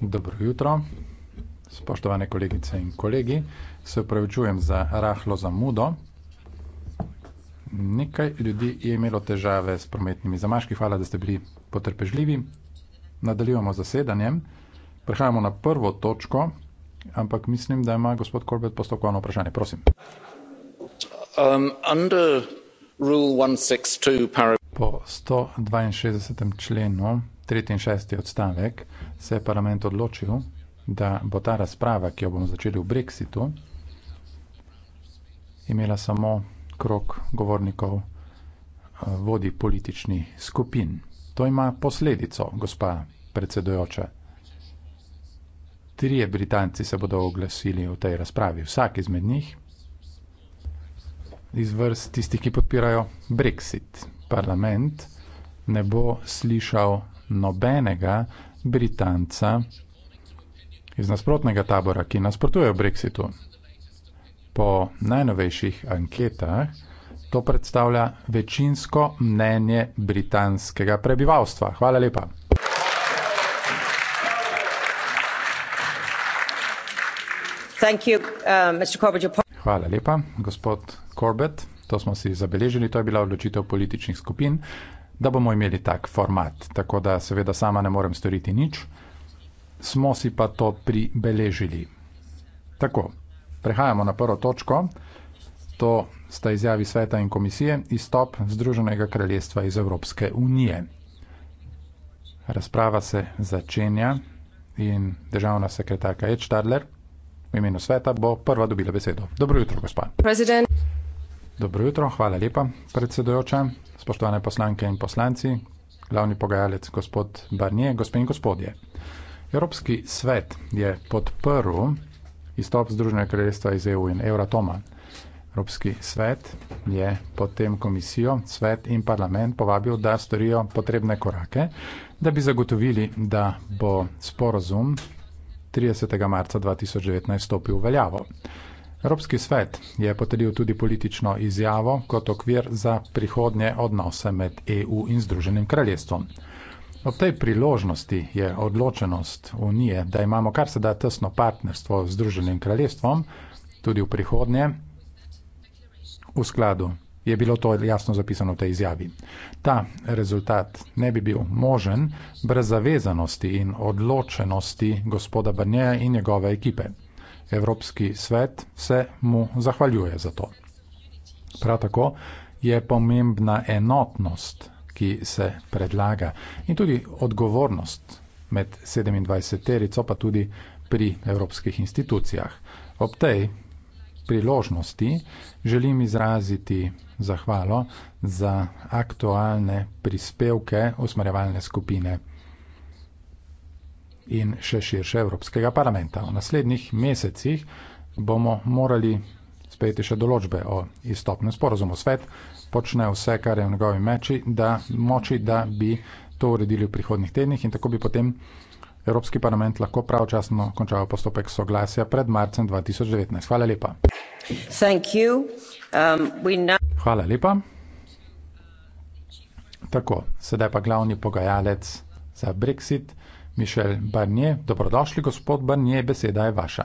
Dobro jutro, spoštovane kolegice in kolegi. Se upravičujem za rahlo zamudo. Nekaj ljudi je imelo težave s prometnimi zamaški. Hvala, da ste bili potrpežljivi. Nadaljujemo z zasedanjem. Prehajamo na prvo točko, ampak mislim, da ima gospod Kolbet postopkovno vprašanje. Prosim. Um, po 162. členu tretji in šesti odstavek, se je parlament odločil, da bo ta razprava, ki jo bomo začeli v Brexitu, imela samo krok govornikov eh, vodi političnih skupin. To ima posledico, gospa predsedojoča. Trije Britanci se bodo oglasili v tej razpravi, vsak izmed njih, iz vrst tistih, ki podpirajo Brexit. Parlament ne bo slišal nobenega Britanca iz nasprotnega tabora, ki nasprotuje Brexitu. Po najnovejših anketah to predstavlja večinsko mnenje britanskega prebivalstva. Hvala lepa. Uh, Hvala lepa, gospod Corbett. To smo si zabeležili, to je bila odločitev političnih skupin da bomo imeli tak format. Tako da seveda sama ne morem storiti nič, smo si pa to pribeležili. Tako, prehajamo na prvo točko. To sta izjavi sveta in komisije izstop Združenega kraljestva iz Evropske unije. Razprava se začenja in državna sekretarka Ed Stadler v imenu sveta bo prva dobila besedo. Dobro jutro, gospod. President. Dobro jutro, hvala lepa, predsedojoča, spoštovane poslanke in poslanci, glavni pogajalec gospod Barnije, gospe in gospodje. Evropski svet je podprl izstop Združenega kraljestva iz EU in Euratoma. Evropski svet je potem komisijo, svet in parlament povabil, da storijo potrebne korake, da bi zagotovili, da bo sporozum 30. marca 2019 stopil v veljavo. Evropski svet je potrdil tudi politično izjavo kot okvir za prihodnje odnose med EU in Združenim kraljestvom. Ob tej priložnosti je odločenost Unije, da imamo kar se da tesno partnerstvo z Združenim kraljestvom, tudi v prihodnje, v skladu. Je bilo to jasno zapisano v tej izjavi. Ta rezultat ne bi bil možen brez zavezanosti in odločenosti gospoda Barnjeja in njegove ekipe. Evropski svet se mu zahvaljuje za to. Prav tako je pomembna enotnost, ki se predlaga, in tudi odgovornost med 27-terico, pa tudi pri evropskih institucijah. Ob tej priložnosti želim izraziti zahvalo za aktualne prispevke usmerjevalne skupine in še širše Evropskega parlamenta. V naslednjih mesecih bomo morali sprejeti še določbe o izstopnem sporozumu. Svet počne vse, kar je v njegovi meči, da moči, da bi to uredili v prihodnih tednih in tako bi potem Evropski parlament lahko pravčasno končal postopek soglasja pred marcem 2019. Hvala lepa. Um, Hvala lepa. Tako, sedaj pa glavni pogajalec za Brexit. Mišel Barnier. Dobrodošli, gospod Barnier, beseda je vaša.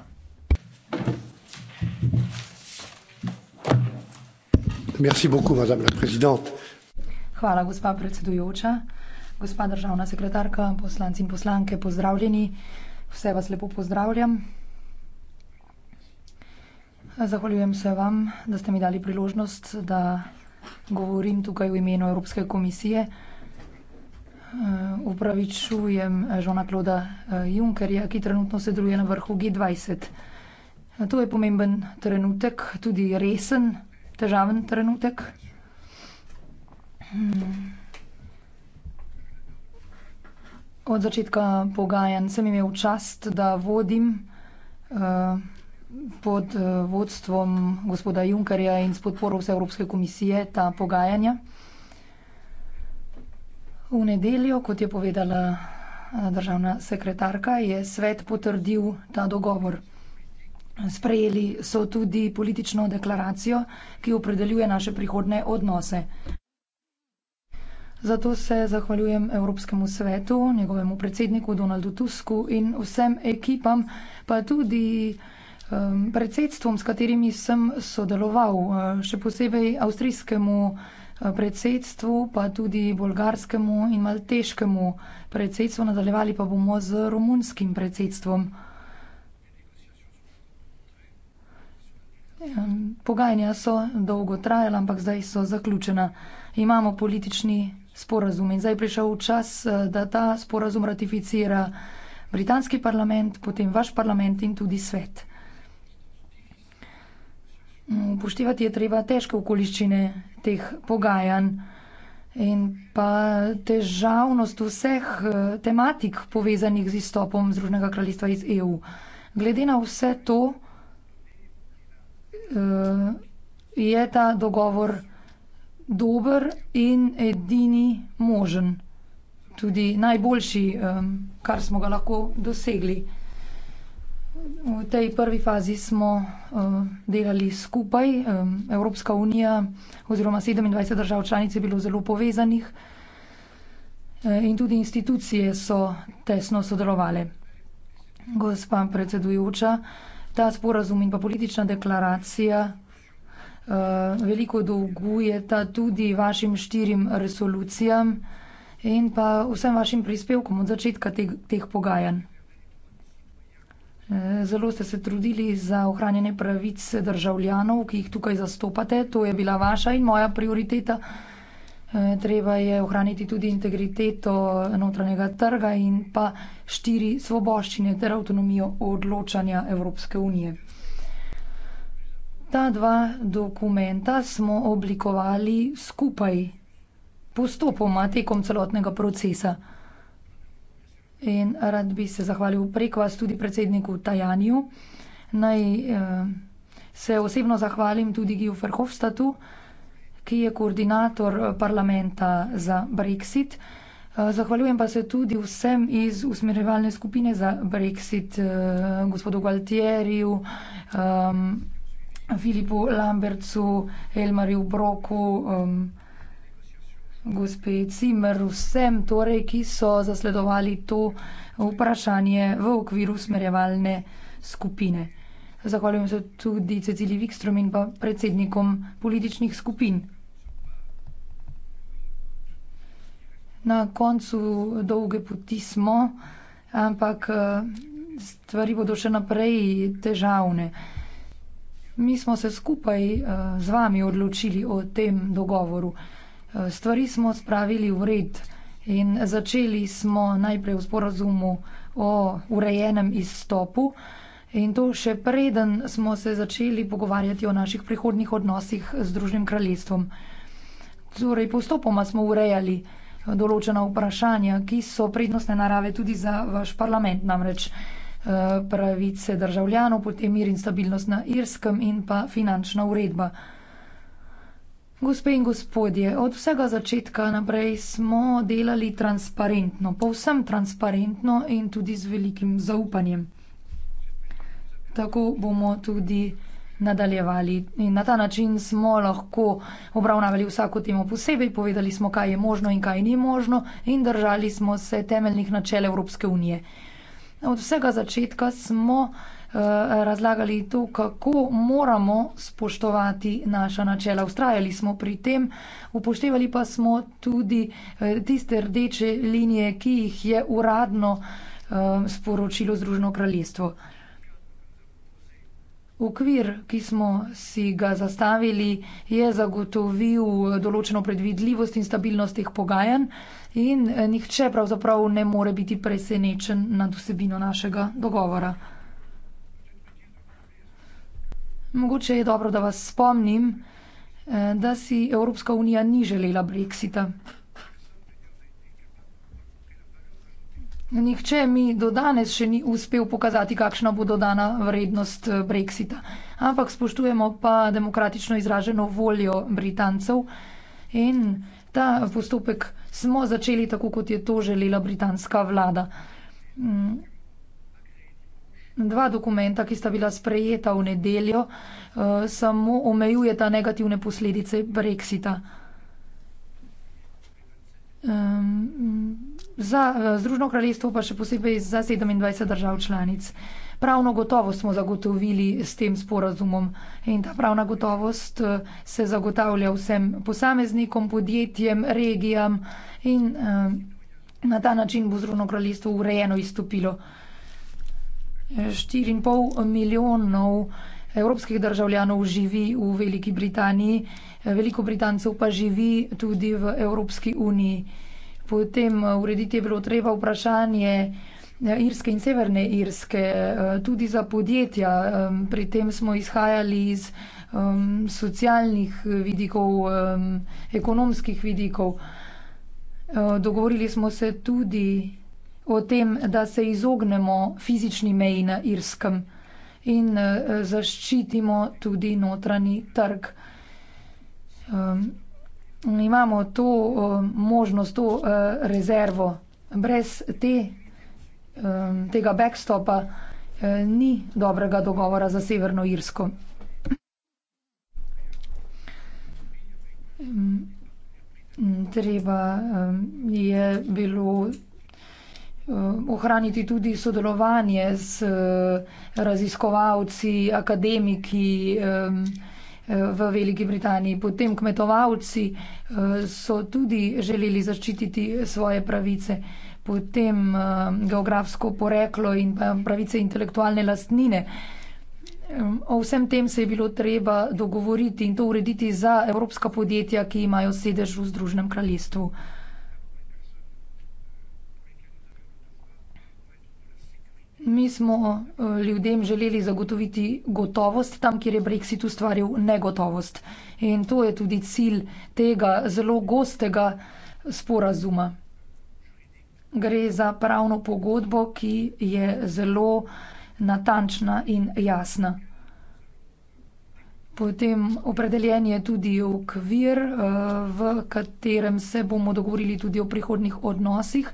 Merci beaucoup, madame la présidente. Hvala, gospa predsedujoča. Gospa državna sekretarka, poslanci in poslanke, pozdravljeni. Vse vas lepo pozdravljam. Zahvaljujem se vam, da ste mi dali priložnost, da govorim tukaj v imenu Evropske komisije upravičujem eh, Jean-Claude eh, eh, Junckerja, ki trenutno sedruje na vrhu G20. To je pomemben trenutek, tudi resen, težaven trenutek. Hmm. Od začetka pogajanj sem imel čast, da vodim pod vodstvom gospoda Junckerja in s podporo vse Evropske komisije ta pogajanja. V nedeljo, kot je povedala eh, državna sekretarka, je svet potrdil ta dogovor. Sprejeli so tudi politično deklaracijo, ki opredeljuje naše prihodne odnose. Zato se zahvaljujem Evropskemu svetu, njegovemu predsedniku Donaldu Tusku in vsem ekipam, pa tudi um, predsedstvom, s katerimi sem sodeloval, eh, še posebej avstrijskemu predsedstvu. Eh, predsedstvu, pa tudi bolgarskemu in malteškemu predsedstvu, nadaljevali pa bomo z romunskim predsedstvom. Ja, pogajanja so dolgo trajala, ampak zdaj so zaključena. Imamo politični sporazum in zdaj je prišel čas, eh, da ta sporazum ratificira britanski parlament, potem vaš parlament in tudi svet. Upoštevati je treba težke okoliščine teh pogajanj in pa težavnost vseh eh, tematik povezanih z izstopom Združenega kraljestva iz EU. Glede na vse to eh, je ta dogovor dober in edini možen, tudi najboljši, eh, kar smo ga lahko dosegli. V tej prvi fazi smo eh, delali skupaj. Eh, Evropska unija oziroma 27 držav članic je bilo zelo povezanih eh, in tudi institucije so tesno sodelovale. Gospa predsedujoča, ta sporazum in pa politična deklaracija veliko dolgujeta tudi vašim štirim resolucijam in pa vsem vašim prispevkom od začetka teh, teh pogajanj. Zelo ste se trudili za ohranjanje pravic državljanov, ki jih tukaj zastopate. To je bila vaša in moja prioriteta. E, treba je ohraniti tudi integriteto notranjega trga in pa štiri svoboščine ter avtonomijo odločanja Evropske unije. Ta dva dokumenta smo oblikovali skupaj, postopoma tekom celotnega procesa. In rad bi se zahvalil prek vas tudi predsedniku Tajanju. Naj eh, se osebno zahvalim tudi Giju Ferhofstatu, ki je koordinator eh, parlamenta za Brexit. Eh, zahvaljujem pa se tudi vsem iz usmerjevalne skupine za Brexit, eh, gospodu Galtieriju, eh, Filipu Lambercu, Elmarju Broku. Eh, gospe Cimer, vsem torej, ki so zasledovali to vprašanje v okviru smerjevalne skupine. Zahvaljujem se tudi Cecili Vikstrom in pa predsednikom političnih skupin. Na koncu dolge poti smo, ampak stvari bodo še naprej težavne. Mi smo se skupaj z vami odločili o tem dogovoru stvari smo spravili v red in začeli smo najprej v sporazumu o urejenem izstopu in to še preden smo se začeli pogovarjati o naših prihodnih odnosih z Združenim kraljestvom. Torej, postopoma smo urejali določena vprašanja, ki so prednostne narave tudi za vaš parlament, namreč eh, pravice državljanov, potem mir in stabilnost na Irskem in pa finančna uredba. Gospe in gospodje, od vsega začetka naprej smo delali transparentno, povsem transparentno in tudi z velikim zaupanjem. Tako bomo tudi nadaljevali in na ta način smo lahko obravnavali vsako temo posebej, povedali smo, kaj je možno in kaj ni možno in držali smo se temeljnih načel Evropske unije. Od vsega začetka smo Eh, razlagali to, kako moramo spoštovati naša načela. Ustrajali smo pri tem, upoštevali pa smo tudi eh, tiste rdeče linije, ki jih je uradno eh, sporočilo Združeno kraljestvo. Okvir, ki smo si ga zastavili, je zagotovil določeno predvidljivost in stabilnost teh pogajanj in nihče pravzaprav ne more biti presenečen nad vsebino našega dogovora. Mogoče je dobro, da vas spomnim, eh, da si Evropska unija ni želela brexita. Nihče mi do danes še ni uspel pokazati, kakšna bo dodana vrednost eh, brexita. Ampak spoštujemo pa demokratično izraženo voljo Britancev in ta postopek smo začeli tako, kot je to želela britanska vlada. Mm, dva dokumenta, ki sta bila sprejeta v nedeljo, eh, samo omejujeta negativne posledice Brexita. Um, za eh, Združno kraljestvo pa še posebej za 27 držav članic. Pravno gotovost smo zagotovili s tem sporazumom in ta pravna gotovost eh, se zagotavlja vsem posameznikom, podjetjem, regijam in um, na ta način bo Združno kraljestvo urejeno izstopilo. 4,5 milijonov evropskih državljanov živi v Veliki Britaniji, veliko Britancev pa živi tudi v Evropski uniji. Potem eh, urediti je bilo treba vprašanje eh, Irske in Severne Irske, eh, tudi za podjetja. Pri tem smo izhajali iz socialnih vidikov, ekonomskih vidikov. Dogovorili smo se tudi o tem, da se izognemo fizični meji na Irskem in eh, zaščitimo tudi notranji trg. Um, imamo to um, možnost, to uh, rezervo. Brez te, um, tega backstopa uh, ni dobrega dogovora za Severno Irsko. Um, treba um, je bilo Um, ohraniti tudi sodelovanje z eh, raziskovalci, akademiki um, eh, v Veliki Britaniji. Potem kmetovalci eh, so tudi želeli zaščititi svoje pravice. Potem geografsko poreklo in pa pravice intelektualne lastnine. Um, o vsem tem se je bilo treba dogovoriti in to urediti za evropska podjetja, ki imajo sedež v Združenem kraljestvu. Mi smo eh, ljudem želeli zagotoviti gotovost tam, kjer je Brexit ustvaril negotovost. In to je tudi cilj tega zelo gostega sporazuma. Gre za pravno pogodbo, ki je zelo natančna in jasna. Potem opredeljen je tudi okvir, eh, v katerem se bomo dogovorili tudi o prihodnih odnosih.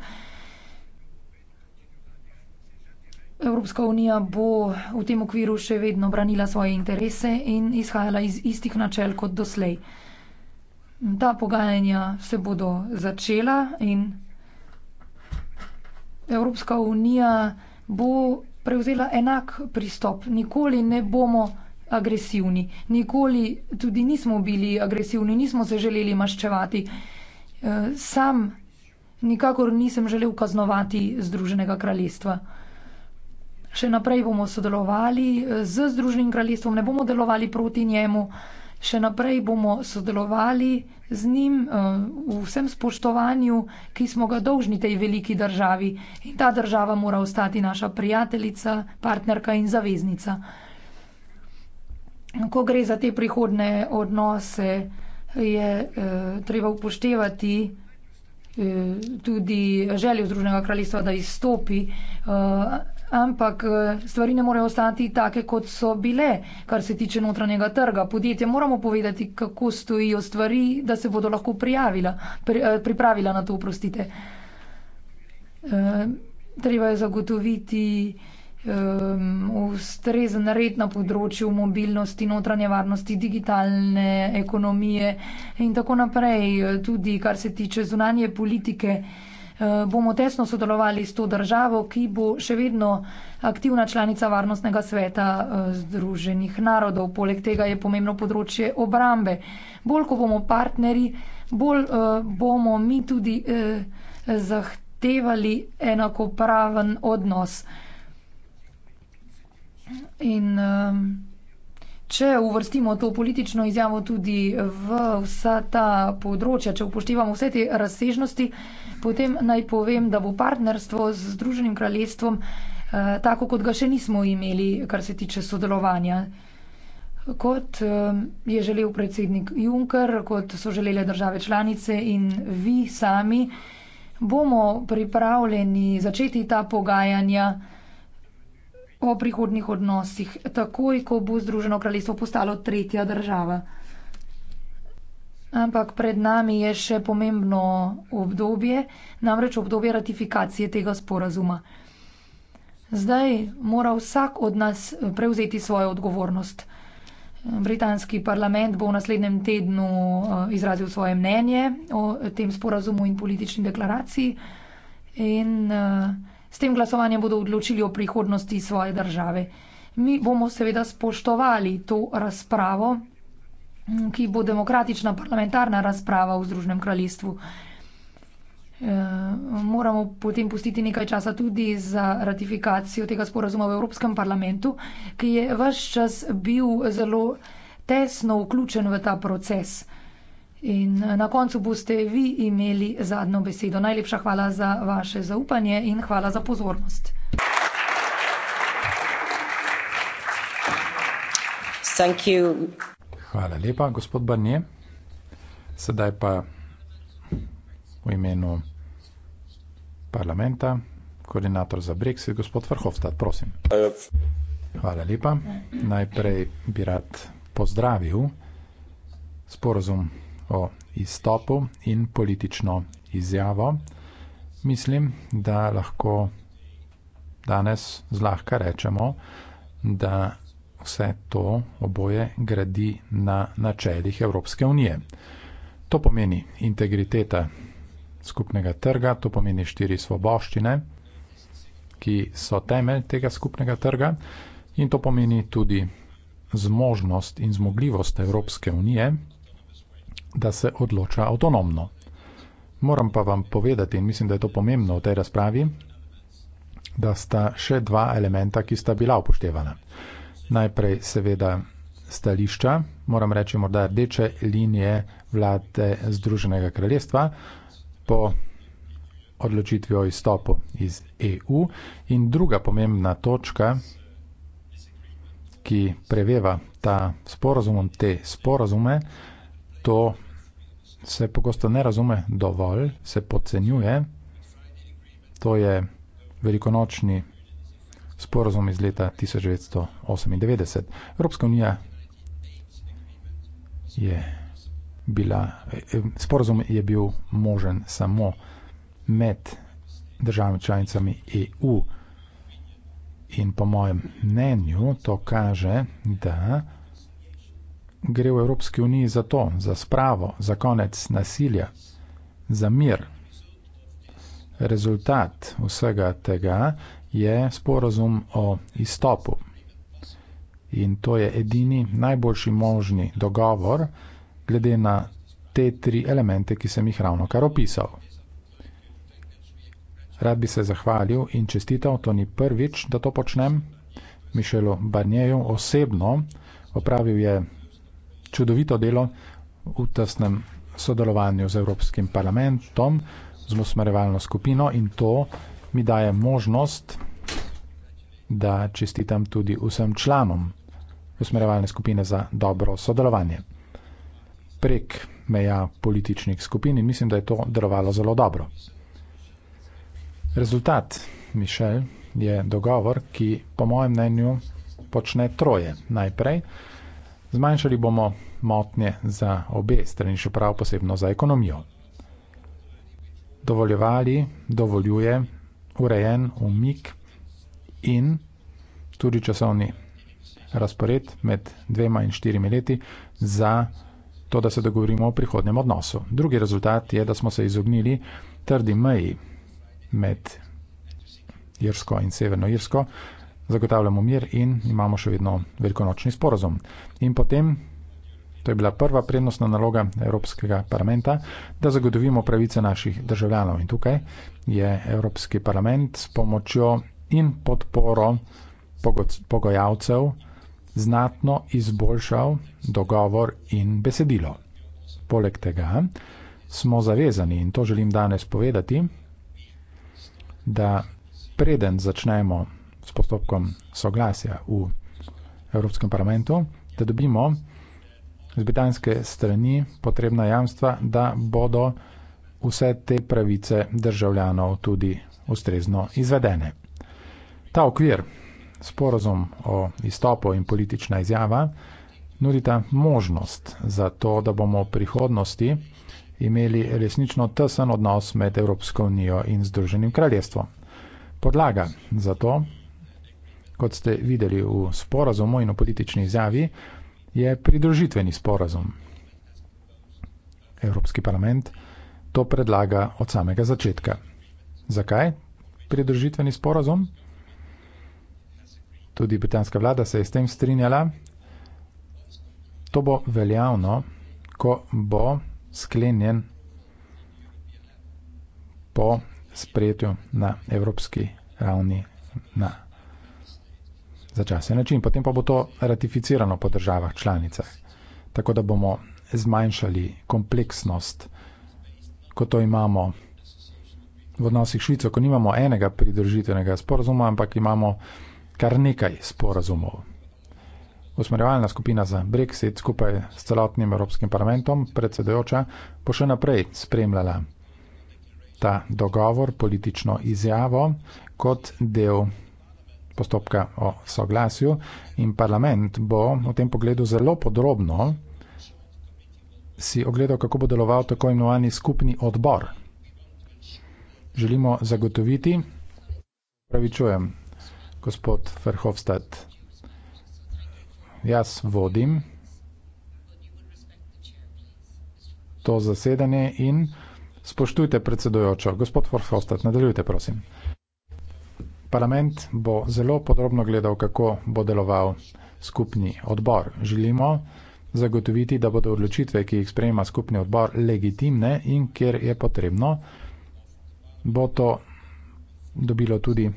Evropska unija bo v tem okviru še vedno branila svoje interese in izhajala iz istih načel kot doslej. Ta pogajanja se bodo začela in Evropska unija bo prevzela enak pristop. Nikoli ne bomo agresivni, nikoli tudi nismo bili agresivni, nismo se želeli maščevati. Eh, sam nikakor nisem želel kaznovati Združenega kraljestva še naprej bomo sodelovali eh, z Združenim kraljestvom, ne bomo delovali proti njemu, še naprej bomo sodelovali z njim eh, v vsem spoštovanju, ki smo ga dolžni tej veliki državi. In ta država mora ostati naša prijateljica, partnerka in zaveznica. Ko gre za te prihodne odnose, je eh, treba upoštevati eh, tudi željo Združenega kraljestva, da izstopi. Eh, ampak eh, stvari ne morejo ostati take, kot so bile, kar se tiče notranjega trga. Podjetje moramo povedati, kako stojijo stvari, da se bodo lahko prijavila, pri, eh, pripravila na to, prostite. E, eh, treba je zagotoviti ustrezen red na področju mobilnosti, notranje varnosti, digitalne ekonomije in tako naprej, tudi kar se tiče zunanje politike. Eh, bomo tesno sodelovali s to državo, ki bo še vedno aktivna članica Varnostnega sveta eh, Združenih narodov. Poleg tega je pomembno področje obrambe. Bolj ko bomo partnerji, bolj eh, bomo mi tudi zahtevali enakopraven odnos. In ehm, če uvrstimo to politično izjavo tudi v vsa ta področja, če upoštevamo vse te razsežnosti, potem naj povem, da bo partnerstvo z Združenim kraljestvom eh, tako, kot ga še nismo imeli, kar se tiče sodelovanja. Kot eh, je želel predsednik Juncker, kot so želele države članice in vi sami, bomo pripravljeni začeti ta pogajanja o prihodnih odnosih, takoj, ko bo Združeno kraljestvo postalo tretja država ampak pred nami je še pomembno obdobje, namreč obdobje ratifikacije tega sporazuma. Zdaj mora vsak od nas prevzeti svojo odgovornost. Britanski parlament bo v naslednjem tednu eh, izrazil svoje mnenje o tem sporazumu in politični deklaraciji in eh, s tem glasovanjem bodo odločili o prihodnosti svoje države. Mi bomo seveda spoštovali to razpravo ki bo demokratična parlamentarna razprava v Združenem kraljestvu. E, moramo potem pustiti nekaj časa tudi za ratifikacijo tega sporazuma v Evropskem parlamentu, ki je vse čas bil zelo tesno vključen v ta proces. In e, na koncu boste vi imeli zadnjo besedo. Najlepša hvala za vaše zaupanje in hvala za pozornost. Thank you. Hvala lepa, gospod Barnje. Sedaj pa v imenu parlamenta, koordinator za Brexit, gospod Vrhovstad, prosim. Hvala lepa. Najprej bi rad pozdravil sporozum o izstopu in politično izjavo. Mislim, da lahko danes zlahka rečemo, da vse to oboje gradi na načelih Evropske unije. To pomeni integriteta skupnega trga, to pomeni štiri svoboščine, ki so temelj tega skupnega trga in to pomeni tudi zmožnost in zmogljivost Evropske unije, da se odloča avtonomno. Moram pa vam povedati, in mislim, da je to pomembno v tej razpravi, da sta še dva elementa, ki sta bila upoštevana najprej seveda stališča, moram reči morda rdeče linije vlade Združenega kraljestva po odločitvi o izstopu iz EU in druga pomembna točka, ki preveva ta sporozum, te sporozume, to se pogosto ne razume dovolj, se podcenjuje, to je velikonočni sporozum iz leta 1998. Evropska unija je bila, eh, sporozum je bil možen samo med državami članicami EU in po mojem mnenju to kaže, da gre v Evropski uniji za to, za spravo, za konec nasilja, za mir. Rezultat vsega tega je sporazum o izstopu. In to je edini najboljši možni dogovor, glede na te tri elemente, ki sem jih ravno kar opisal. Rad bi se zahvalil in čestital, to ni prvič, da to počnem, Mišelu Barnjeju osebno opravil je čudovito delo v tesnem sodelovanju z Evropskim parlamentom, z usmerevalno skupino in to mi daje možnost da čestitam tudi vsem članom usmerjevalne skupine za dobro sodelovanje prek meja političnih skupin in mislim, da je to delovalo zelo dobro. Rezultat, Mišel, je dogovor, ki po mojem mnenju počne troje. Najprej zmanjšali bomo motnje za obe strani, še prav posebno za ekonomijo. Dovoljevali, dovoljuje urejen umik in tudi časovni razpored med dvema in štirimi leti za to, da se dogovorimo o prihodnem odnosu. Drugi rezultat je, da smo se izognili trdi meji med Irsko in Severno Irsko, zagotavljamo mir in imamo še vedno velikonočni sporozum. In potem, to je bila prva prednostna naloga Evropskega parlamenta, da zagotovimo pravice naših državljanov. In tukaj je Evropski parlament s pomočjo in podporo pogojavcev znatno izboljšal dogovor in besedilo. Poleg tega smo zavezani, in to želim danes povedati, da preden začnemo s postopkom soglasja v Evropskem parlamentu, da dobimo z britanske strani potrebna jamstva, da bodo vse te pravice državljanov tudi ustrezno izvedene. Ta okvir, sporozum o izstopu in politična izjava, nudita možnost za to, da bomo v prihodnosti imeli resnično tesen odnos med Evropsko unijo in Združenim kraljestvom. Podlaga za to, kot ste videli v sporozumu in v politični izjavi, je pridružitveni sporozum. Evropski parlament to predlaga od samega začetka. Zakaj pridružitveni sporozum? Tudi britanska vlada se je s tem strinjala. To bo veljavno, ko bo sklenjen po sprejetju na evropski ravni na začasen način. Potem pa bo to ratificirano po državah članicah. Tako da bomo zmanjšali kompleksnost, ko to imamo v odnosih Švico, ko nimamo enega pridržitevnega sporozuma, ampak imamo kar nekaj sporazumov. Usmerjevalna skupina za Brexit skupaj s celotnim Evropskim parlamentom, predsedojoča, bo še naprej spremljala ta dogovor, politično izjavo kot del postopka o soglasju in parlament bo v tem pogledu zelo podrobno si ogledal, kako bo deloval tako imenovani skupni odbor. Želimo zagotoviti, pravi čujem, gospod Verhofstadt. Jaz vodim to zasedanje in spoštujte predsedujočo. Gospod Verhofstadt, nadaljujte, prosim. Parlament bo zelo podrobno gledal, kako bo deloval skupni odbor. Želimo zagotoviti, da bodo odločitve, ki jih sprejema skupni odbor, legitimne in kjer je potrebno, bo to dobilo tudi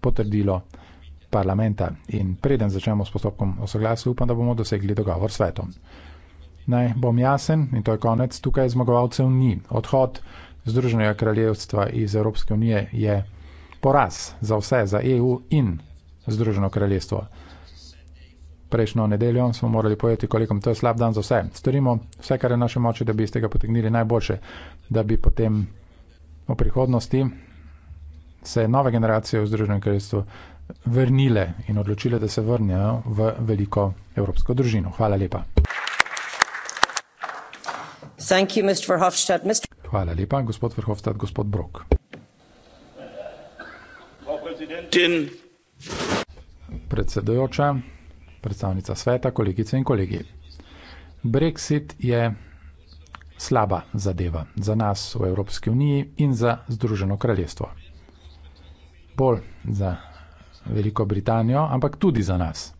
potrdilo parlamenta in preden začnemo s postopkom o soglasju, upam, da bomo dosegli dogovor s svetom. Naj bom jasen in to je konec, tukaj zmagovalcev ni. Odhod Združenega kraljevstva iz Evropske unije je poraz za vse, za EU in Združeno kraljestvo. Prejšnjo nedeljo smo morali povedati kolikom, to je slab dan za vse. Storimo vse, kar je naše moče, da bi iz tega potegnili najboljše, da bi potem v prihodnosti se nove generacije v Združenem kraljestvu vrnile in odločile, da se vrnejo v veliko evropsko družino. Hvala lepa. You, Mr. Mr. Hvala lepa, gospod Verhofstadt, gospod Brok. Predsedujoča, predstavnica sveta, kolegice in kolegi. Brexit je slaba zadeva za nas v Evropski uniji in za Združeno kraljestvo. Bolj za Veliko Britanijo, ampak tudi za nas.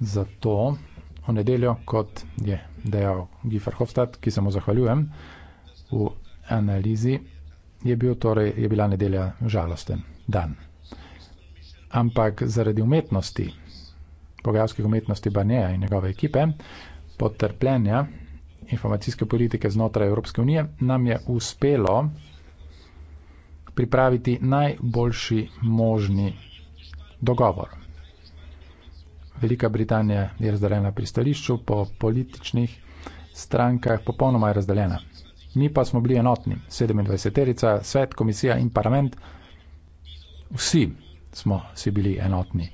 Zato v nedeljo, kot je dejal Gifar Hofstad, ki se mu zahvaljujem, v analizi je, bil torej, je bila nedelja žalosten dan. Ampak zaradi umetnosti, pogajalskih umetnosti Barneja in njegove ekipe, potrpljenja informacijske politike znotraj Evropske unije, nam je uspelo pripraviti najboljši možni dogovor. Velika Britanija je razdeljena pri stališču, po političnih strankah popolnoma je razdeljena. Mi pa smo bili enotni, 27-erica, svet, komisija in parlament, vsi smo si bili enotni.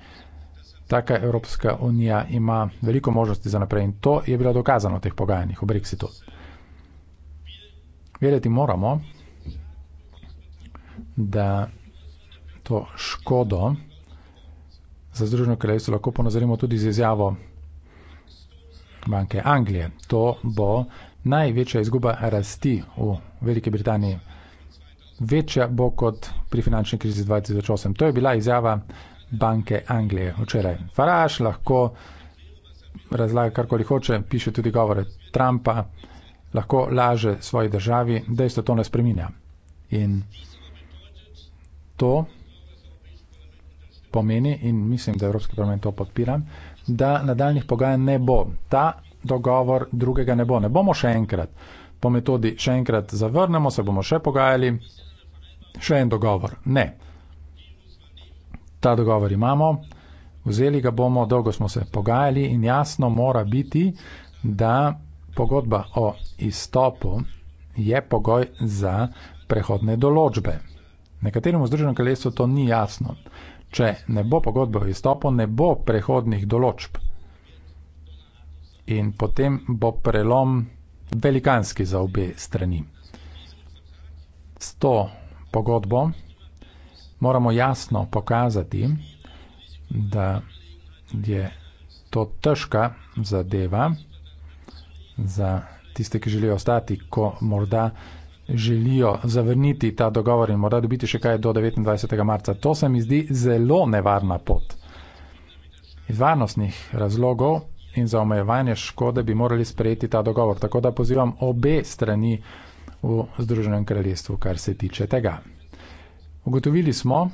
Taka Evropska unija ima veliko možnosti za naprej in to je bilo dokazano v teh pogajanjih o Brexitu. Vedeti moramo, da to škodo za Združeno kraljestvo lahko ponazorimo tudi z izjavo Banke Anglije. To bo največja izguba rasti v Veliki Britaniji. Večja bo kot pri finančni krizi 2008. To je bila izjava Banke Anglije včeraj. Faraž lahko razlaga karkoli hoče, piše tudi govore Trumpa, lahko laže svoji državi, dejstvo to ne spreminja. In to pomeni, in mislim, da Evropski parlament to podpira, da nadaljnih pogajanj ne bo. Ta dogovor drugega ne bo. Ne bomo še enkrat po metodi še enkrat zavrnemo, se bomo še pogajali, še en dogovor. Ne. Ta dogovor imamo, vzeli ga bomo, dolgo smo se pogajali in jasno mora biti, da pogodba o izstopu je pogoj za prehodne določbe. Nekaterim v združenem kraljestvu to ni jasno. Če ne bo pogodbe o izstopu, ne bo prehodnih določb. In potem bo prelom velikanski za obe strani. S to pogodbo moramo jasno pokazati, da je to težka zadeva za tiste, ki želijo ostati, ko morda želijo zavrniti ta dogovor in morda dobiti še kaj do 29. marca. To se mi zdi zelo nevarna pot. Iz varnostnih razlogov in za omejevanje škode bi morali sprejeti ta dogovor. Tako da pozivam obe strani v Združenem kraljestvu, kar se tiče tega. Ugotovili smo,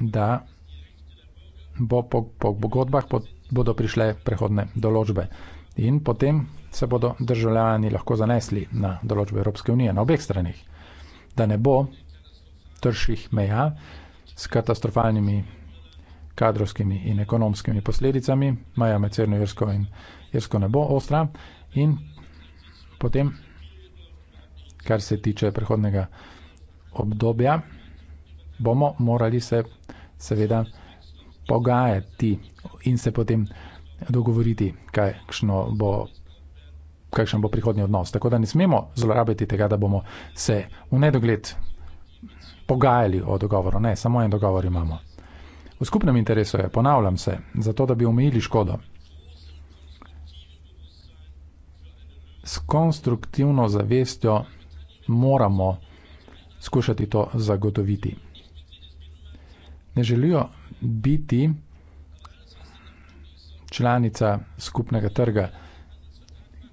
da bo po, po pogodbah pod, bodo prišle prehodne določbe in potem se bodo državljani lahko zanesli na določbe Evropske unije na obeh stranih, da ne bo trših meja s katastrofalnimi kadrovskimi in ekonomskimi posledicami, maja med Cerno Jersko in Jersko ne bo ostra in potem, kar se tiče prehodnega obdobja, bomo morali se seveda pogajati in se potem pogajati dogovoriti, kakšen bo, bo prihodni odnos. Tako da ne smemo zlorabiti tega, da bomo se v nedogled pogajali o dogovoru. Ne, samo en dogovor imamo. V skupnem interesu je, ponavljam se, zato da bi omejili škodo. S konstruktivno zavestjo moramo skušati to zagotoviti. Ne želijo biti članica skupnega trga,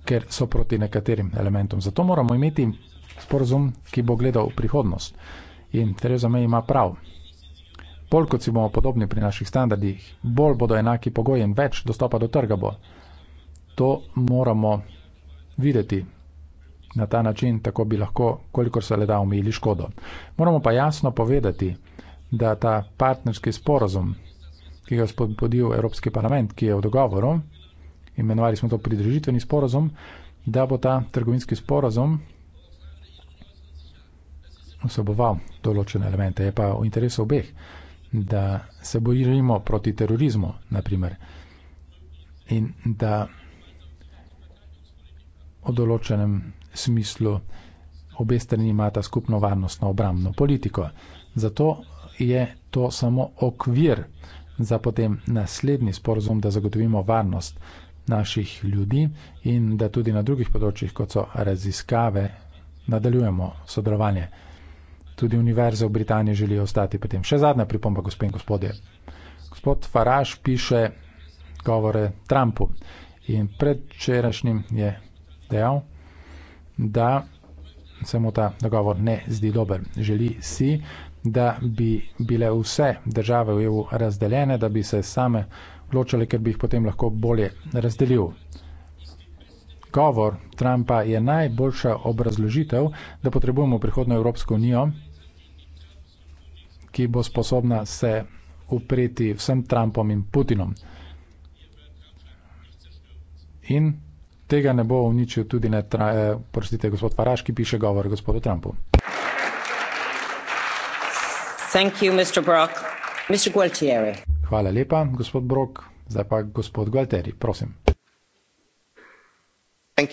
ker so proti nekaterim elementom. Zato moramo imeti sporozum, ki bo gledal v prihodnost. In Tereza May ima prav. Bolj kot si bomo podobni pri naših standardih, bolj bodo enaki pogoji in več dostopa do trga bo. To moramo videti na ta način, tako bi lahko, kolikor se le da, omejili škodo. Moramo pa jasno povedati, da ta partnerski sporozum, ki ga je spodbudil Evropski parlament, ki je v dogovoru, imenovali smo to pridružitveni sporozum, da bo ta trgovinski sporozum vseboval določene elemente. Je pa v interesu obeh, da se bojimo proti terorizmu, naprimer, in da v določenem smislu obe strani imata skupno varnostno obramno politiko. Zato je to samo okvir za potem naslednji sporozum, da zagotovimo varnost naših ljudi in da tudi na drugih področjih, kot so raziskave, nadaljujemo sodelovanje. Tudi univerze v Britaniji želijo ostati pri tem. Še zadnja pripomba, gospod in gospodje. Gospod Faraš piše govore Trumpu in predčerašnjim je dejal, da se mu ta dogovor ne zdi dober. Želi si, da bi bile vse države v EU razdeljene, da bi se same odločali, ker bi jih potem lahko bolje razdelil. Govor Trumpa je najboljša obrazložitev, da potrebujemo prihodno Evropsko unijo, ki bo sposobna se upreti vsem Trumpom in Putinom. In tega ne bo uničil tudi ne, eh, prostite, gospod Faraš, ki piše govor gospodu Trumpu. Hvala lepa, gospod Brok. Zdaj pa gospod Gualtieri, prosim. Uh,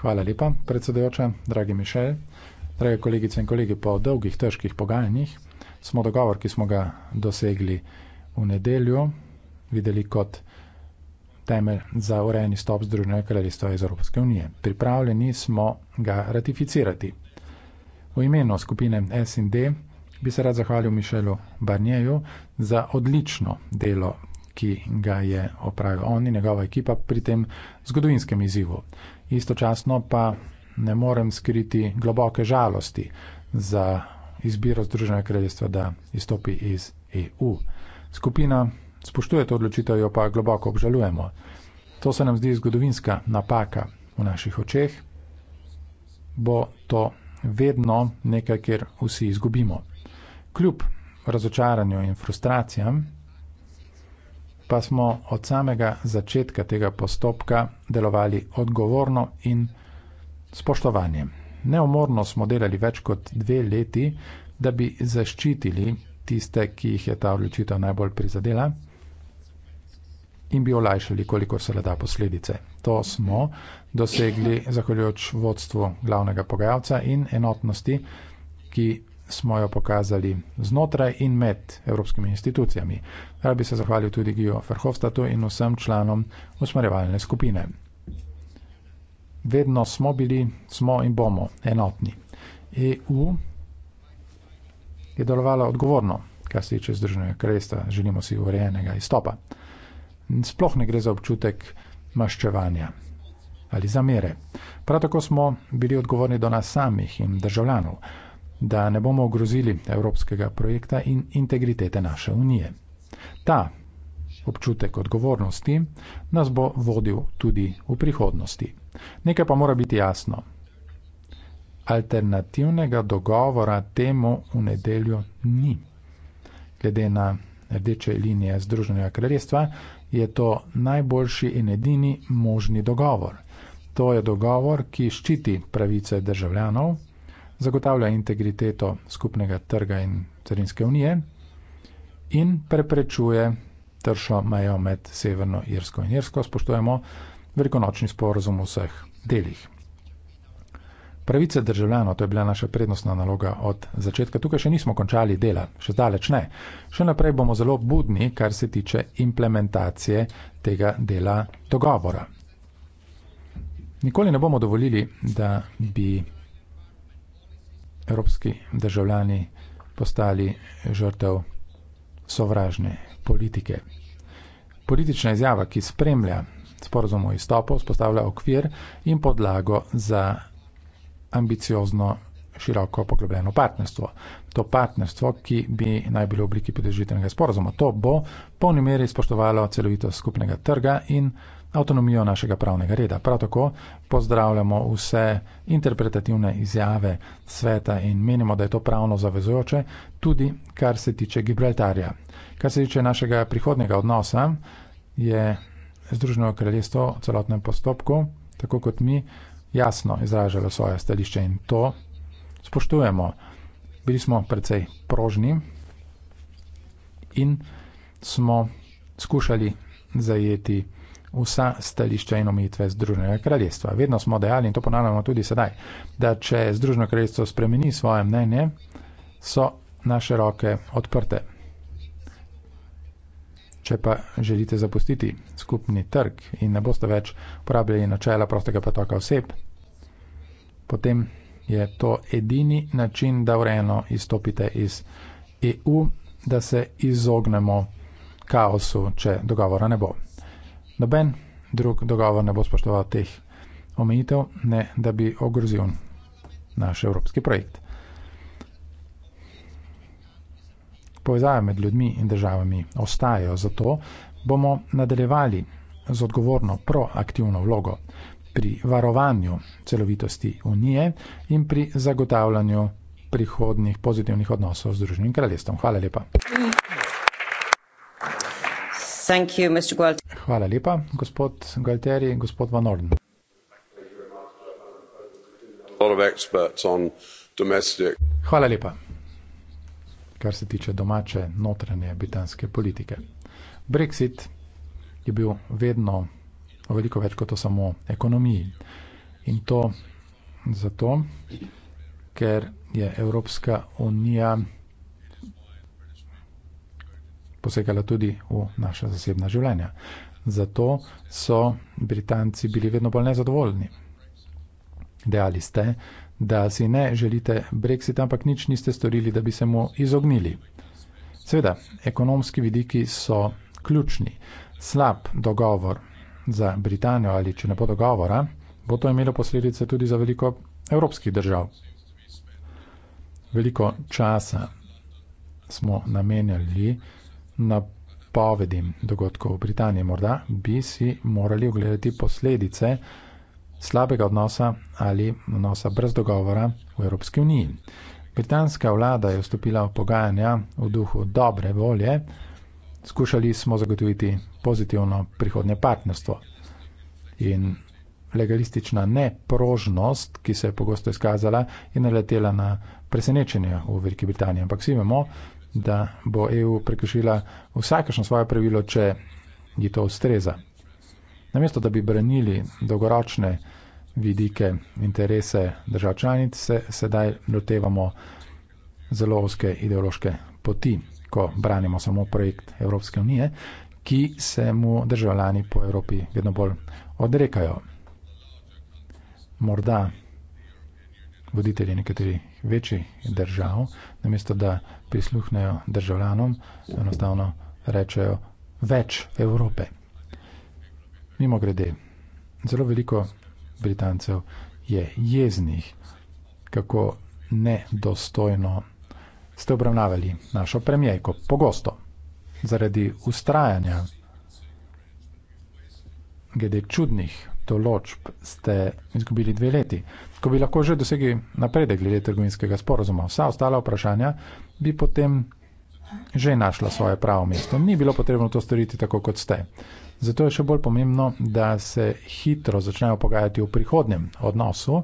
Hvala lepa, predsedujoča, dragi Mišel. Drage kolegice in kolegi, po dolgih, težkih pogajanjih smo dogovor, ki smo ga dosegli v nedeljo, videli kot temelj za urejeni stop Združenega kraljestva iz Evropske unije. Pripravljeni smo ga ratificirati. V imenu skupine SD bi se rad zahvalil Mišelu Barnjeju za odlično delo, ki ga je opravil on in njegova ekipa pri tem zgodovinskem izzivu. Istočasno pa ne morem skriti globoke žalosti za izbiro Združenega kraljestva, da izstopi iz EU. Skupina spoštuje to odločitev, jo pa globoko obžalujemo. To se nam zdi zgodovinska napaka v naših očeh. Bo to vedno nekaj, kjer vsi izgubimo. Kljub razočaranju in frustracijam, pa smo od samega začetka tega postopka delovali odgovorno in spoštovanjem. Neumorno smo delali več kot dve leti, da bi zaščitili tiste, ki jih je ta odločitev najbolj prizadela in bi olajšali, koliko se le da posledice. To smo dosegli zahvaljujoč vodstvu glavnega pogajalca in enotnosti, ki smo jo pokazali znotraj in med evropskimi institucijami. Rad bi se zahvalil tudi Gijo Ferhofstatu in vsem članom usmerjevalne skupine. Vedno smo bili, smo in bomo enotni. EU je delovala odgovorno, kar se tiče Združenega kraljestva, želimo si urejenega izstopa sploh ne gre za občutek maščevanja ali zamere. Prav tako smo bili odgovorni do nas samih in državljanov, da ne bomo ogrozili evropskega projekta in integritete naše unije. Ta občutek odgovornosti nas bo vodil tudi v prihodnosti. Nekaj pa mora biti jasno. Alternativnega dogovora temu v nedeljo ni. Glede na rdeče linije Združenega kraljestva, je to najboljši in edini možni dogovor. To je dogovor, ki ščiti pravice državljanov, zagotavlja integriteto skupnega trga in carinske unije in preprečuje tršo mejo med Severno Irsko in Irsko, spoštujemo velikonočni sporozum v vseh delih. Pravice državljanov, to je bila naša prednostna naloga od začetka. Tukaj še nismo končali dela, še zdaleč ne. Še naprej bomo zelo budni, kar se tiče implementacije tega dela dogovora. Nikoli ne bomo dovolili, da bi evropski državljani postali žrtev sovražne politike. Politična izjava, ki spremlja sporozum o izstopu, spostavlja okvir in podlago za ambiciozno, široko poglobljeno partnerstvo. To partnerstvo, ki bi naj bilo v obliki podrežitevnega sporozuma, to bo v polni meri spoštovalo celovitost skupnega trga in avtonomijo našega pravnega reda. Prav tako pozdravljamo vse interpretativne izjave sveta in menimo, da je to pravno zavezujoče, tudi kar se tiče Gibraltarja. Kar se tiče našega prihodnega odnosa, je Združeno kraljestvo v celotnem postopku, tako kot mi, jasno izražala svoje stališče in to spoštujemo. Bili smo precej prožni in smo skušali zajeti vsa stališča in omejitve Združenega kraljestva. Vedno smo dejali, in to ponavljamo tudi sedaj, da če Združeno kraljestvo spremeni svoje mnenje, so naše roke odprte. Če pa želite zapustiti skupni trg in ne boste več uporabljali načela prostega potoka oseb, potem je to edini način, da urejeno izstopite iz EU, da se izognemo kaosu, če dogovora ne bo. Noben drug dogovor ne bo spoštoval teh omejitev, ne da bi ogrozil naš evropski projekt. povezave med ljudmi in državami ostajajo, zato bomo nadaljevali z odgovorno proaktivno vlogo pri varovanju celovitosti Unije in pri zagotavljanju prihodnih pozitivnih odnosov z Združenim kraljestvom. Hvala lepa. Thank you, Mr. Hvala lepa, gospod Galteri, gospod Van Orden. Hvala lepa kar se tiče domače notranje britanske politike. Brexit je bil vedno veliko več kot o samo ekonomiji. In to zato, ker je Evropska unija posegala tudi v naša zasebna življenja. Zato so Britanci bili vedno bolj nezadovoljni. Dejali ste, da si ne želite brexit, ampak nič niste storili, da bi se mu izognili. Seveda, ekonomski vidiki so ključni. Slab dogovor za Britanijo ali če ne bo dogovora, bo to imelo posledice tudi za veliko evropskih držav. Veliko časa smo namenjali napovedim dogodkov v Britaniji. Morda bi si morali ogledati posledice, slabega odnosa ali odnosa brez dogovora v Evropski uniji. Britanska vlada je vstopila v pogajanja v duhu dobre volje, skušali smo zagotoviti pozitivno prihodnje partnerstvo. In legalistična neprožnost, ki se je pogosto izkazala, je naletela na presenečenje v Veliki Britaniji. Ampak vsi vemo, da bo EU prekršila vsakašno svoje pravilo, če ji to ustreza. Namesto da bi branili dolgoročne vidike, interese držav članic, se sedaj lotevamo zelo oske ideološke poti, ko branimo samo projekt Evropske unije, ki se mu državljani po Evropi vedno bolj odrekajo. Morda voditelji nekaterih večjih držav, namesto da prisluhnejo državljanom, enostavno rečejo več Evrope. Mimo grede, zelo veliko Britancev je jeznih, kako nedostojno ste obravnavali našo premijejko. Pogosto, zaradi ustrajanja glede čudnih določb ste izgubili dve leti, ko bi lahko že dosegli napredek glede trgovinskega sporozuma. Vsa ostala vprašanja bi potem že našla svoje pravo mesto. Ni bilo potrebno to storiti tako, kot ste. Zato je še bolj pomembno, da se hitro začnejo pogajati v prihodnem odnosu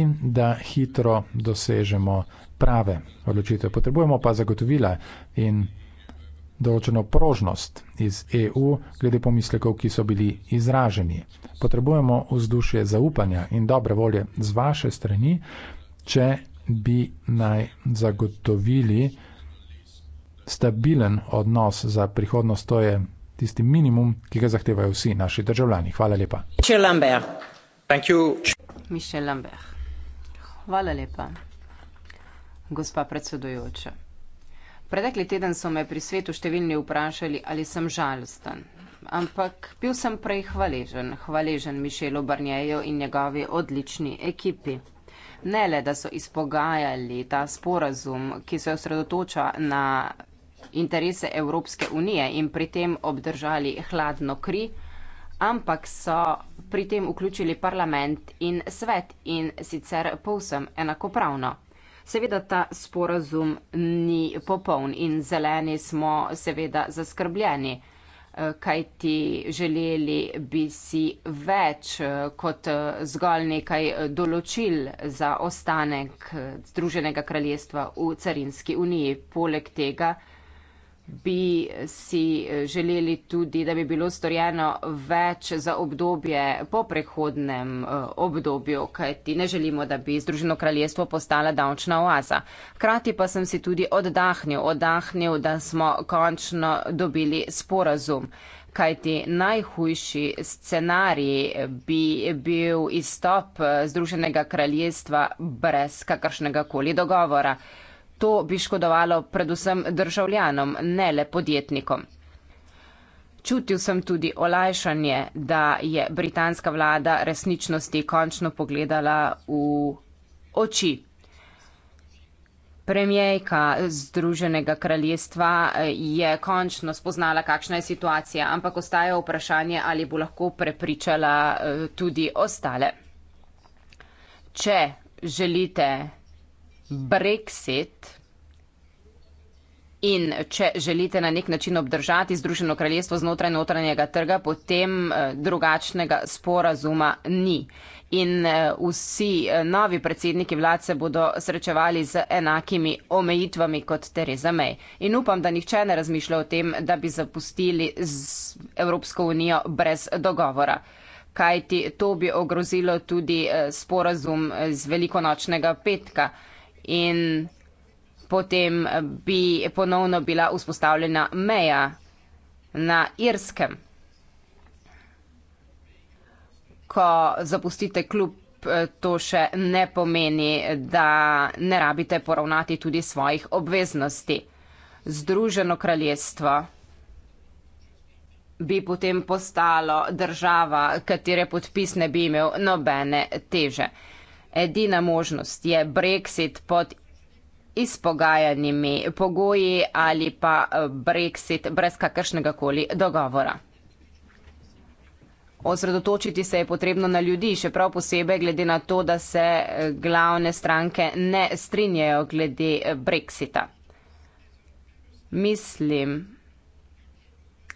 in da hitro dosežemo prave odločitve. Potrebujemo pa zagotovila in določeno prožnost iz EU glede pomislekov, ki so bili izraženi. Potrebujemo vzdušje zaupanja in dobre volje z vaše strani, če bi naj zagotovili stabilen odnos za prihodnost. To je tisti minimum, ki ga zahtevajo vsi naši državljani. Hvala lepa. Michel Lambert. Michel Lambert. Hvala lepa, gospa predsedujoča. Predekli teden so me pri svetu številni vprašali, ali sem žalosten. Ampak bil sem prej hvaležen, hvaležen Mišelu Barnjeju in njegovi odlični ekipi. Ne le, da so izpogajali ta sporazum, ki se osredotoča na interese Evropske unije in pri tem obdržali hladno kri, ampak so pri tem vključili parlament in svet in sicer povsem enakopravno. Seveda ta sporazum ni popoln in zeleni smo seveda zaskrbljeni, eh, kajti želeli bi si več eh, kot eh, zgolj nekaj določil za ostanek Združenega kraljestva v Carinski uniji. Poleg tega, bi si eh, želeli tudi, da bi bilo storjeno več za obdobje po prehodnem eh, obdobju, kajti ne želimo, da bi Združeno kraljestvo postala davčna oaza. Hkrati pa sem si tudi oddahnil, oddahnil, da smo končno dobili sporazum, kajti najhujši scenarij bi bil izstop eh, Združenega kraljestva brez kakršnega koli dogovora. To bi škodovalo predvsem državljanom, ne le podjetnikom. Čutil sem tudi olajšanje, da je britanska vlada resničnosti končno pogledala v oči. Premijejka Združenega kraljestva je končno spoznala, kakšna je situacija, ampak ostaja vprašanje, ali bo lahko prepričala eh, tudi ostale. Če želite Brexit in če želite na nek način obdržati Združeno kraljestvo znotraj notranjega trga, potem eh, drugačnega sporazuma ni. In eh, vsi eh, novi predsedniki vlad se bodo srečevali z enakimi omejitvami kot Tereza May. In upam, da nihče ne razmišlja o tem, da bi zapustili Evropsko unijo brez dogovora. Kajti to bi ogrozilo tudi sporazum z velikonočnega petka in potem bi ponovno bila vzpostavljena meja na Irskem. Ko zapustite klub, to še ne pomeni, da ne rabite poravnati tudi svojih obveznosti. Združeno kraljestvo bi potem postalo država, katere podpis ne bi imel nobene teže edina možnost je brexit pod izpogajanimi pogoji ali pa eh, brexit brez kakršnega koli dogovora. Osredotočiti se je potrebno na ljudi, še prav posebej glede na to, da se eh, glavne stranke ne strinjajo glede eh, brexita. Mislim,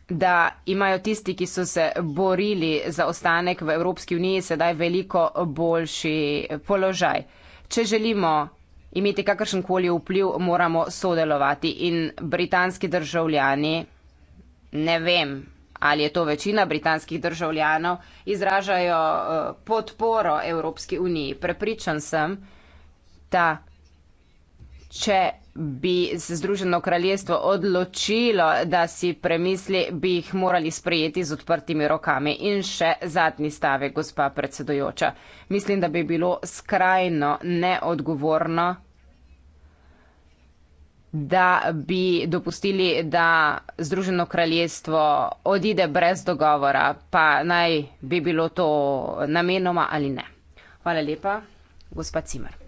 da imajo tisti, ki so se borili za ostanek v Evropski uniji, sedaj veliko boljši položaj. Če želimo imeti kakršenkoli vpliv, moramo sodelovati in britanski državljani, ne vem, ali je to večina britanskih državljanov, izražajo eh, podporo Evropski uniji. Prepričan sem, da če bi se Združeno kraljestvo odločilo, da si premisli, bi jih morali sprejeti z odprtimi rokami. In še zadnji stave, gospa predsedojoča. Mislim, da bi bilo skrajno neodgovorno, da bi dopustili, da Združeno kraljestvo odide brez dogovora, pa naj bi bilo to namenoma ali ne. Hvala lepa, gospa Cimer.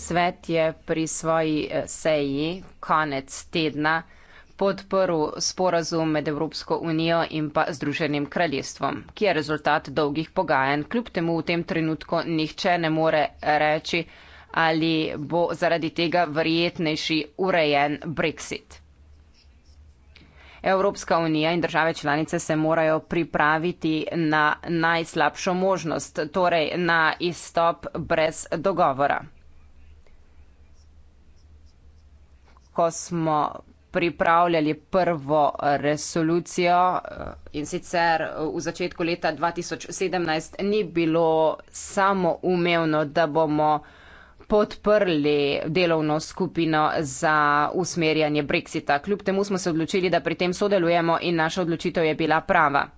Svet je pri svoji eh, seji konec tedna podprl sporazum med Evropsko unijo in pa Združenim kraljestvom, ki je rezultat dolgih pogajanj. Kljub temu v tem trenutku nihče ne more reči, ali bo zaradi tega verjetnejši urejen brexit. Evropska unija in države članice se morajo pripraviti na najslabšo možnost, torej na izstop brez dogovora. Ko smo pripravljali prvo resolucijo eh, in sicer eh, v začetku leta 2017, ni bilo samo umevno, da bomo podprli delovno skupino za usmerjanje Brexita. Kljub temu smo se odločili, da pri tem sodelujemo in naša odločitev je bila prava.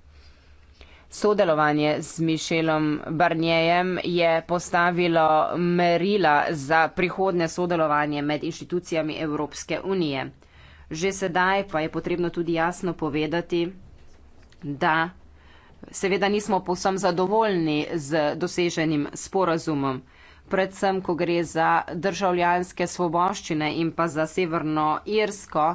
Sodelovanje z Mišelom Barnjejem je postavilo merila za prihodne sodelovanje med inštitucijami Evropske unije. Že sedaj pa je potrebno tudi jasno povedati, da seveda nismo povsem zadovoljni z doseženim sporazumom predvsem, ko gre za državljanske svoboščine in pa za Severno Irsko.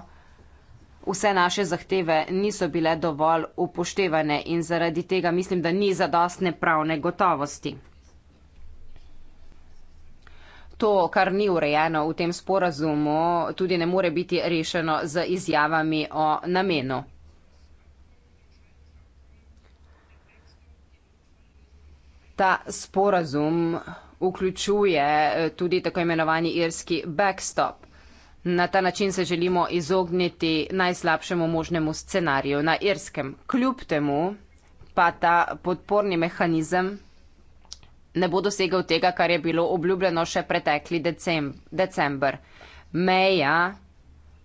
Vse naše zahteve niso bile dovolj upoštevane in zaradi tega mislim, da ni zadostne pravne gotovosti. To, kar ni urejeno v tem sporazumu, tudi ne more biti rešeno z izjavami o namenu. Ta sporazum vključuje eh, tudi tako imenovani irski backstop. Na ta način se želimo izogniti najslabšemu možnemu scenariju na irskem. Kljub temu pa ta podporni mehanizem ne bo dosegel tega, kar je bilo obljubljeno še pretekli decemb december. Meja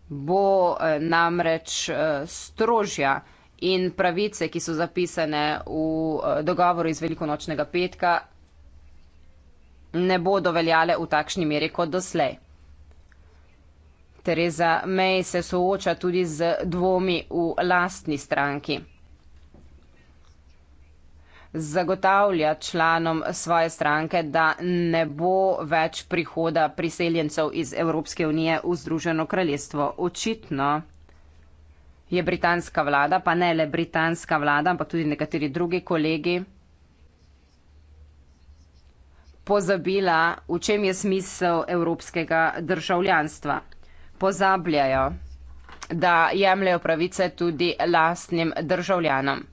bo eh, namreč eh, strožja in pravice, ki so zapisane v dogovoru iz velikonočnega petka, ne bodo veljale v takšni meri kot doslej. Tereza May se sooča tudi z dvomi v lastni stranki. Zagotavlja članom svoje stranke, da ne bo več prihoda priseljencev iz Evropske unije v Združeno kraljestvo. Očitno je britanska vlada, pa ne le britanska vlada, ampak tudi nekateri drugi kolegi pozabila, v čem je smisel evropskega državljanstva. Pozabljajo, da jemljajo pravice tudi lastnim državljanom.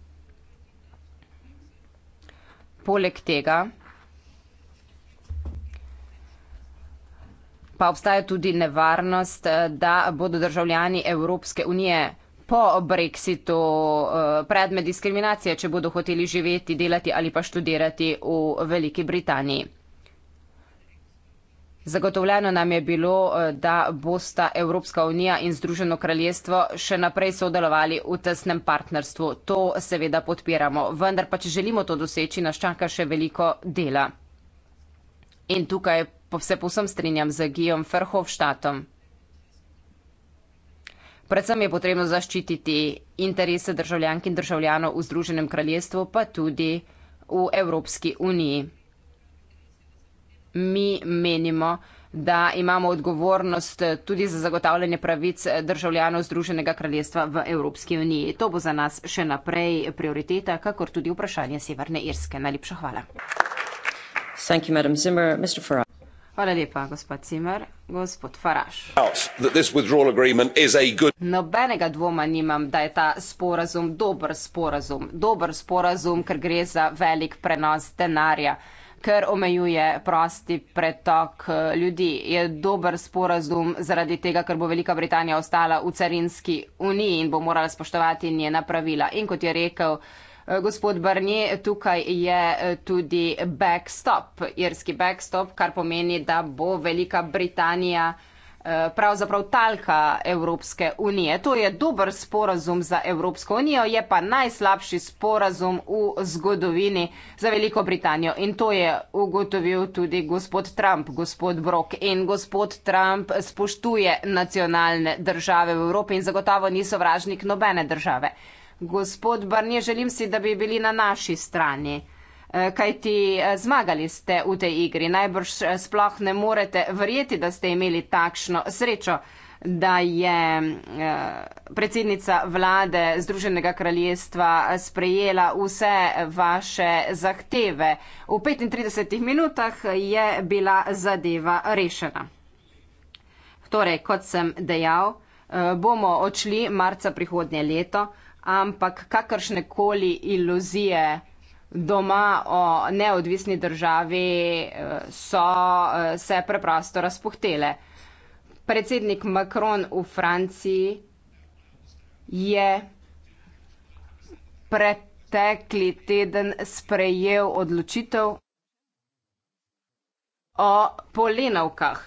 Poleg tega pa obstaja tudi nevarnost, da bodo državljani Evropske unije po Brexitu eh, predmet diskriminacije, če bodo hoteli živeti, delati ali pa študirati v Veliki Britaniji. Zagotovljeno nam je bilo, eh, da bosta Evropska unija in Združeno kraljestvo še naprej sodelovali v tesnem partnerstvu. To seveda podpiramo, vendar pa če želimo to doseči, nas čaka še veliko dela. In tukaj se povsem strinjam z Gijom Ferhovštatom. Predvsem je potrebno zaščititi interese državljank in državljanov v Združenem kraljestvu, pa tudi v Evropski uniji mi menimo, da imamo odgovornost tudi za zagotavljanje pravic državljanov Združenega kraljestva v Evropski uniji. To bo za nas še naprej prioriteta, kakor tudi vprašanje Severne Irske. Najlepša hvala. Hvala lepa, gospod Cimer. Gospod Faraš. Good... Nobenega dvoma nimam, da je ta sporazum dober sporazum. Dober sporazum, ker gre za velik prenos denarja ker omejuje prosti pretok eh, ljudi. Je dober sporazum zaradi tega, ker bo Velika Britanija ostala v carinski uniji in bo morala spoštovati njena pravila. In kot je rekel eh, gospod Barnier, tukaj je eh, tudi backstop, irski backstop, kar pomeni, da bo Velika Britanija Eh, pravzaprav talka Evropske unije. To je dober sporazum za Evropsko unijo, je pa najslabši sporazum v zgodovini za Veliko Britanijo. In to je ugotovil tudi gospod Trump, gospod Brok. In gospod Trump spoštuje nacionalne države v Evropi in zagotovo ni sovražnik nobene države. Gospod Barnje, želim si, da bi bili na naši strani. Eh, kaj ti eh, zmagali ste v tej igri. Najbrž eh, sploh ne morete verjeti, da ste imeli takšno srečo, da je predsednica vlade Združenega kraljestva sprejela vse vaše zahteve. V 35 minutah je bila zadeva rešena. Torej, kot sem dejal, bomo odšli marca prihodnje leto, ampak kakršne koli iluzije doma o neodvisni državi eh, so eh, se preprosto razpohtele. Predsednik Macron v Franciji je pretekli teden sprejel odločitev o polenovkah.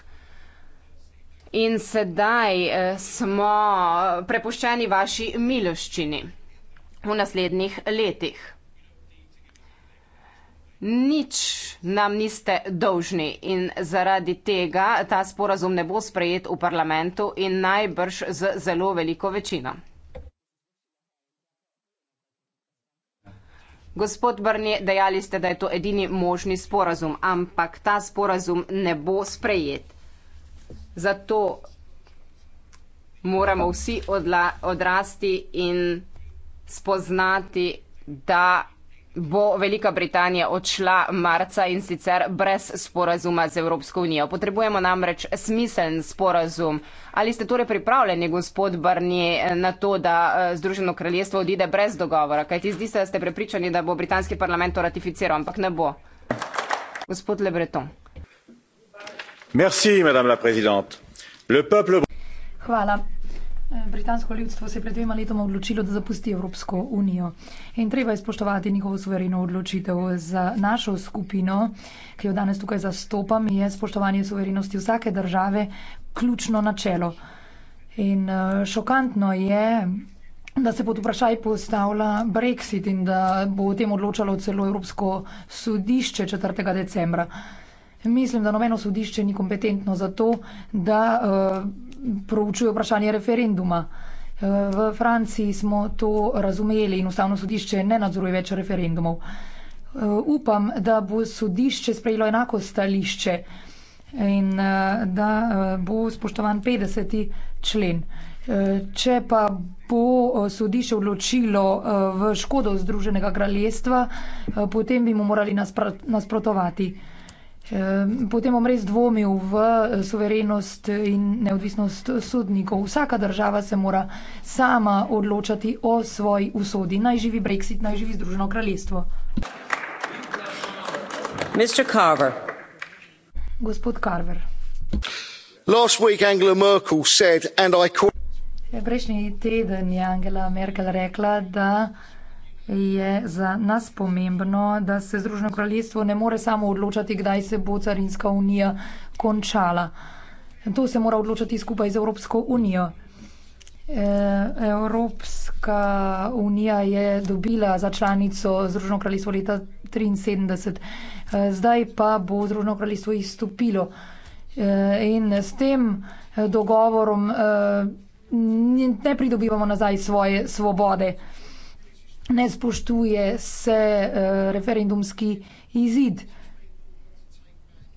In sedaj eh, smo prepuščeni vaši miloščini v naslednjih letih nič nam niste dolžni in zaradi tega ta sporazum ne bo sprejet v parlamentu in najbrž z zelo veliko večino. Gospod Brnje, dejali ste, da je to edini možni sporazum, ampak ta sporazum ne bo sprejet. Zato moramo vsi odla, odrasti in spoznati, da bo Velika Britanija odšla marca in sicer brez sporazuma z Evropsko unijo. Potrebujemo namreč smiseln sporazum. Ali ste torej pripravljeni, gospod Barnier, na to, da eh, Združeno kraljestvo odide brez dogovora? Kaj ti zdi se, da ste prepričani, da bo britanski parlament to ratificiral, ampak ne bo. Gospod Le Breton. Merci, madame la presidente. Le peuple. Hvala. Britansko ljudstvo se je pred dvema letoma odločilo, da zapusti Evropsko unijo in treba je spoštovati njihovo suvereno odločitev. Za našo skupino, ki jo danes tukaj zastopam, je spoštovanje suverenosti vsake države ključno načelo. In eh, šokantno je, da se pod vprašaj postavlja Brexit in da bo o tem odločalo celo Evropsko sodišče 4. decembra. Mislim, da nobeno sodišče ni kompetentno za to, da uh, proučuje vprašanje referenduma. Eh, v Franciji smo to razumeli in ustavno sodišče ne nadzoruje več referendumov. Eh, upam, da bo sodišče sprejelo enako stališče in eh, da bo spoštovan 50. člen. Če pa bo sodišče odločilo v škodo Združenega kraljestva, potem bi mu morali nasprotovati. Potem bom res dvomil v eh, suverenost in neodvisnost sodnikov. Vsaka država se mora sama odločati o svoji usodi. Naj živi Brexit, naj živi Združeno kraljestvo. Carver. Gospod Carver. Last week Angela Merkel said, and I call... Prejšnji teden je Angela Merkel rekla, da je za nas pomembno, da se Združeno kraljestvo ne more samo odločati, kdaj se bo carinska unija končala. To se mora odločati skupaj z Evropsko unijo. E, Evropska unija je dobila za članico Združeno kraljestvo leta 1973, e, zdaj pa bo Združeno kraljestvo izstopilo. E, in s tem dogovorom ne pridobivamo nazaj svoje svobode ne spoštuje se eh, referendumski izid.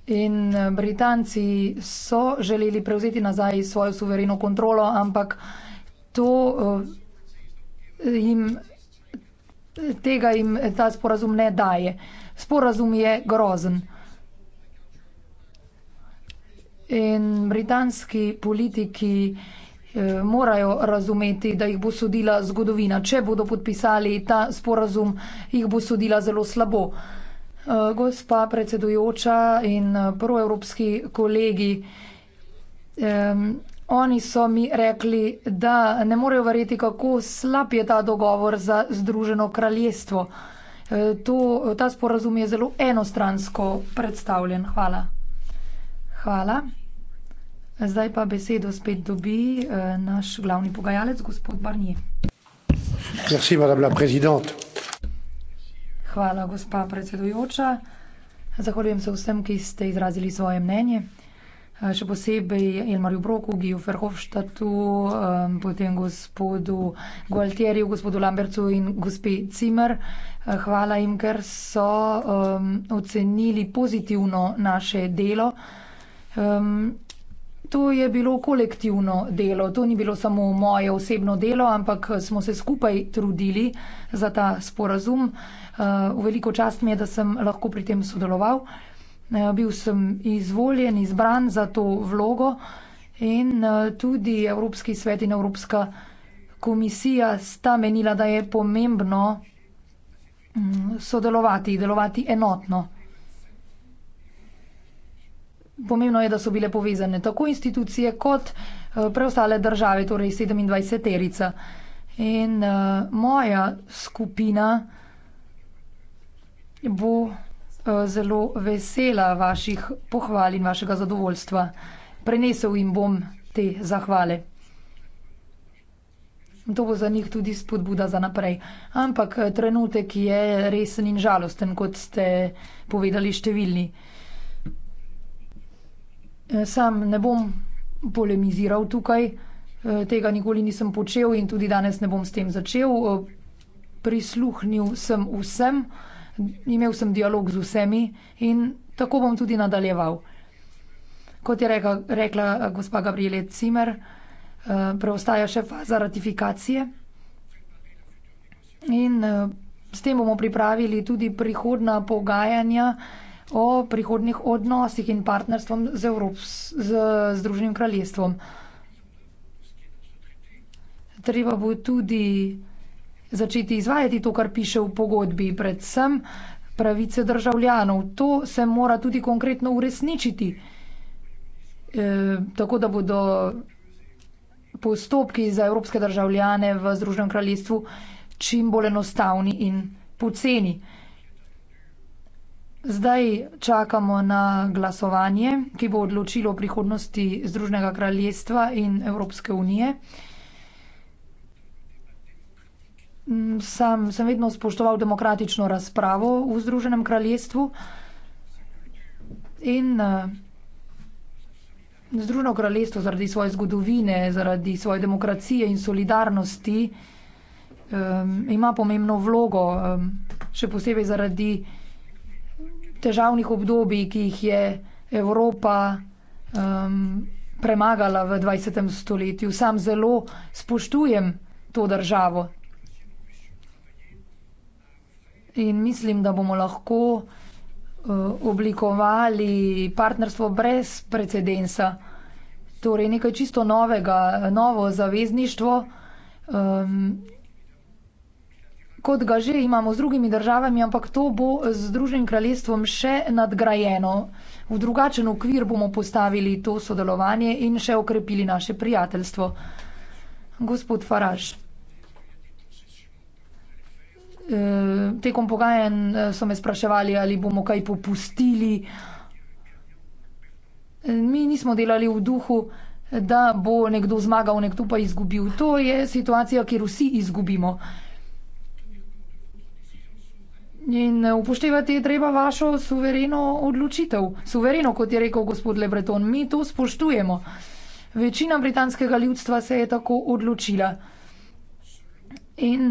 In eh, Britanci so želeli prevzeti nazaj svojo suvereno kontrolo, ampak to eh, jim, tega jim ta sporazum ne daje. Sporazum je grozen. In britanski politiki Eh, morajo razumeti, da jih bo sodila zgodovina. Če bodo podpisali ta sporazum, jih bo sodila zelo slabo. Eh, gospa predsedujoča in eh, proevropski kolegi, um, oni so mi rekli, da ne morejo verjeti, kako slab je ta dogovor za Združeno kraljestvo. To, ta sporazum je zelo enostransko predstavljen. Hvala. Hvala. Zdaj pa besedo spet dobi eh, naš glavni pogajalec, gospod Barnier. Merci, madame la présidente. Hvala, gospa predsedujoča. Zahvaljujem se vsem, ki ste izrazili svoje mnenje. Eh, še posebej Elmarju Broku, Giju Ferhofštatu, eh, potem gospodu Gualtjeriju, gospodu Lambercu in gospe Cimer. Hvala jim, ker so ocenili pozitivno naše delo. To je bilo kolektivno delo, to ni bilo samo moje osebno delo, ampak smo se skupaj trudili za ta sporazum. Eh, veliko čast mi je, da sem lahko pri tem sodeloval. Eh, bil sem izvoljen, izbran za to vlogo in eh, tudi Evropski svet in Evropska komisija sta menila, da je pomembno mm, sodelovati, delovati enotno. Pomembno je, da so bile povezane tako institucije kot eh, preostale države, torej 27-terica. In uh, moja skupina bo uh, zelo vesela vaših pohval in vašega zadovoljstva. Prenesel jim bom te zahvale. To bo za njih tudi spodbuda za naprej. Ampak trenutek je resen in žalosten, kot ste povedali številni. Uh, Eh, sam ne bom polemiziral tukaj, eh, tega nikoli nisem počel in tudi danes ne bom s tem začel. Eh, prisluhnil sem vsem, imel sem dialog z vsemi in tako bom tudi nadaljeval. Kot je rekla, rekla gospa Gabriele Cimer, preostaja še faza ratifikacije in s tem bomo pripravili tudi prihodna pogajanja o prihodnih odnosih in partnerstvom z Evrops, z Združenim kraljestvom. Treba bo tudi začeti izvajati to, kar piše v pogodbi, predvsem pravice državljanov. To se mora tudi konkretno uresničiti, e, tako da bodo postopki za evropske državljane v Združenem kraljestvu čim bolj enostavni in poceni. Zdaj čakamo na glasovanje, ki bo odločilo o prihodnosti Združnega kraljestva in Evropske unije. Mm, sam sem vedno spoštoval demokratično razpravo v Združenem kraljestvu in eh, Združeno kraljestvo zaradi svoje zgodovine, zaradi svoje demokracije in solidarnosti um, ima pomembno vlogo, um, še posebej zaradi težavnih obdobij, ki jih je Evropa um, premagala v 20. stoletju. Sam zelo spoštujem to državo. In mislim, da bomo lahko uh, oblikovali partnerstvo brez precedensa. Torej nekaj čisto novega, novo zavezništvo. Um, kot ga že imamo z drugimi državami, ampak to bo z Združenim kraljestvom še nadgrajeno. V drugačen okvir bomo postavili to sodelovanje in še okrepili naše prijateljstvo. Gospod Faraž. E, tekom pogajanj e, so me spraševali, ali bomo kaj popustili. E, mi nismo delali v duhu, da bo nekdo zmagal, nekdo pa izgubil. To je situacija, kjer vsi izgubimo. In upoštevati je treba vašo suvereno odločitev. Suvereno, kot je rekel gospod Lebreton, mi to spoštujemo. Večina britanskega ljudstva se je tako odločila. In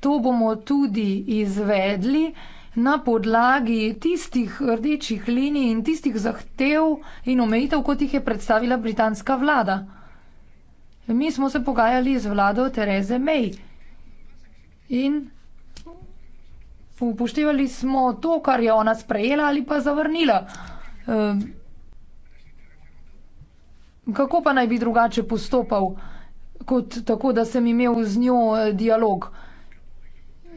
to bomo tudi izvedli na podlagi tistih rdečih linij in tistih zahtev in omejitev, kot jih je predstavila britanska vlada. Mi smo se pogajali z vlado Tereze May. In upoštevali smo to, kar je ona sprejela ali pa zavrnila. Ehm, kako pa naj bi drugače postopal, kot tako, da sem imel z njo eh, dialog?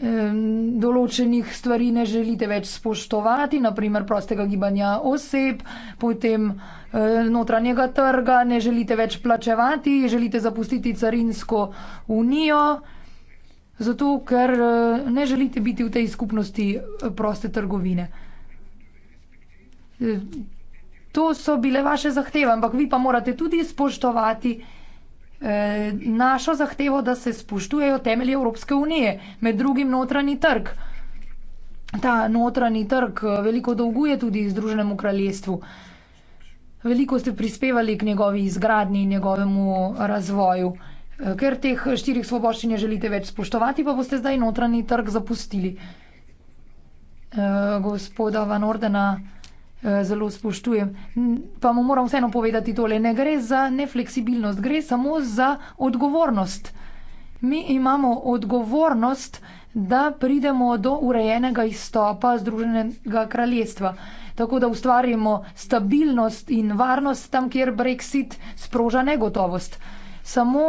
Ehm, določenih stvari ne želite več spoštovati, naprimer prostega gibanja oseb, potem eh, notranjega trga, ne želite več plačevati, želite zapustiti carinsko unijo. Zato, ker eh, ne želite biti v tej skupnosti eh, proste trgovine. Eh, to so bile vaše zahteve, ampak vi pa morate tudi spoštovati našo zahtevo, da se spoštujejo temelje Evropske unije, med drugim notranji trg. Ta notranji trg veliko dolguje tudi Združenemu kraljestvu. Veliko ste prispevali k njegovi izgradnji in njegovemu razvoju. Eh, ker teh eh, štirih svoboščin ne želite več spoštovati, pa boste zdaj notranji trg zapustili. Eh, gospoda Van Ordena zelo spoštujem. Pa mu moram vseeno povedati tole. Ne gre za nefleksibilnost, gre samo za odgovornost. Mi imamo odgovornost, da pridemo do urejenega izstopa Združenega kraljestva. Tako da ustvarimo stabilnost in varnost tam, kjer Brexit sproža negotovost. Samo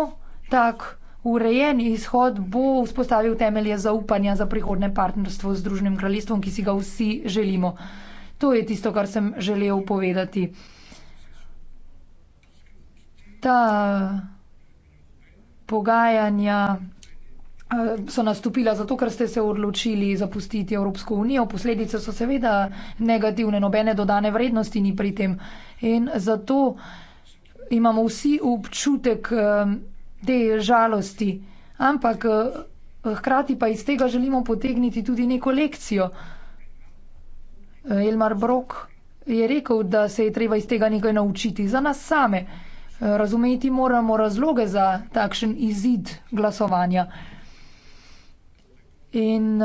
tak urejen izhod bo vzpostavil temelje zaupanja za prihodne partnerstvo z Združenim kraljestvom, ki si ga vsi želimo. To je tisto, kar sem želel povedati. Ta pogajanja eh, so nastopila zato, ker ste se odločili zapustiti Evropsko unijo. Posledice so seveda negativne, nobene dodane vrednosti ni pri tem. In zato imamo vsi občutek, eh, te žalosti. Ampak eh, hkrati pa iz tega želimo potegniti tudi neko lekcijo. Eh, Elmar Brok je rekel, da se je treba iz tega nekaj naučiti za nas same. Eh, razumeti moramo razloge za takšen izid glasovanja. In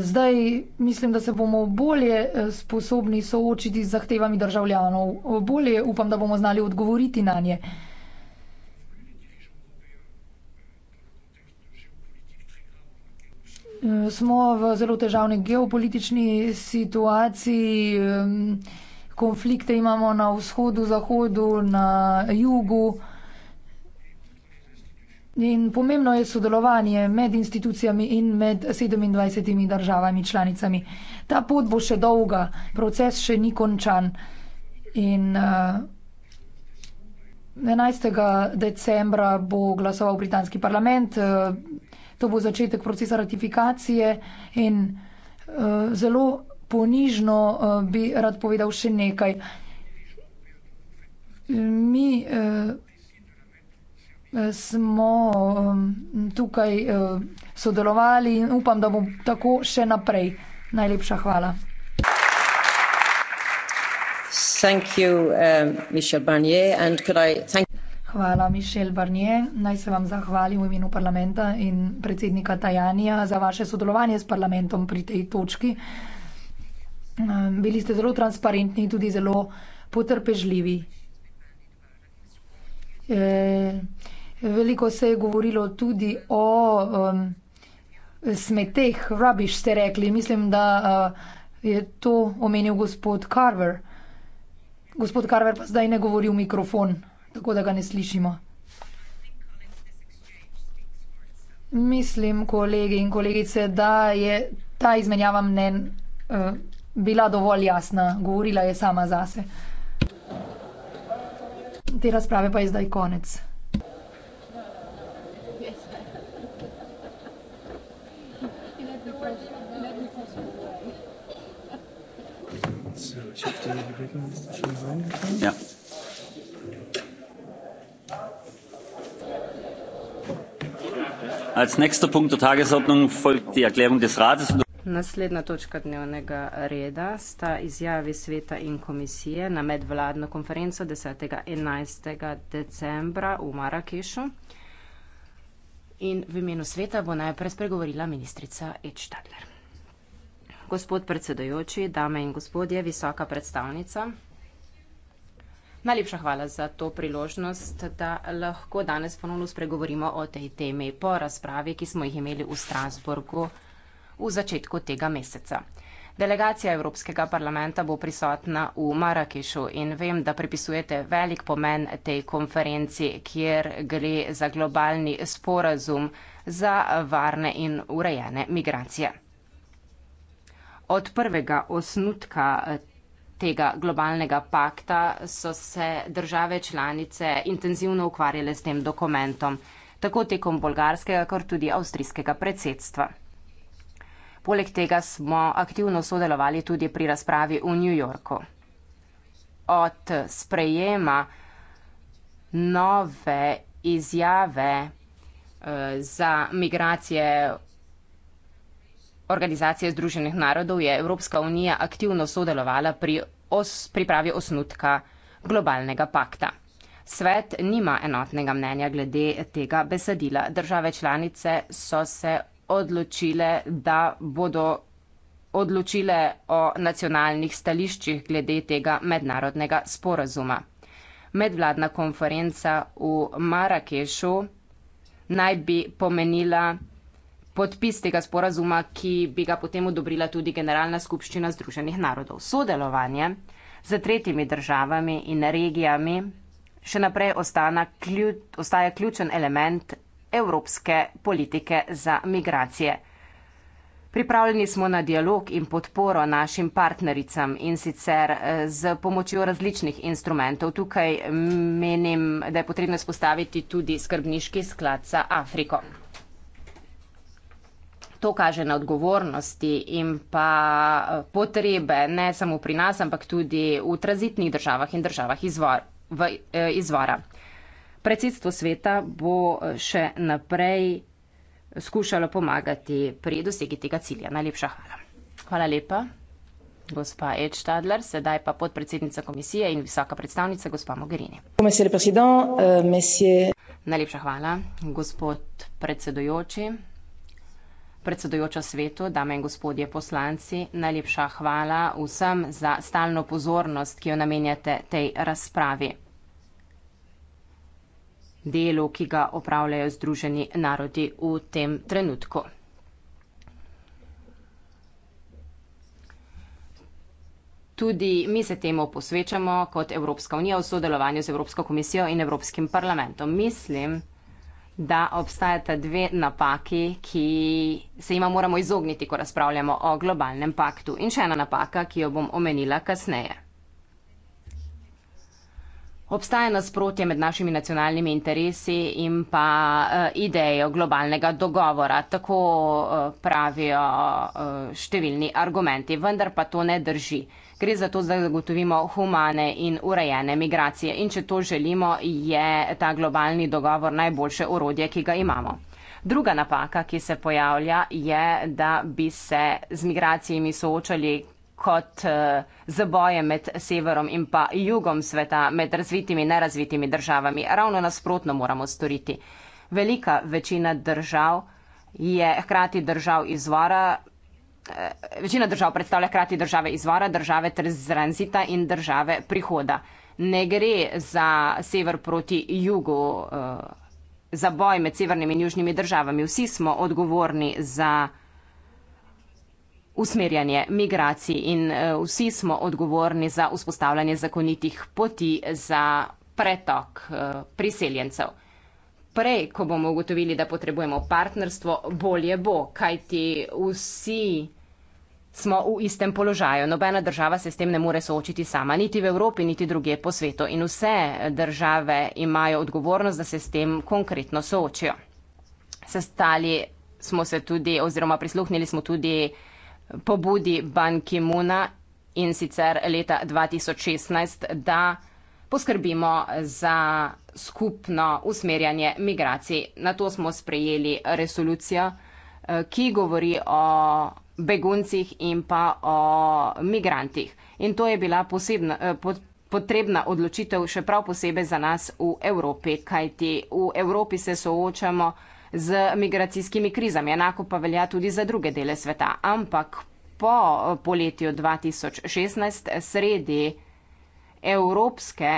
zdaj mislim, da se bomo bolje sposobni soočiti z zahtevami državljanov. Bolje upam, da bomo znali odgovoriti na nje. smo v zelo težavni geopolitični situaciji. Konflikte imamo na vzhodu, zahodu, na jugu. In pomembno je sodelovanje med institucijami in med 27 državami članicami. Ta pot bo še dolga, proces še ni končan. In uh, eh, 11. decembra bo glasoval britanski parlament. Uh, to bo začetek procesa ratifikacije in uh, zelo ponižno uh, bi rad povedal še nekaj. Mi uh, smo uh, tukaj uh, sodelovali in upam, da bom tako še naprej. Najlepša hvala. Thank you, um, Michel Barnier, and could I thank Hvala, Mišel Barnier. Naj se vam zahvalim v imenu parlamenta in predsednika Tajanija za vaše sodelovanje s parlamentom pri tej točki. Ehm, bili ste zelo transparentni in tudi zelo potrpežljivi. Ehm, veliko se je govorilo tudi o ehm, smeteh, rubbish ste rekli. Mislim, da eh, je to omenil gospod Carver. Gospod Carver pa zdaj ne govori v mikrofon tako da ga ne slišimo. Mislim, kolegi in kolegice, da je ta izmenjava mnen uh, bila dovolj jasna, govorila je sama zase. Te razprave pa je zdaj konec. Yeah. Naslednja točka dnevnega reda sta izjavi sveta in komisije na medvladno konferenco 10. in 11. decembra v Marakešu. In v imenu sveta bo najprej spregovorila ministrica Edštadler. Gospod predsedojoči, dame in gospodje, visoka predstavnica. Najlepša hvala za to priložnost, da lahko danes ponovno spregovorimo o tej temi po razpravi, ki smo jih imeli v Strasburgu v začetku tega meseca. Delegacija Evropskega parlamenta bo prisotna v Marakešu in vem, da pripisujete velik pomen tej konferenci, kjer gre za globalni sporazum za varne in urejene migracije. Od prvega osnutka tega globalnega pakta so se države članice intenzivno ukvarjale s tem dokumentom, tako tekom bolgarskega, kot tudi avstrijskega predsedstva. Poleg tega smo aktivno sodelovali tudi pri razpravi v New Yorku. Od sprejema nove izjave eh, za migracije organizacije Združenih narodov je Evropska unija aktivno sodelovala pri os, pripravi osnutka globalnega pakta. Svet nima enotnega mnenja glede tega besedila. Države članice so se odločile, da bodo odločile o nacionalnih stališčih glede tega mednarodnega sporazuma. Medvladna konferenca v Marrakešu naj bi pomenila podpis tega sporazuma, ki bi ga potem odobrila tudi Generalna skupščina Združenih narodov. Sodelovanje z tretjimi državami in regijami še naprej ostaja ključen element evropske politike za migracije. Pripravljeni smo na dialog in podporo našim partnericam in sicer z eh, pomočjo različnih instrumentov. Tukaj menim, da je potrebno spostaviti tudi skrbniški sklad za Afriko. To kaže na odgovornosti in pa eh, potrebe ne samo pri nas, ampak tudi v tranzitnih državah in državah izvor, v, eh, izvora. Predsedstvo sveta bo eh, še naprej skušalo pomagati pri dosegi tega cilja. Najlepša hvala. Hvala lepa, gospa Ed Stadler, sedaj pa podpredsednica komisije in visoka predstavnica, gospa Mogherini. Euh, Najlepša hvala, gospod predsedujoči. Predsedujoča svetu, dame in gospodje poslanci, najlepša hvala vsem za stalno pozornost, ki jo namenjate tej razpravi. Delu, ki ga opravljajo Združeni narodi v tem trenutku. Tudi mi se temu posvečamo kot Evropska unija v sodelovanju z Evropsko komisijo in Evropskim parlamentom. Mislim, da obstajata dve napaki, ki se jima moramo izogniti, ko razpravljamo o globalnem paktu. In še ena napaka, ki jo bom omenila kasneje. Obstaja nasprotje med našimi nacionalnimi interesi in pa eh, idejo globalnega dogovora, tako eh, pravijo eh, številni argumenti, vendar pa to ne drži gre za to, da zagotovimo humane in urejene migracije. In če to želimo, je ta globalni dogovor najboljše orodje, ki ga imamo. Druga napaka, ki se pojavlja, je, da bi se z migracijami soočali kot eh, z bojem med severom in pa jugom sveta, med razvitimi in nerazvitimi državami. Ravno nasprotno moramo storiti. Velika večina držav je hkrati držav izvora Eh, večina držav predstavlja krati države izvora, države ter zranzita in države prihoda. Ne gre za sever proti jugu, eh, za boj med severnimi in južnimi državami. Vsi smo odgovorni za usmerjanje migracij in eh, vsi smo odgovorni za vzpostavljanje zakonitih poti za pretok priseljencev. Prej, ko bomo ugotovili, da potrebujemo partnerstvo, bolje bo, kajti vsi smo v istem položaju. Nobena država se s tem ne more soočiti sama, niti v Evropi, niti druge po svetu. In vse države imajo odgovornost, da se s tem konkretno soočijo. Sestali smo se tudi, oziroma prisluhnili smo tudi pobudi Ban Ki-muna in sicer leta 2016, da poskrbimo za skupno usmerjanje migracij. Na to smo sprejeli resolucijo, eh, ki govori o beguncih in pa o migrantih. In to je bila posebna, eh, potrebna odločitev, še prav posebej za nas v Evropi, kajti v Evropi se soočamo z migracijskimi krizami, enako pa velja tudi za druge dele sveta. Ampak po poletju 2016 sredi Evropske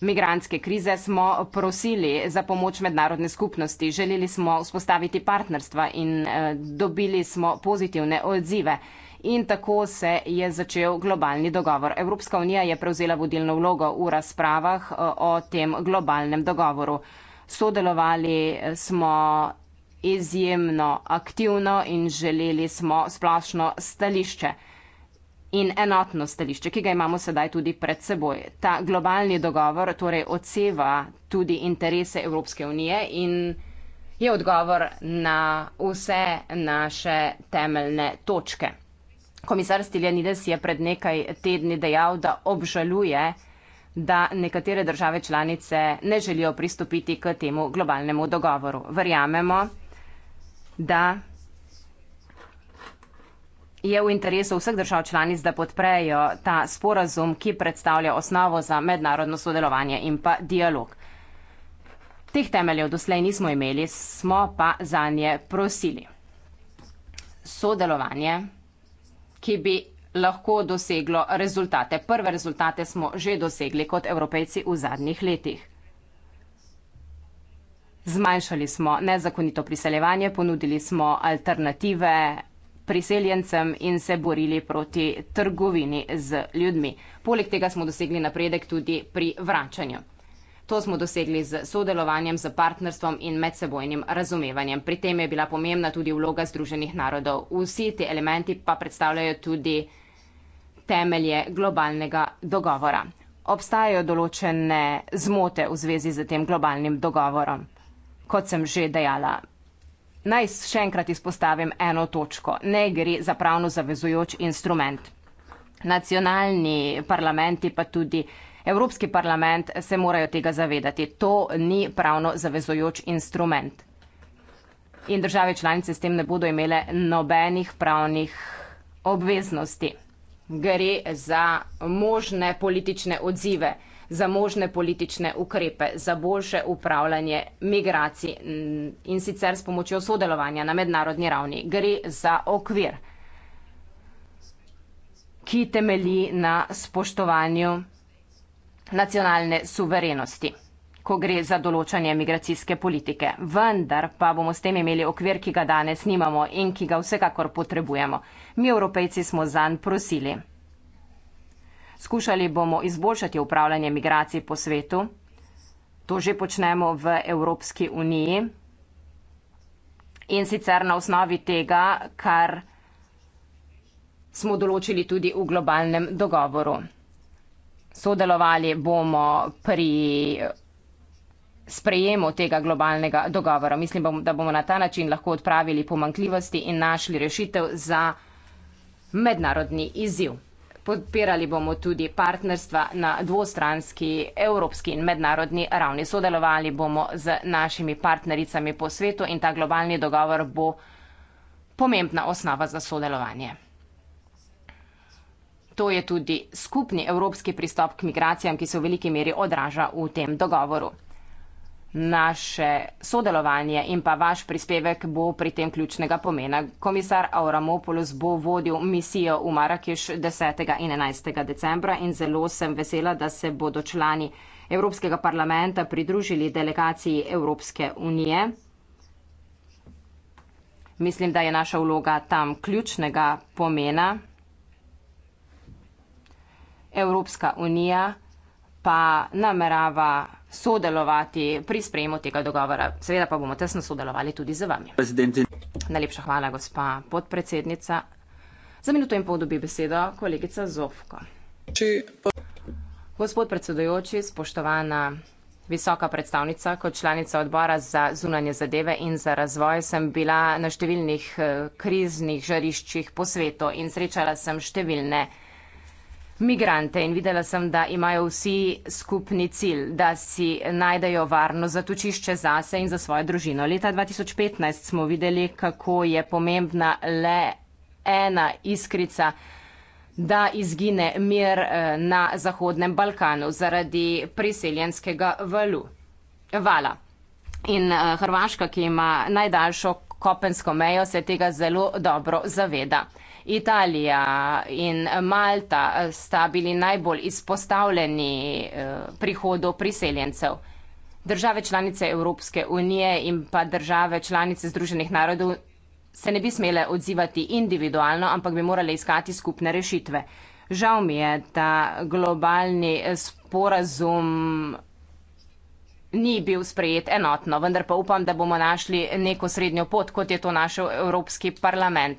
migranske krize smo prosili za pomoč mednarodne skupnosti, želeli smo vzpostaviti partnerstva in eh, dobili smo pozitivne odzive. In tako se je začel globalni dogovor. Evropska unija je prevzela vodilno vlogo v razpravah eh, o tem globalnem dogovoru. Sodelovali eh, smo izjemno aktivno in želeli smo splošno stališče in enotno stališče, ki ga imamo sedaj tudi pred seboj. Ta globalni dogovor torej odseva tudi interese Evropske unije in je odgovor na vse naše temeljne točke. Komisar Stiljanides je pred nekaj tedni dejal, da obžaluje, da nekatere države članice ne želijo pristopiti k temu globalnemu dogovoru. Verjamemo, da je v interesu vseh držav članic, da podprejo ta sporazum, ki predstavlja osnovo za mednarodno sodelovanje in pa dialog. Teh temeljev doslej nismo imeli, smo pa za nje prosili. Sodelovanje, ki bi lahko doseglo rezultate. Prve rezultate smo že dosegli kot evropejci v zadnjih letih. Zmanjšali smo nezakonito priseljevanje, ponudili smo alternative priseljencem in se borili proti trgovini z ljudmi. Poleg tega smo dosegli napredek tudi pri vračanju. To smo dosegli z sodelovanjem, z partnerstvom in medsebojnim razumevanjem. Pri tem je bila pomembna tudi vloga Združenih narodov. Vsi ti elementi pa predstavljajo tudi temelje globalnega dogovora. Obstajajo določene zmote v zvezi z tem globalnim dogovorom. Kot sem že dejala, Naj še enkrat izpostavim eno točko. Ne gre za pravno zavezujoč instrument. Nacionalni parlamenti pa tudi. Evropski parlament se morajo tega zavedati. To ni pravno zavezojoč instrument. In države članice s tem ne bodo imele nobenih pravnih obveznosti. Gre za možne politične odzive za možne politične ukrepe, za boljše upravljanje migracij in sicer s pomočjo sodelovanja na mednarodni ravni. Gre za okvir, ki temelji na spoštovanju nacionalne suverenosti ko gre za določanje migracijske politike. Vendar pa bomo s tem imeli okvir, ki ga danes nimamo in ki ga vsekakor potrebujemo. Mi, evropejci, smo zanj prosili. Skušali bomo izboljšati upravljanje migracij po svetu. To že počnemo v Evropski uniji. In sicer na osnovi tega, kar smo določili tudi v globalnem dogovoru. Sodelovali bomo pri sprejemu tega globalnega dogovora. Mislim, da bomo na ta način lahko odpravili pomankljivosti in našli rešitev za mednarodni izziv. Podpirali bomo tudi partnerstva na dvostranski, evropski in mednarodni ravni. Sodelovali bomo z našimi partnericami po svetu in ta globalni dogovor bo pomembna osnova za sodelovanje. To je tudi skupni evropski pristop k migracijam, ki se v veliki meri odraža v tem dogovoru naše sodelovanje in pa vaš prispevek bo pri tem ključnega pomena. Komisar Auramopoulos bo vodil misijo v Marakeš 10. in 11. decembra in zelo sem vesela, da se bodo člani Evropskega parlamenta pridružili delegaciji Evropske unije. Mislim, da je naša vloga tam ključnega pomena. Evropska unija pa namerava sodelovati pri sprejemu tega dogovora. Seveda pa bomo tesno sodelovali tudi z vami. Prezidenti. Najlepša hvala, gospa podpredsednica. Za minuto in pol dobi besedo kolegica Zofko. Či... Gospod predsedujoči, spoštovana visoka predstavnica, kot članica odbora za zunanje zadeve in za razvoj sem bila na številnih eh, kriznih žariščih po svetu in srečala sem številne migrante in videla sem, da imajo vsi skupni cilj, da si najdejo varno zatočišče zase in za svojo družino. Leta 2015 smo videli, kako je pomembna le ena iskrica, da izgine mir eh, na Zahodnem Balkanu zaradi priseljenskega valu. Vala. In eh, Hrvaška, ki ima najdaljšo kopensko mejo, se tega zelo dobro zaveda. Italija in Malta sta bili najbolj izpostavljeni eh, prihodu priseljencev. Države članice Evropske unije in pa države članice Združenih narodov se ne bi smele odzivati individualno, ampak bi morale iskati skupne rešitve. Žal mi je, da globalni eh, sporazum ni bil sprejet enotno, vendar pa upam, da bomo našli neko srednjo pot, kot je to našel Evropski parlament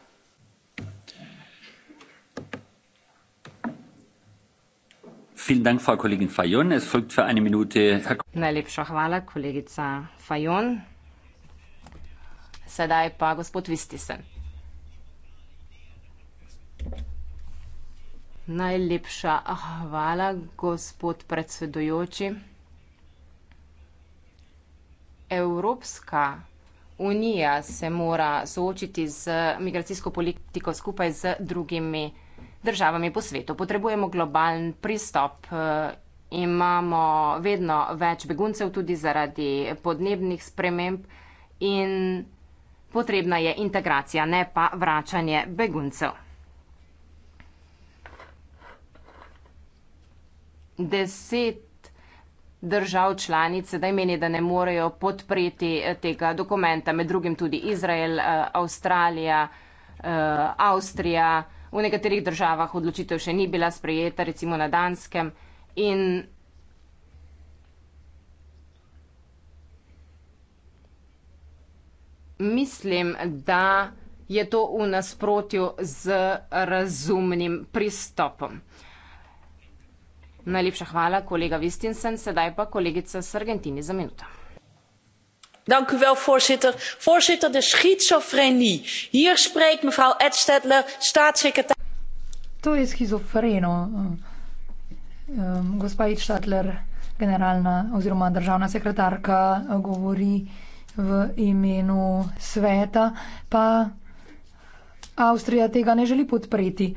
Najlepša hvala, kolegica Fajon. Sedaj pa gospod Vistisen. Najlepša hvala, gospod predsedujoči. Evropska unija se mora soočiti z migracijsko politiko skupaj z drugimi državami državami po svetu. Potrebujemo globalen pristop. Eh, imamo vedno več beguncev tudi zaradi podnebnih sprememb in potrebna je integracija, ne pa vračanje beguncev. Deset držav članic sedaj meni, da ne morejo podpreti eh, tega dokumenta, med drugim tudi Izrael, eh, Avstralija, Avstrija. V nekaterih državah odločitev še ni bila sprejeta, recimo na Danskem. In mislim, da je to v nasprotju z razumnim pristopom. Najlepša hvala, kolega Vistinsen. Sedaj pa kolegica Sargentini za minuto voorzitter de schizofrenie hier spreekt mevrouw edstettler staatssecretaris. to je schizofreno eh, eh, gospa edstettler generalna oziroma državna sekretarka eh, govori v imenu sveta pa avstrija tega ne želi podpreti.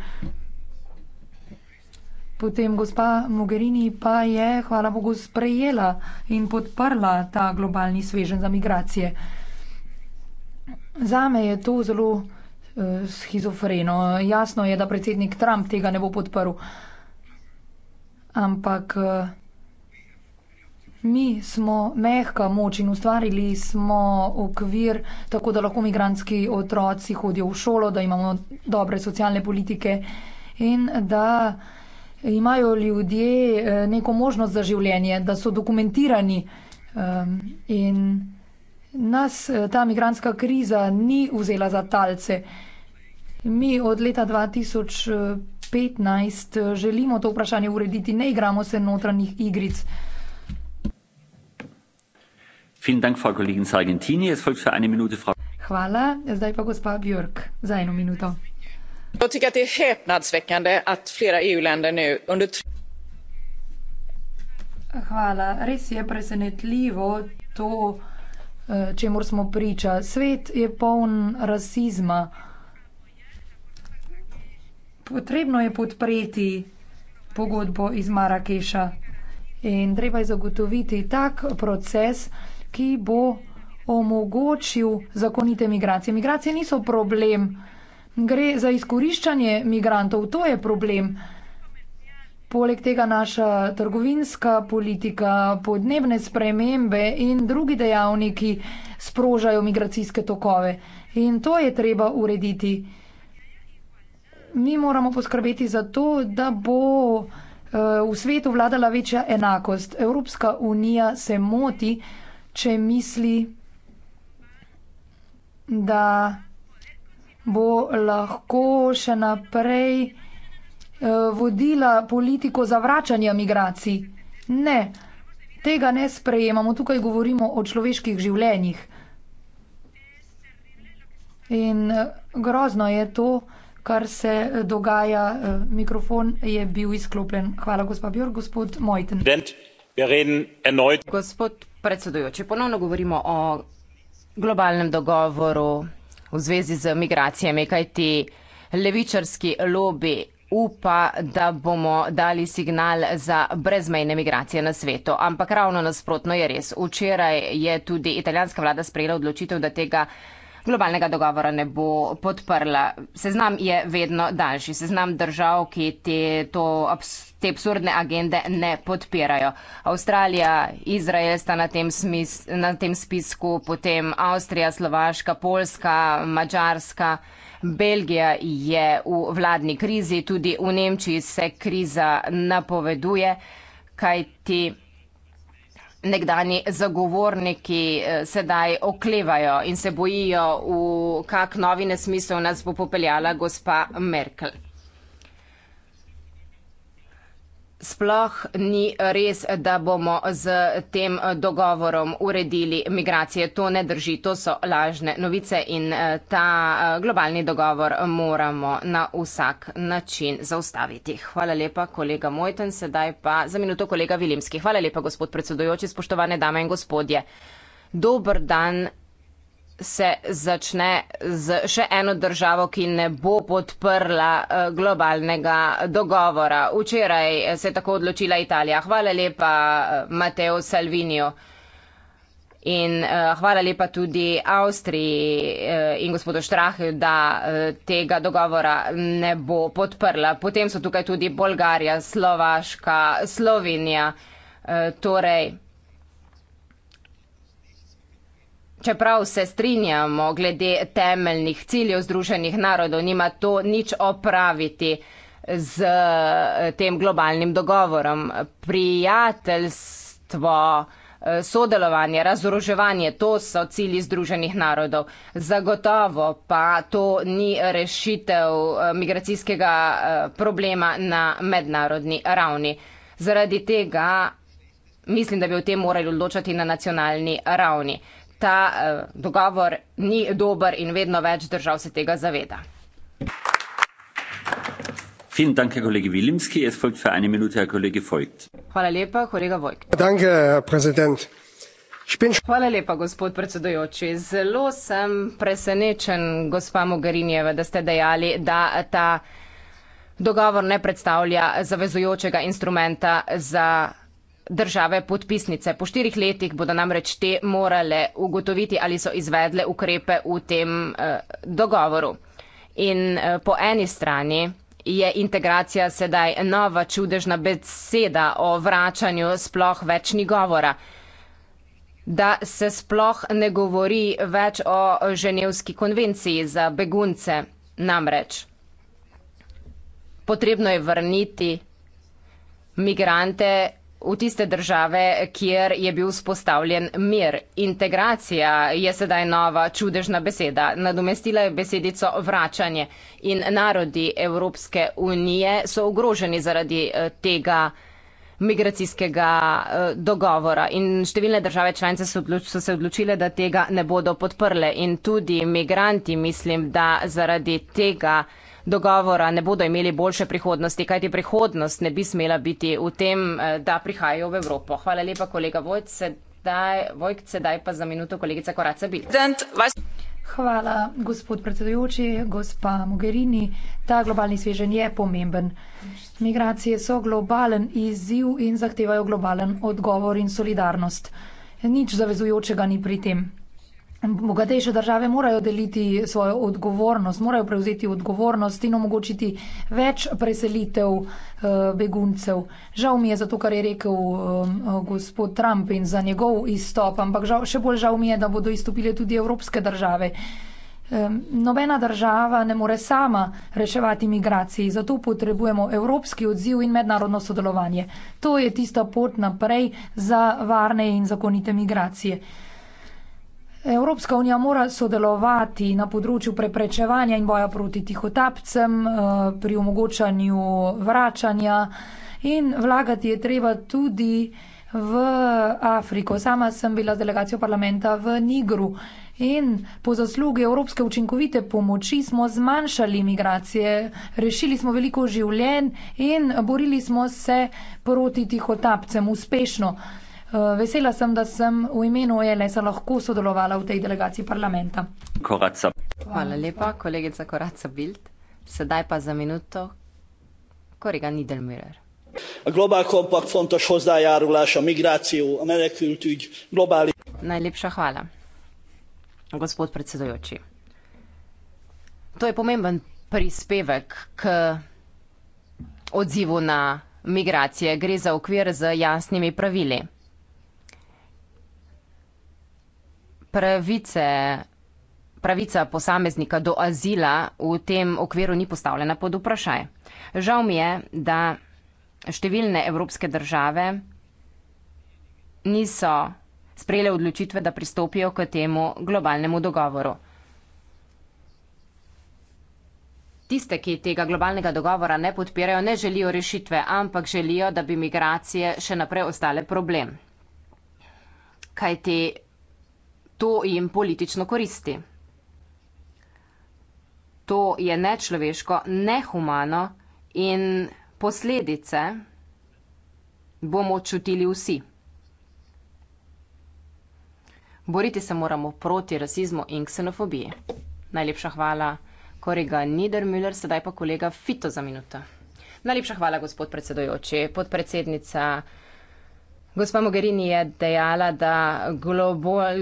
Potem gospa Mogherini pa je, hvala Bogu, sprejela in podprla ta globalni svežen za migracije. Za me je to zelo uh, eh, schizofreno. Jasno je, da predsednik Trump tega ne bo podprl. Ampak uh, mi smo mehka moč in ustvarili smo okvir, tako da lahko migranski otroci hodijo v šolo, da imamo dobre socialne politike in da. Imajo ljudje eh, neko možnost za življenje, da so dokumentirani ehm, in nas eh, ta migranska kriza ni vzela za talce. Mi od leta 2015 eh, želimo to vprašanje urediti, ne igramo se notranjih igric. Hvala, zdaj pa gospa Björk za eno minuto jag tycker att det är häpnadsväckande att flera eu länder nu under tryck från bland annat kommissionen čemur smo priča. Svet je poln rasizma. Potrebno je podpreti pogodbo iz Marakeša in treba je zagotoviti tak proces, ki bo omogočil zakonite migracije. Migracije niso problem. Gre za izkoriščanje migrantov, to je problem. Poleg tega naša trgovinska politika, podnebne spremembe in drugi dejavniki sprožajo migracijske tokove. In to je treba urediti. Mi moramo poskrbeti za to, da bo eh, v svetu vladala večja enakost. Evropska unija se moti, če misli, da bo lahko še naprej eh, vodila politiko zavračanja migracij. Ne, tega ne sprejemamo, tukaj govorimo o človeških življenjih. In eh, grozno je to, kar se eh, dogaja. Mikrofon je bil izklopljen. Hvala, gospa Björk. Gospod Mojten. Gospod predsedujoči, ponovno govorimo o globalnem dogovoru v zvezi z migracijami, kajti levičarski lobby upa, da bomo dali signal za brezmejne migracije na svetu. Ampak ravno nasprotno je res. Včeraj je tudi italijanska vlada sprejela odločitev, da tega globalnega dogovora ne bo podprla. Seznam je vedno daljši, seznam držav, ki te, to, te absurdne agende ne podpirajo. Avstralija, Izrael sta na tem, smis, na tem spisku, potem Avstrija, Slovaška, Poljska, Mačarska. Belgija je v vladni krizi, tudi v Nemčiji se kriza napoveduje, kaj ti. Te nekdani zagovorniki eh, sedaj oklevajo in se bojijo, v kak novi nesmisel nas bo popeljala gospa Merkel. sploh ni res, da bomo z tem dogovorom uredili migracije. To ne drži, to so lažne novice in eh, ta eh, globalni dogovor moramo na vsak način zaustaviti. Hvala lepa, kolega Mojten, sedaj pa za minuto kolega Vilimski. Hvala lepa, gospod predsedujoči, spoštovane dame in gospodje. Dobr dan se začne z še eno državo, ki ne bo podprla eh, globalnega dogovora. Včeraj se je tako odločila Italija. Hvala lepa, eh, Mateo Salvinio. In eh, hvala lepa tudi Avstriji in gospodu Štrahu, da tega dogovora ne bo podprla. Potem so tukaj tudi Bolgarija, Slovaška, Slovenija. Torej, Čeprav se strinjamo glede temeljnih ciljev Združenih narodov, nima to nič opraviti z eh, tem globalnim dogovorom. Prijateljstvo, eh, sodelovanje, razoroževanje, to so cilji Združenih narodov. Zagotovo pa to ni rešitev eh, migracijskega problema na mednarodni ravni. Zaradi tega mislim, da bi o tem morali odločati na nacionalni ravni ta uh, dogovor ni dober in vedno več držav se tega zaveda. Hvala lepa, kolega Vojt. Hvala lepa, gospod predsedojoči. Zelo sem presenečen, gospa Mogarinjeva, da ste dejali, da ta dogovor ne predstavlja zavezujočega instrumenta za države podpisnice. Po štirih letih bodo namreč te morale ugotoviti, ali so izvedle ukrepe v tem eh, dogovoru. In eh, po eni strani je integracija sedaj nova čudežna beseda o vračanju, sploh več ni govora. Da se sploh ne govori več o Ženevski konvenciji za begunce, namreč potrebno je vrniti migrante v tiste države, kjer je bil spostavljen mir. Integracija je sedaj nova čudežna beseda. Nadomestila je besedico vračanje in narodi Evropske unije so ogroženi zaradi eh, tega migracijskega eh, dogovora in številne države članice so, odloč, so se odločile, da tega ne bodo podprle in tudi migranti mislim, da zaradi tega dogovora ne bodo imeli boljše prihodnosti, kajti prihodnost ne bi smela biti v tem, eh, da prihajajo v Evropo. Hvala lepa, kolega Vojc, sedaj, Vojk, sedaj pa za minuto kolegica Koraca Bil. Hvala, gospod predsedujoči, gospa Mogherini. Ta globalni svežen je pomemben. Migracije so globalen izziv in zahtevajo globalen odgovor in solidarnost. Nič zavezujočega ni pri tem. Bogatejše države morajo deliti svojo odgovornost, morajo prevzeti odgovornost in omogočiti več preselitev eh, beguncev. Žal mi je za to, kar je rekel eh, gospod Trump in za njegov izstop, ampak žal, še bolj žal mi je, da bodo izstopile tudi evropske države. Eh, nobena država ne more sama reševati migracij, zato potrebujemo evropski odziv in mednarodno sodelovanje. To je tista pot naprej za varne in zakonite migracije. Evropska unija mora sodelovati na področju preprečevanja in boja proti tihotapcem, eh, pri omogočanju vračanja in vlagati je treba tudi v Afriko. Sama sem bila z delegacijo parlamenta v Nigru in po zaslugi evropske učinkovite pomoči smo zmanjšali migracije, rešili smo veliko življenj in borili smo se proti tihotapcem uspešno. Eh, vesela sem, da sem v imenu ELS-a lahko sodelovala v tej delegaciji parlamenta. Koraca. Hvala lepa, kolegica Koraca Bild. Sedaj pa za minuto, korega Nidelmüller. Global kompakt fontos hozzájárulása, migráció, a menekült ügy, globális... Najlepša hvala. Gospod predsedujoči. To je pomemben prispevek k odzivu na migracije. Gre za okvir z jasnimi pravili. pravice, pravica posameznika do azila v tem okviru ni postavljena pod vprašaj. Žal mi je, da številne evropske države niso sprejele odločitve, da pristopijo k temu globalnemu dogovoru. Tiste, ki tega globalnega dogovora ne podpirajo, ne želijo rešitve, ampak želijo, da bi migracije še naprej ostale problem. Kaj ti To jim politično koristi. To je nečloveško, nehumano in posledice bomo čutili vsi. Boriti se moramo proti rasizmu in ksenofobiji. Najlepša hvala, kolega Niedermüller, sedaj pa kolega Fito za minuto. Najlepša hvala, gospod predsedojoči, podpredsednica. Gospa Mogherini je dejala, da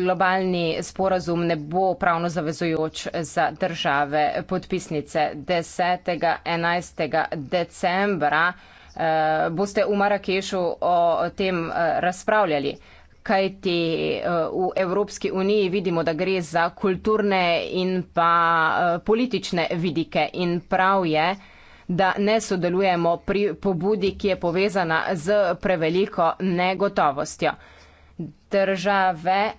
globalni sporazum ne bo pravno zavezujoč za države podpisnice. 10. in 11. decembra eh, boste v Marakešu o tem eh, razpravljali, kajti eh, v Evropski uniji vidimo, da gre za kulturne in pa eh, politične vidike in prav je, da ne sodelujemo pri pobudi, ki je povezana z preveliko negotovostjo. Države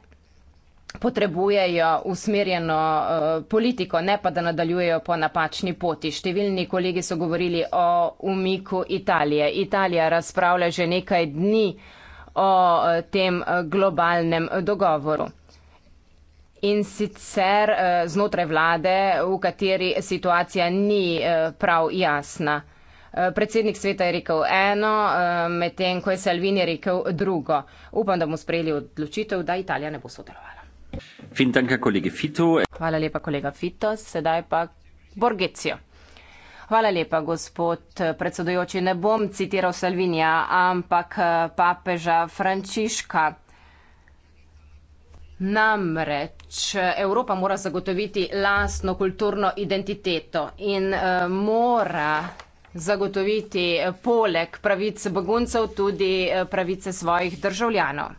potrebujejo usmerjeno eh, politiko, ne pa da nadaljujejo po napačni poti. Številni kolegi so govorili o umiku Italije. Italija razpravlja že nekaj dni o eh, tem eh, globalnem dogovoru in sicer eh, znotraj vlade, v kateri situacija ni eh, prav jasna. Eh, predsednik sveta je rekel eno, medtem ko je Salvini rekel drugo. Upam, da bomo sprejeli odločitev, da Italija ne bo sodelovala. Hvala lepa, kolega Fito. Sedaj pa Borgecijo. Hvala lepa, gospod predsedujoči. Ne bom citiral Salvinija, ampak papeža Frančiška. Namreč Evropa mora zagotoviti lastno kulturno identiteto in uh, mora zagotoviti eh, poleg pravic beguncev tudi eh, pravice svojih državljanov.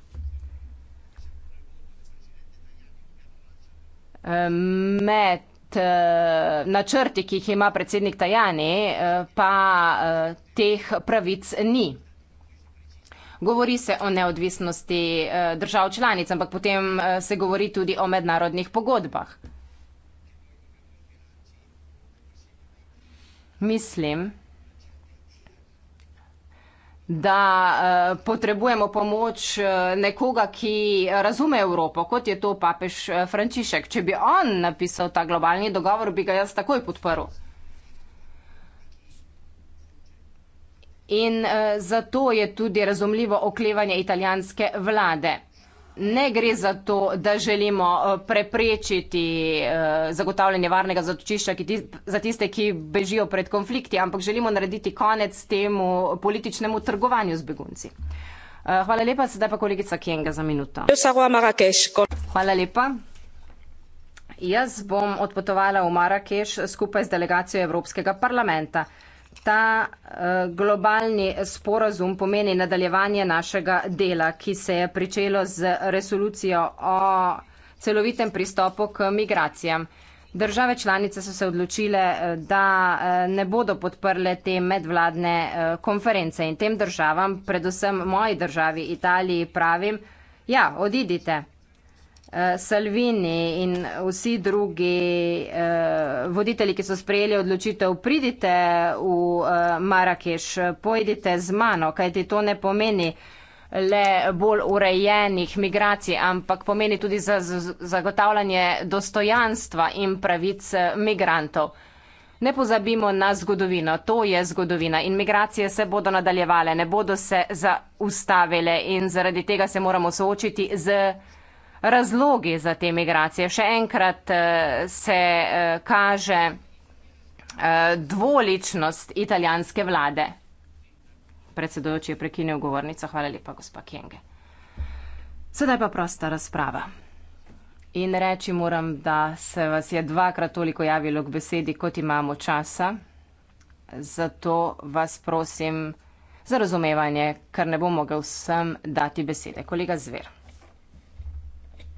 Med načrti, ki jih ima predsednik Tajani, pa teh pravic ni. Govori se o neodvisnosti eh, držav članic, ampak potem eh, se govori tudi o mednarodnih pogodbah. Mislim, da eh, potrebujemo pomoč nekoga, ki razume Evropo, kot je to papež Frančišek. Če bi on napisal ta globalni dogovor, bi ga jaz takoj podprl. in uh, zato je tudi razumljivo oklevanje italijanske vlade. Ne gre za to, da želimo eh, preprečiti eh, zagotavljanje varnega zatočišča za tiste, ki bežijo pred konflikti, ampak želimo narediti konec temu političnemu trgovanju z begunci. Hvala lepa, sedaj pa kolegica Kenga za minuto. Hvala lepa. Jaz bom odpotovala v Marrakeš skupaj z delegacijo Evropskega parlamenta ta uh, globalni sporazum pomeni nadaljevanje našega dela, ki se je pričelo z resolucijo o celovitem pristopu k migracijam. Države članice so se odločile, eh, da eh, ne bodo podprle te medvladne konference in tem državam, predvsem moji državi Italiji, pravim, ja, odidite. Eh, Salvini in vsi drugi eh, voditelji, ki so sprejeli odločitev, pridite v eh, Marakeš, pojdite z mano, kajti to ne pomeni le bolj urejenih migracij, ampak pomeni tudi za zagotavljanje dostojanstva in pravic eh, migrantov. Ne pozabimo na zgodovino, to je zgodovina in migracije se bodo nadaljevale, ne bodo se zaustavile in zaradi tega se moramo soočiti z razlogi za te migracije. Še enkrat eh, se eh, kaže eh, dvoličnost italijanske vlade. Predsedujoči je prekinil govornico. Hvala lepa, gospa Kenge. Sedaj pa prosta razprava. In reči moram, da se vas je dvakrat toliko javilo k besedi, kot imamo časa. Zato vas prosim za razumevanje, ker ne bom mogel vsem dati besede. Kolega Zver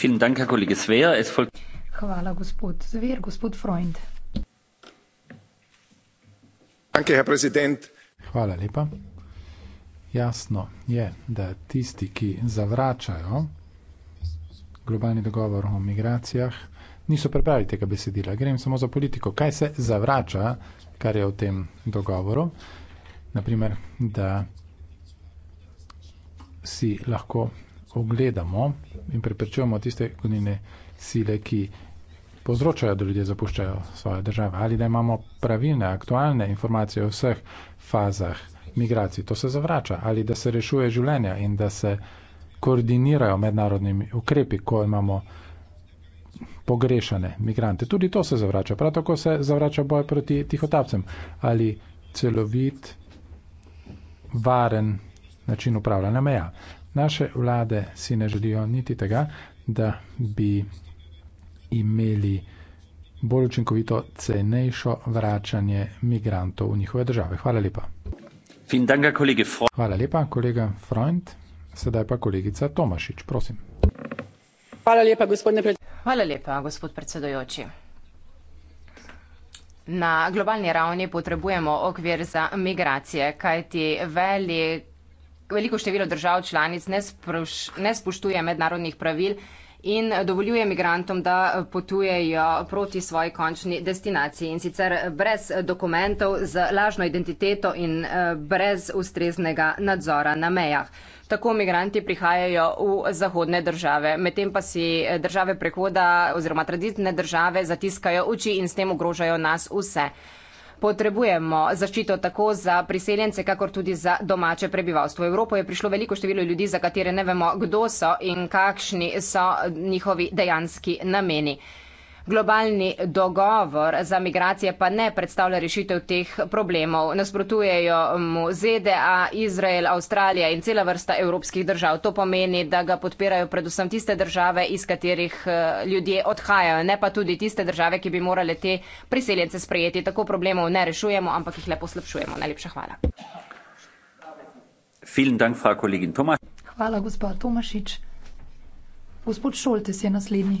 Vielen Dank, Herr Kollege Svea. Es folgt Hvala, gospod Zver. Gospod Freund. Danke, Herr Präsident. Hvala lepa. Jasno je, da tisti, ki zavračajo globalni dogovor o migracijah, niso prebrali tega besedila. Grem samo za politiko. Kaj se zavrača, kar je v tem dogovoru? Naprimer, da si lahko ogledamo in preprečujemo tiste gonilne sile, ki povzročajo, da ljudje zapuščajo svoje države, ali da imamo pravilne, aktualne informacije o vseh fazah migracij, to se zavrača, ali da se rešuje življenja in da se koordinirajo mednarodnimi ukrepi, ko imamo pogrešane migrante. Tudi to se zavrača. Prav tako se zavrača boj proti tihotapcem. Ali celovit, varen način upravljanja meja. Naše vlade si ne želijo niti tega, da bi imeli bolj učinkovito, cenejšo vračanje migrantov v njihove države. Hvala lepa. Hvala lepa, kolega Freund. Sedaj pa kolegica Tomašič, prosim. Hvala lepa, Hvala lepa, gospod predsedojoči. Na globalni ravni potrebujemo okvir za migracije, kajti velik veliko število držav članic ne, sproš, ne spoštuje mednarodnih pravil in dovoljuje migrantom, da potujejo proti svoji končni destinaciji in sicer brez dokumentov, z lažno identiteto in eh, brez ustreznega nadzora na mejah. Tako migranti prihajajo v zahodne države, medtem pa si eh, države prehoda oziroma tradicne države zatiskajo oči in s tem ogrožajo nas vse potrebujemo zaščito tako za priseljence, kakor tudi za domače prebivalstvo. V Evropo je prišlo veliko število ljudi, za katere ne vemo, kdo so in kakšni so njihovi dejanski nameni. Globalni dogovor za migracije pa ne predstavlja rešitev teh problemov. Nasprotujejo mu ZDA, Izrael, Avstralija in cela vrsta evropskih držav. To pomeni, da ga podpirajo predvsem tiste države, iz katerih eh, ljudje odhajajo, ne pa tudi tiste države, ki bi morale te priseljence sprejeti. Tako problemov ne rešujemo, ampak jih lepo slabšujemo. Najlepša hvala. Hvala, gospod Tomašič. Gospod Šoltes je naslednji.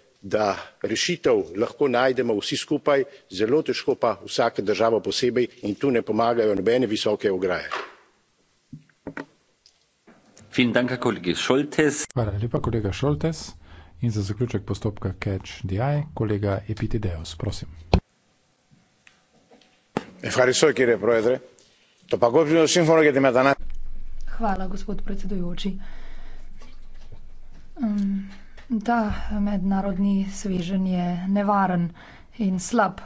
da rešitev lahko najdemo vsi skupaj zelo težko pa vsaka država posebej in tu ne pomagajo nobene visoke ograje. Hvala lepa, kolega Šoltes. In za zaključek postopka Catch the Eye, kolega Epitideus, prosim. Hvala, gospod predsedujoči. Um. Da, mednarodni sveženj je nevaren in slab.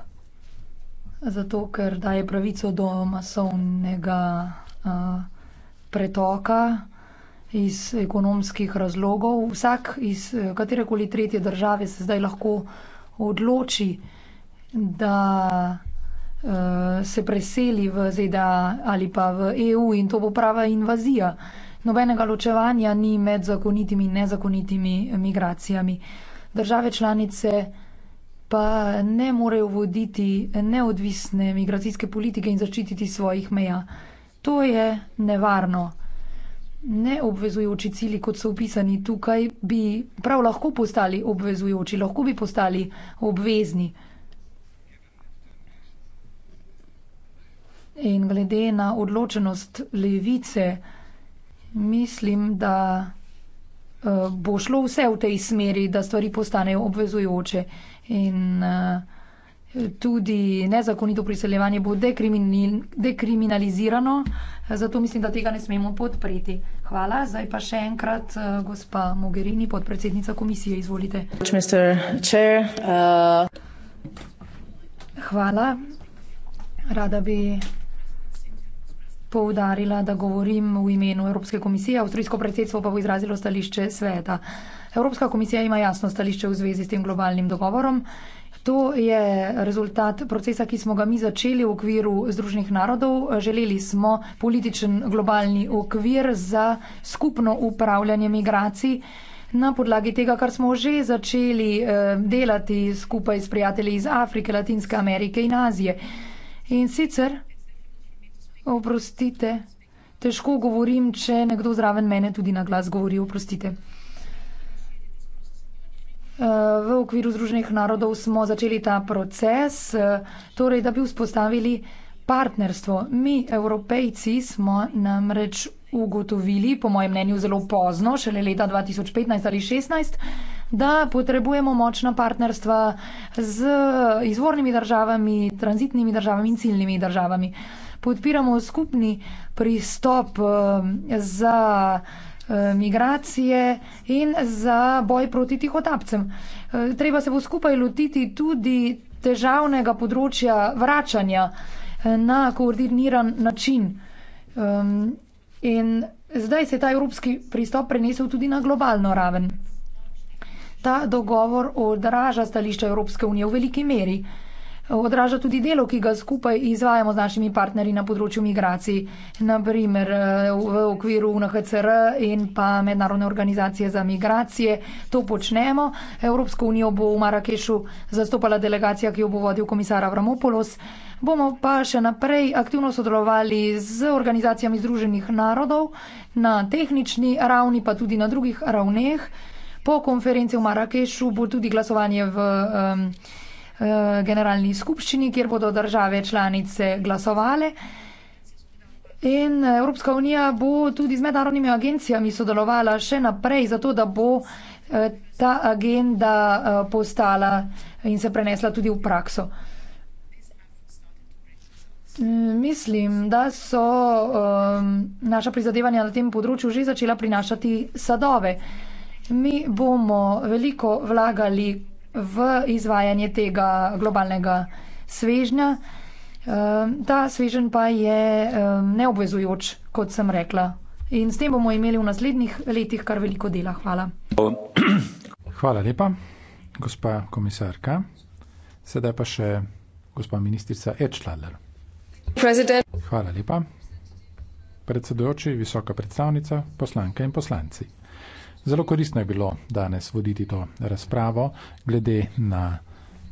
Zato, ker daje pravico do masovnega uh, pretoka iz ekonomskih razlogov. Vsak iz katerekoli tretje države se zdaj lahko odloči, da uh, se preseli v ZDA ali pa v EU in to bo prava invazija. Uh, Nobenega ločevanja ni med zakonitimi in nezakonitimi migracijami. Države članice pa ne morejo voditi neodvisne migracijske politike in zaščititi svojih meja. To je nevarno. Neobvezujoči cili, kot so upisani tukaj, bi prav lahko postali obvezujoči, lahko bi postali obvezni. In glede na odločenost levice, mislim, da uh, bo šlo vse v tej smeri, da stvari postanejo obvezujoče in uh, tudi nezakonito priseljevanje bo dekrimin dekriminalizirano, eh, zato mislim, da tega ne smemo podpreti. Hvala. Zdaj pa še enkrat, uh, gospa Mogherini, podpredsednica komisije, izvolite. Hvala. Rada bi poudarila, da govorim v imenu Evropske komisije, avstrijsko predsedstvo pa bo izrazilo stališče sveta. Evropska komisija ima jasno stališče v zvezi s tem globalnim dogovorom. To je rezultat procesa, ki smo ga mi začeli v okviru Združenih narodov. Želeli smo političen globalni okvir za skupno upravljanje migracij. Na podlagi tega, kar smo že začeli eh, delati skupaj s prijatelji iz Afrike, Latinske Amerike in Azije. In sicer Oprostite, težko govorim, če nekdo zraven mene tudi na glas govori, oprostite. Eh, v okviru Združenih narodov smo začeli ta proces, eh, torej da bi vzpostavili partnerstvo. Mi, evropejci, smo namreč ugotovili, po mojem mnenju zelo pozno, šele leta 2015 ali 2016, da potrebujemo močna partnerstva z izvornimi državami, tranzitnimi državami in ciljnimi državami podpiramo skupni pristop eh, za eh, migracije in za boj proti tih otapcem. Eh, treba se bo skupaj lotiti tudi težavnega področja vračanja na koordiniran način. In zdaj se je ta evropski pristop prenesel tudi na globalno raven. Ta dogovor odraža stališča Evropske unije v veliki meri odraža tudi delo, ki ga skupaj izvajamo z našimi partnerji na področju migracij, naprimer v okviru UNHCR in pa Mednarodne organizacije za migracije. To počnemo. Evropsko unijo bo v Marakešu zastopala delegacija, ki jo bo vodil komisar Avramopolos. Bomo pa še naprej aktivno sodelovali z organizacijami Združenih narodov na tehnični ravni, pa tudi na drugih ravneh. Po konferenci v Marakešu bo tudi glasovanje v. Um, Eh, generalni skupščini, kjer bodo države članice glasovale. In Evropska unija bo tudi z mednarodnimi agencijami sodelovala še naprej, zato da bo eh, ta agenda eh, postala in se prenesla tudi v prakso. Mm, mislim, da so um, naša prizadevanja na tem področju že začela prinašati sadove. Mi bomo veliko vlagali v izvajanje tega globalnega svežnja. Ehm, ta svežen pa je ehm, neobvezujoč, kot sem rekla. In s tem bomo imeli v naslednjih letih kar veliko dela. Hvala. Hvala lepa, gospa komisarka. Sedaj pa še gospa ministrica Edžlader. Hvala lepa. Predsedujoči, visoka predstavnica, poslanke in poslanci. Zelo koristno je bilo danes voditi to razpravo glede na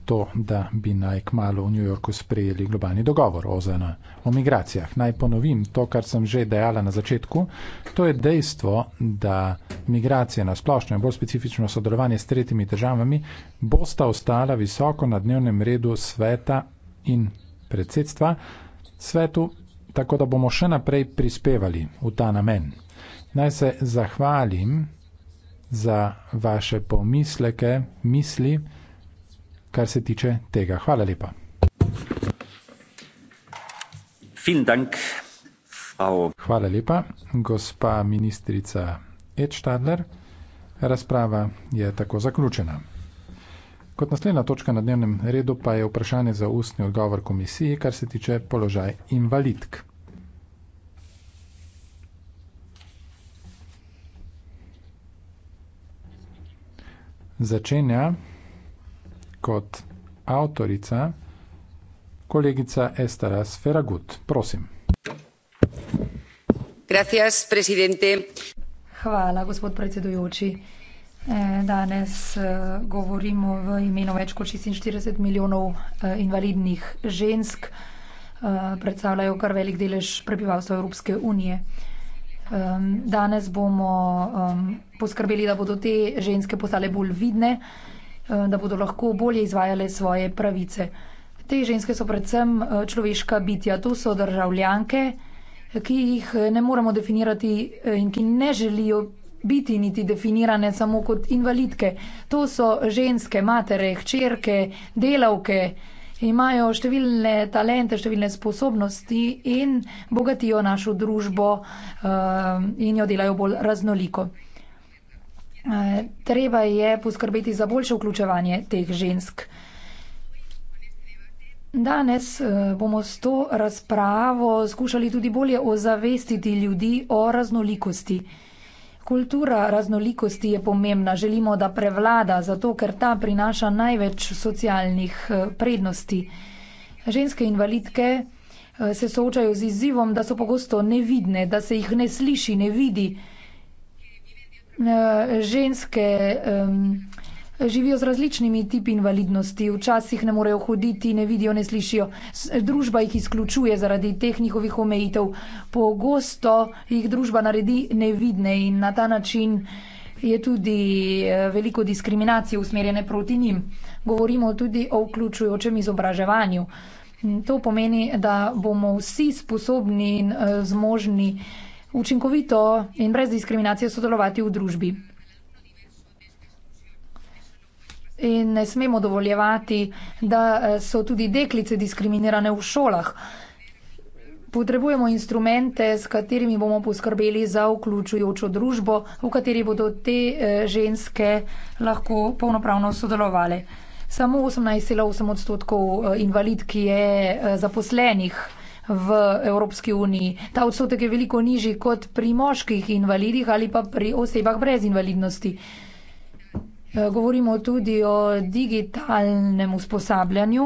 to, da bi naj kmalo v New Yorku sprejeli globalni dogovor o ZN o migracijah. Naj ponovim to, kar sem že dejala na začetku. To je dejstvo, da migracije na splošno in bolj specifično sodelovanje s tretjimi državami bo sta ostala visoko na dnevnem redu sveta in predsedstva svetu, tako da bomo še naprej prispevali v ta namen. Naj se zahvalim za vaše pomisleke, misli, kar se tiče tega. Hvala lepa. Hvala lepa, gospa ministrica Edstadler. Razprava je tako zaključena. Kot naslednja točka na dnevnem redu pa je vprašanje za ustni odgovor komisiji, kar se tiče položaj invalidk. začenja kot avtorica kolegica Estara Sferagut. Prosim. Gracias, presidente. Hvala, gospod predsedujoči. E, danes e, govorimo v imenu več kot 46 milijonov e, invalidnih žensk. Predstavljajo kar velik delež prebivalstva Evropske unije. Um, danes bomo um, poskrbeli, da bodo te ženske postale bolj vidne, um, da bodo lahko bolje izvajale svoje pravice. Te ženske so predvsem eh, človeška bitja, to so državljanke, ki jih eh, ne moremo definirati eh, in ki ne želijo biti niti definirane samo kot invalidke. To so ženske, matere, hčerke, delavke, imajo številne talente, številne sposobnosti in bogatijo našo družbo eh, in jo delajo bolj raznoliko. Eh, treba je poskrbeti za boljše vključevanje teh žensk. Danes eh, bomo s to razpravo skušali tudi bolje ozavestiti ljudi o raznolikosti. Kultura raznolikosti je pomembna, želimo, da prevlada, zato ker ta prinaša največ socialnih eh, prednosti. Ženske invalidke eh, se soočajo z izzivom, da so pogosto nevidne, da se jih ne sliši, ne vidi. Eh, ženske um, živijo z različnimi tipi invalidnosti, včasih ne morejo hoditi, ne vidijo, ne slišijo. Družba jih izključuje zaradi teh njihovih omejitev. Pogosto jih družba naredi nevidne in na ta način je tudi eh, veliko diskriminacije usmerjene proti njim. Govorimo tudi o vključujočem izobraževanju. To pomeni, da bomo vsi sposobni in eh, zmožni učinkovito in brez diskriminacije sodelovati v družbi. in ne smemo dovoljevati, da eh, so tudi deklice diskriminirane v šolah. Potrebujemo instrumente, s katerimi bomo poskrbeli za vključujočo družbo, v kateri bodo te eh, ženske lahko polnopravno sodelovali. Samo 18,8 odstotkov eh, invalid, ki je zaposlenih v Evropski uniji. Ta odstotek je veliko nižji kot pri moških invalidih ali pa pri osebah brez invalidnosti. Eh, govorimo tudi o digitalnem usposabljanju.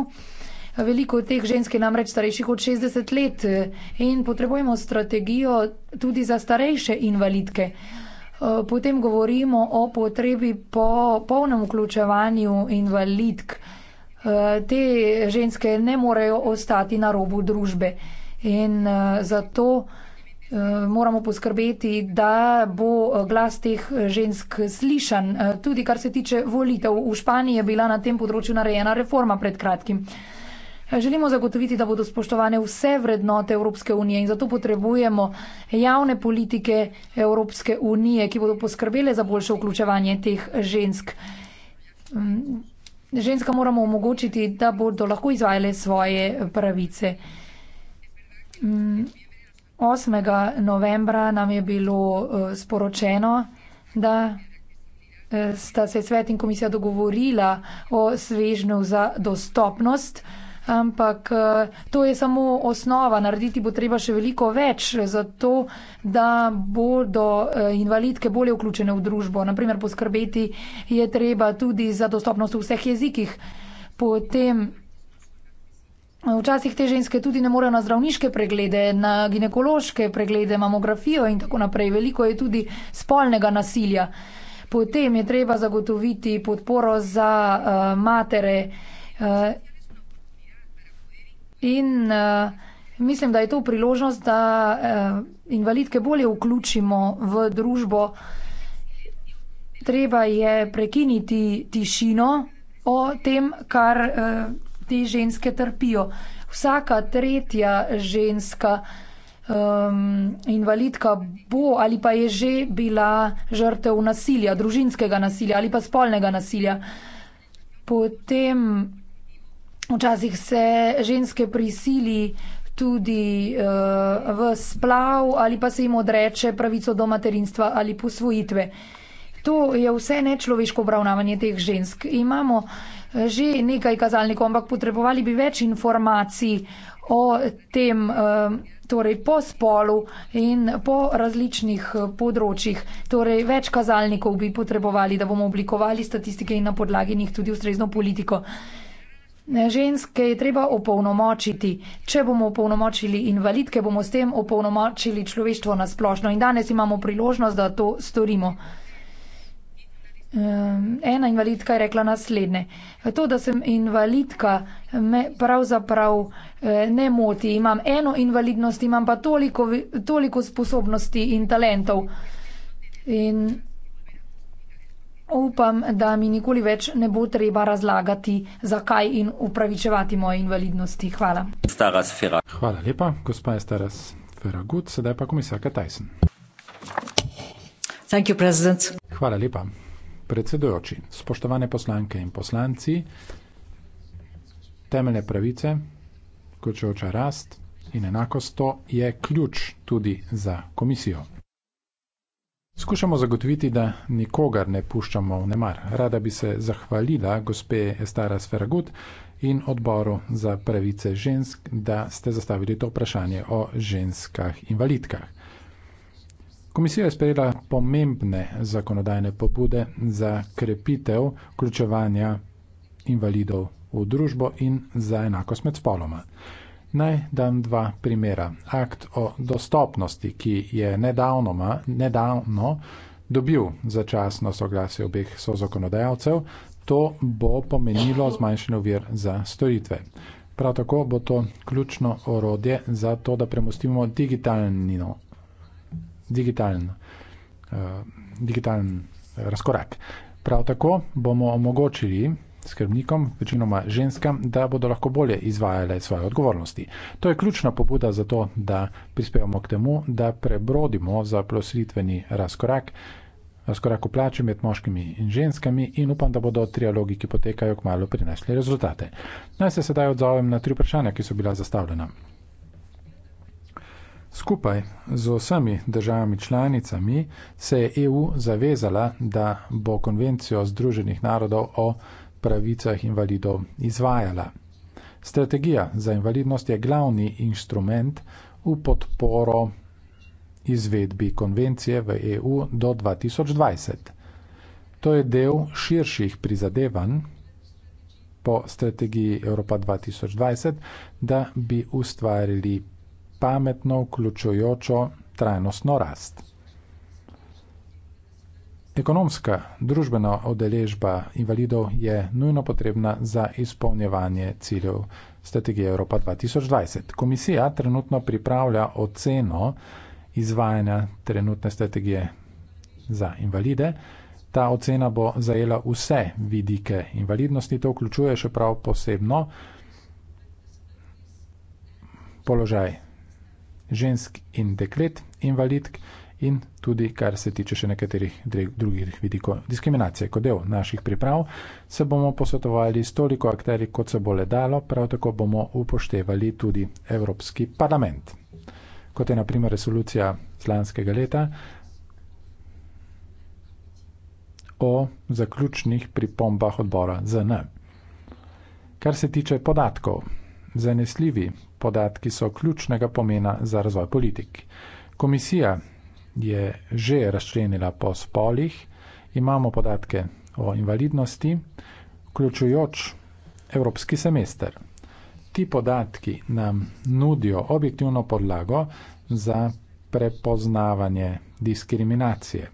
Veliko teh žensk je namreč starejših od 60 let eh, in potrebujemo strategijo tudi za starejše invalidke. Eh, potem govorimo o potrebi po polnem vključevanju invalidk. Te ženske ne morejo ostati na robu družbe in zato. Eh, moramo poskrbeti, da bo eh, glas teh eh, žensk slišan. Tudi kar se tiče volitev, v Španiji je bila na tem področju narejena reforma pred kratkim. Želimo zagotoviti, da bodo spoštovane vse vrednote Evropske unije in zato potrebujemo javne politike Evropske unije, ki bodo poskrbele za boljše vključevanje teh žensk. Mm, Ženska moramo omogočiti, da bodo lahko izvajale svoje pravice. Mm, 8. novembra nam je bilo eh, sporočeno, da eh, sta se svet in komisija dogovorila o svežnju za dostopnost, ampak eh, to je samo osnova, narediti bo treba še veliko več za to, da bodo invalidke bolje vključene v družbo. Naprimer, poskrbeti je treba tudi za dostopnost v vseh jezikih. Potem Včasih te ženske tudi ne morejo na zdravniške preglede, na ginekološke preglede, mamografijo in tako naprej. Veliko je tudi spolnega nasilja. Potem je treba zagotoviti podporo za uh, matere. Uh, in uh, mislim, da je to priložnost, da uh, invalidke bolje vključimo v družbo. Treba je prekiniti tišino o tem, kar. Uh, te ženske trpijo. Vsaka tretja ženska um, invalidka bo ali pa je že bila žrtev nasilja, družinskega nasilja ali pa spolnega nasilja. Potem včasih se ženske prisili tudi uh, v splav ali pa se jim odreče pravico do materinstva ali posvojitve. To je vse nečloveško obravnavanje teh žensk. Imamo uh, že nekaj kazalnikov, ampak potrebovali bi več informacij o tem, eh, torej po spolu in po različnih področjih. Torej več kazalnikov bi potrebovali, da bomo oblikovali statistike in na podlagi njih tudi ustrezno politiko. Ženske je treba opolnomočiti. Če bomo opolnomočili invalidke, bomo s tem opolnomočili človeštvo na splošno in danes imamo priložnost, da to storimo. Eh, ena invalidka je rekla naslednje. To, da sem invalidka, me pravzaprav eh, ne moti. Imam eno invalidnost, imam pa toliko, toliko sposobnosti in talentov. In upam, da mi nikoli več ne bo treba razlagati, zakaj in upravičevati moje invalidnosti. Hvala. Hvala lepa, gospa je Staras Feragut, sedaj pa komisarka Tyson. Hvala lepa predsedujoči, spoštovane poslanke in poslanci, temeljne pravice, vključujoča rast in enakost, to je ključ tudi za komisijo. Skušamo zagotoviti, da nikogar ne puščamo v nemar. Rada bi se zahvalila gospe Estara Sferagut in odboru za pravice žensk, da ste zastavili to vprašanje o ženskah invalidkah. Komisija je sprejela pomembne zakonodajne pobude za krepitev vključevanja invalidov v družbo in za enakost med spoloma. Naj dam dva primera. Akt o dostopnosti, ki je nedavnoma, nedavno dobil začasno soglasje obeh sozakonodajalcev, to bo pomenilo zmanjšanje uvir za storitve. Prav tako bo to ključno orodje za to, da premostimo digitalno digitalno, uh, eh, digitalen eh, razkorak. Prav tako bomo omogočili skrbnikom, večinoma ženskam, da bodo lahko bolje izvajale svoje odgovornosti. To je ključna pobuda za to, da prispevamo k temu, da prebrodimo zaprositveni razkorak, razkorak v plači med moškimi in ženskami in upam, da bodo trialogi, ki potekajo, kmalo prinesli rezultate. Naj se sedaj odzovem na tri vprašanja, ki so bila zastavljena. Skupaj z vsemi državami članicami se je EU zavezala, da bo konvencijo Združenih narodov o pravicah invalidov izvajala. Strategija za invalidnost je glavni inštrument v podporo izvedbi konvencije v EU do 2020. To je del širših prizadevanj po strategiji Evropa 2020, da bi ustvarili pametno, vključujočo, trajnostno rast. Ekonomska družbena odeležba invalidov je nujno potrebna za izpolnjevanje ciljev strategije Evropa 2020. Komisija trenutno pripravlja oceno izvajanja trenutne strategije za invalide. Ta ocena bo zajela vse vidike invalidnosti, to vključuje še prav posebno položaj žensk in deklet, invalidk in tudi, kar se tiče še nekaterih drugih vidikov diskriminacije. Kot del naših priprav se bomo posvetovali s toliko akteri, kot se bo le dalo, prav tako bomo upoštevali tudi Evropski parlament. Kot je na primer resolucija slanskega leta o zaključnih pripombah odbora ZN. Kar se tiče podatkov, Zanesljivi podatki so ključnega pomena za razvoj politik. Komisija je že razčlenila po spolih, imamo podatke o invalidnosti, vključujoč evropski semester. Ti podatki nam nudijo objektivno podlago za prepoznavanje diskriminacije.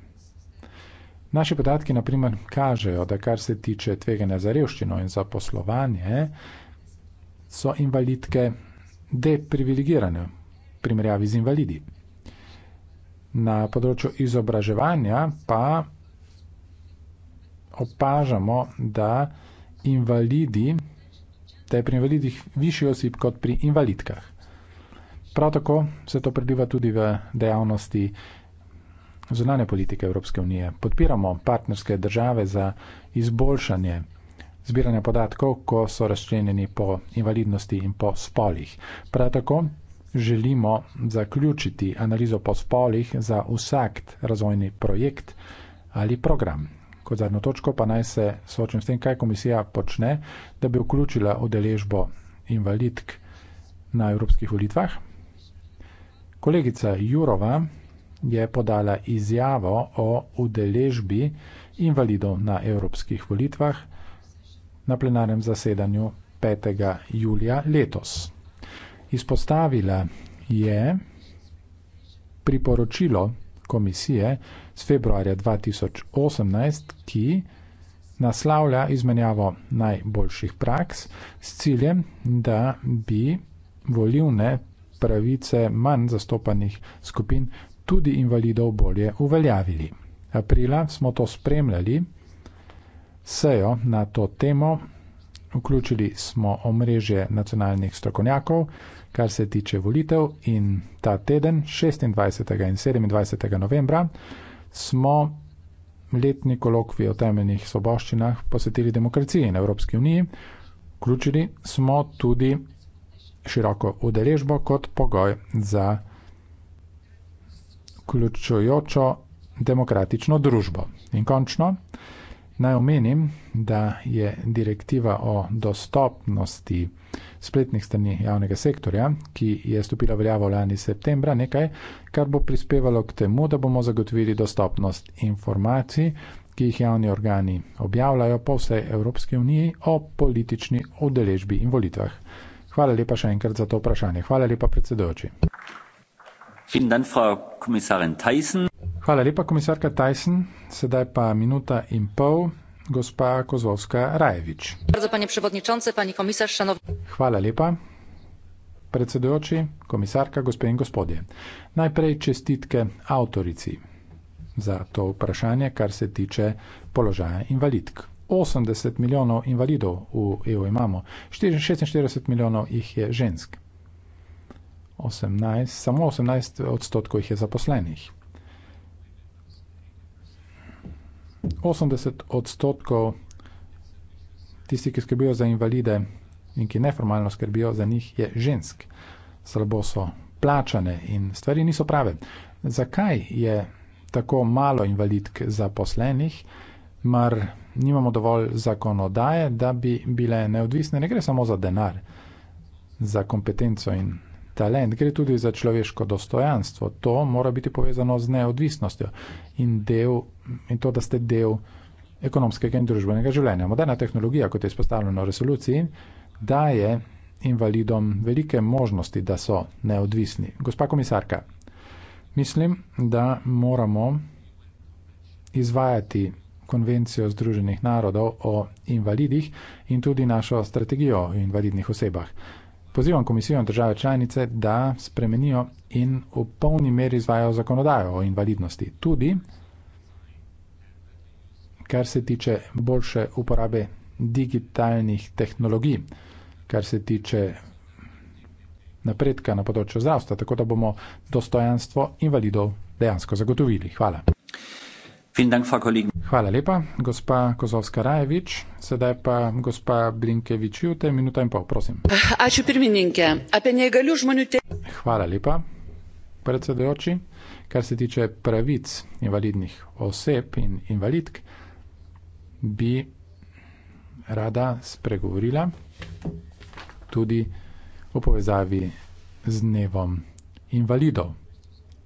Naši podatki naprimer kažejo, da kar se tiče tveganja za revščino in za poslovanje, so invalidke deprivilegirane v primerjavi z invalidi. Na področju izobraževanja pa opažamo, da invalidi, da je pri invalidih višji osip kot pri invalidkah. Prav tako se to predliva tudi v dejavnosti zunanje politike Evropske unije. Podpiramo partnerske države za izboljšanje zbiranja podatkov, ko so razčlenjeni po invalidnosti in po spolih. Prav tako želimo zaključiti analizo po spolih za vsak razvojni projekt ali program. Kot zadnjo točko pa naj se soočim s tem, kaj komisija počne, da bi vključila udeležbo invalidk na evropskih volitvah. Kolegica Jurova je podala izjavo o udeležbi invalidov na evropskih volitvah na plenarnem zasedanju 5. julija letos. Izpostavila je priporočilo komisije z februarja 2018, ki naslavlja izmenjavo najboljših praks s ciljem, da bi volivne pravice manj zastopanih skupin tudi invalidov bolje uveljavili. Aprila smo to spremljali sejo na to temo. Vključili smo omrežje nacionalnih strokovnjakov, kar se tiče volitev in ta teden, 26. in 27. novembra, smo letni kolokvi o temeljnih svoboščinah posvetili demokraciji in Evropski uniji. Vključili smo tudi široko udeležbo kot pogoj za vključujočo demokratično družbo. In končno, Naj omenim, da je direktiva o dostopnosti spletnih strani javnega sektorja, ki je stopila veljavo lani septembra, nekaj, kar bo prispevalo k temu, da bomo zagotovili dostopnost informacij, ki jih javni organi objavljajo po vsej Evropski uniji o politični udeležbi in volitvah. Hvala lepa še enkrat za to vprašanje. Hvala lepa predsedujoči. Vielen Dank, Frau Kommissarin Theissen. Hvala lepa, komisarka Tyson. Sedaj pa minuta in pol. Gospa Kozlovska Rajevič. Hvala lepa, predsedujoči, komisarka, gospe in gospodje. Najprej čestitke avtorici za to vprašanje, kar se tiče položaja invalidk. 80 milijonov invalidov v EU imamo, 46 milijonov jih je žensk, 18, samo 18 odstotkov jih je zaposlenih. 80 odstotkov tistih, ki skrbijo za invalide in ki neformalno skrbijo za njih, je žensk. Slabo so plačane in stvari niso prave. Zakaj je tako malo invalidk zaposlenih? Mar nimamo dovolj zakonodaje, da bi bile neodvisne? Ne gre samo za denar, za kompetenco in talent, gre tudi za človeško dostojanstvo. To mora biti povezano z neodvisnostjo in, del, in to, da ste del ekonomskega in družbenega življenja. Moderna tehnologija, kot je izpostavljeno v resoluciji, daje invalidom velike možnosti, da so neodvisni. Gospa komisarka, mislim, da moramo izvajati konvencijo Združenih narodov o invalidih in tudi našo strategijo o invalidnih osebah. Pozivam komisijo in države članice, da spremenijo in v polni meri izvajo zakonodajo o invalidnosti. Tudi, kar se tiče boljše uporabe digitalnih tehnologij, kar se tiče napredka na področju zdravstva, tako da bomo dostojanstvo invalidov dejansko zagotovili. Hvala. Hvala lepa, gospa Kozovska Rajevič. Sedaj pa gospa Blinkevič, jute, minuta in pol, prosim. Hvala lepa, predsedojoči. Kar se tiče pravic invalidnih oseb in invalidk, bi rada spregovorila tudi v povezavi z dnevom invalidov.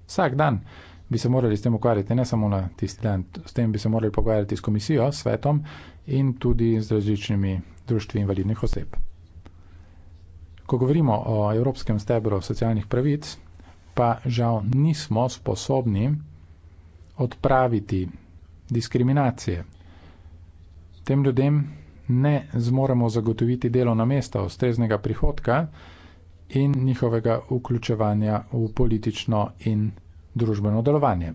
Vsak dan bi se morali s tem ukvarjati, ne samo na tisti dan, s tem bi se morali pogovarjati s komisijo, s svetom in tudi z različnimi društvi invalidnih oseb. Ko govorimo o evropskem stebru socialnih pravic, pa žal nismo sposobni odpraviti diskriminacije. Tem ljudem ne zmoremo zagotoviti delovna mesta, ustreznega prihodka in njihovega vključevanja v politično in družbeno delovanje.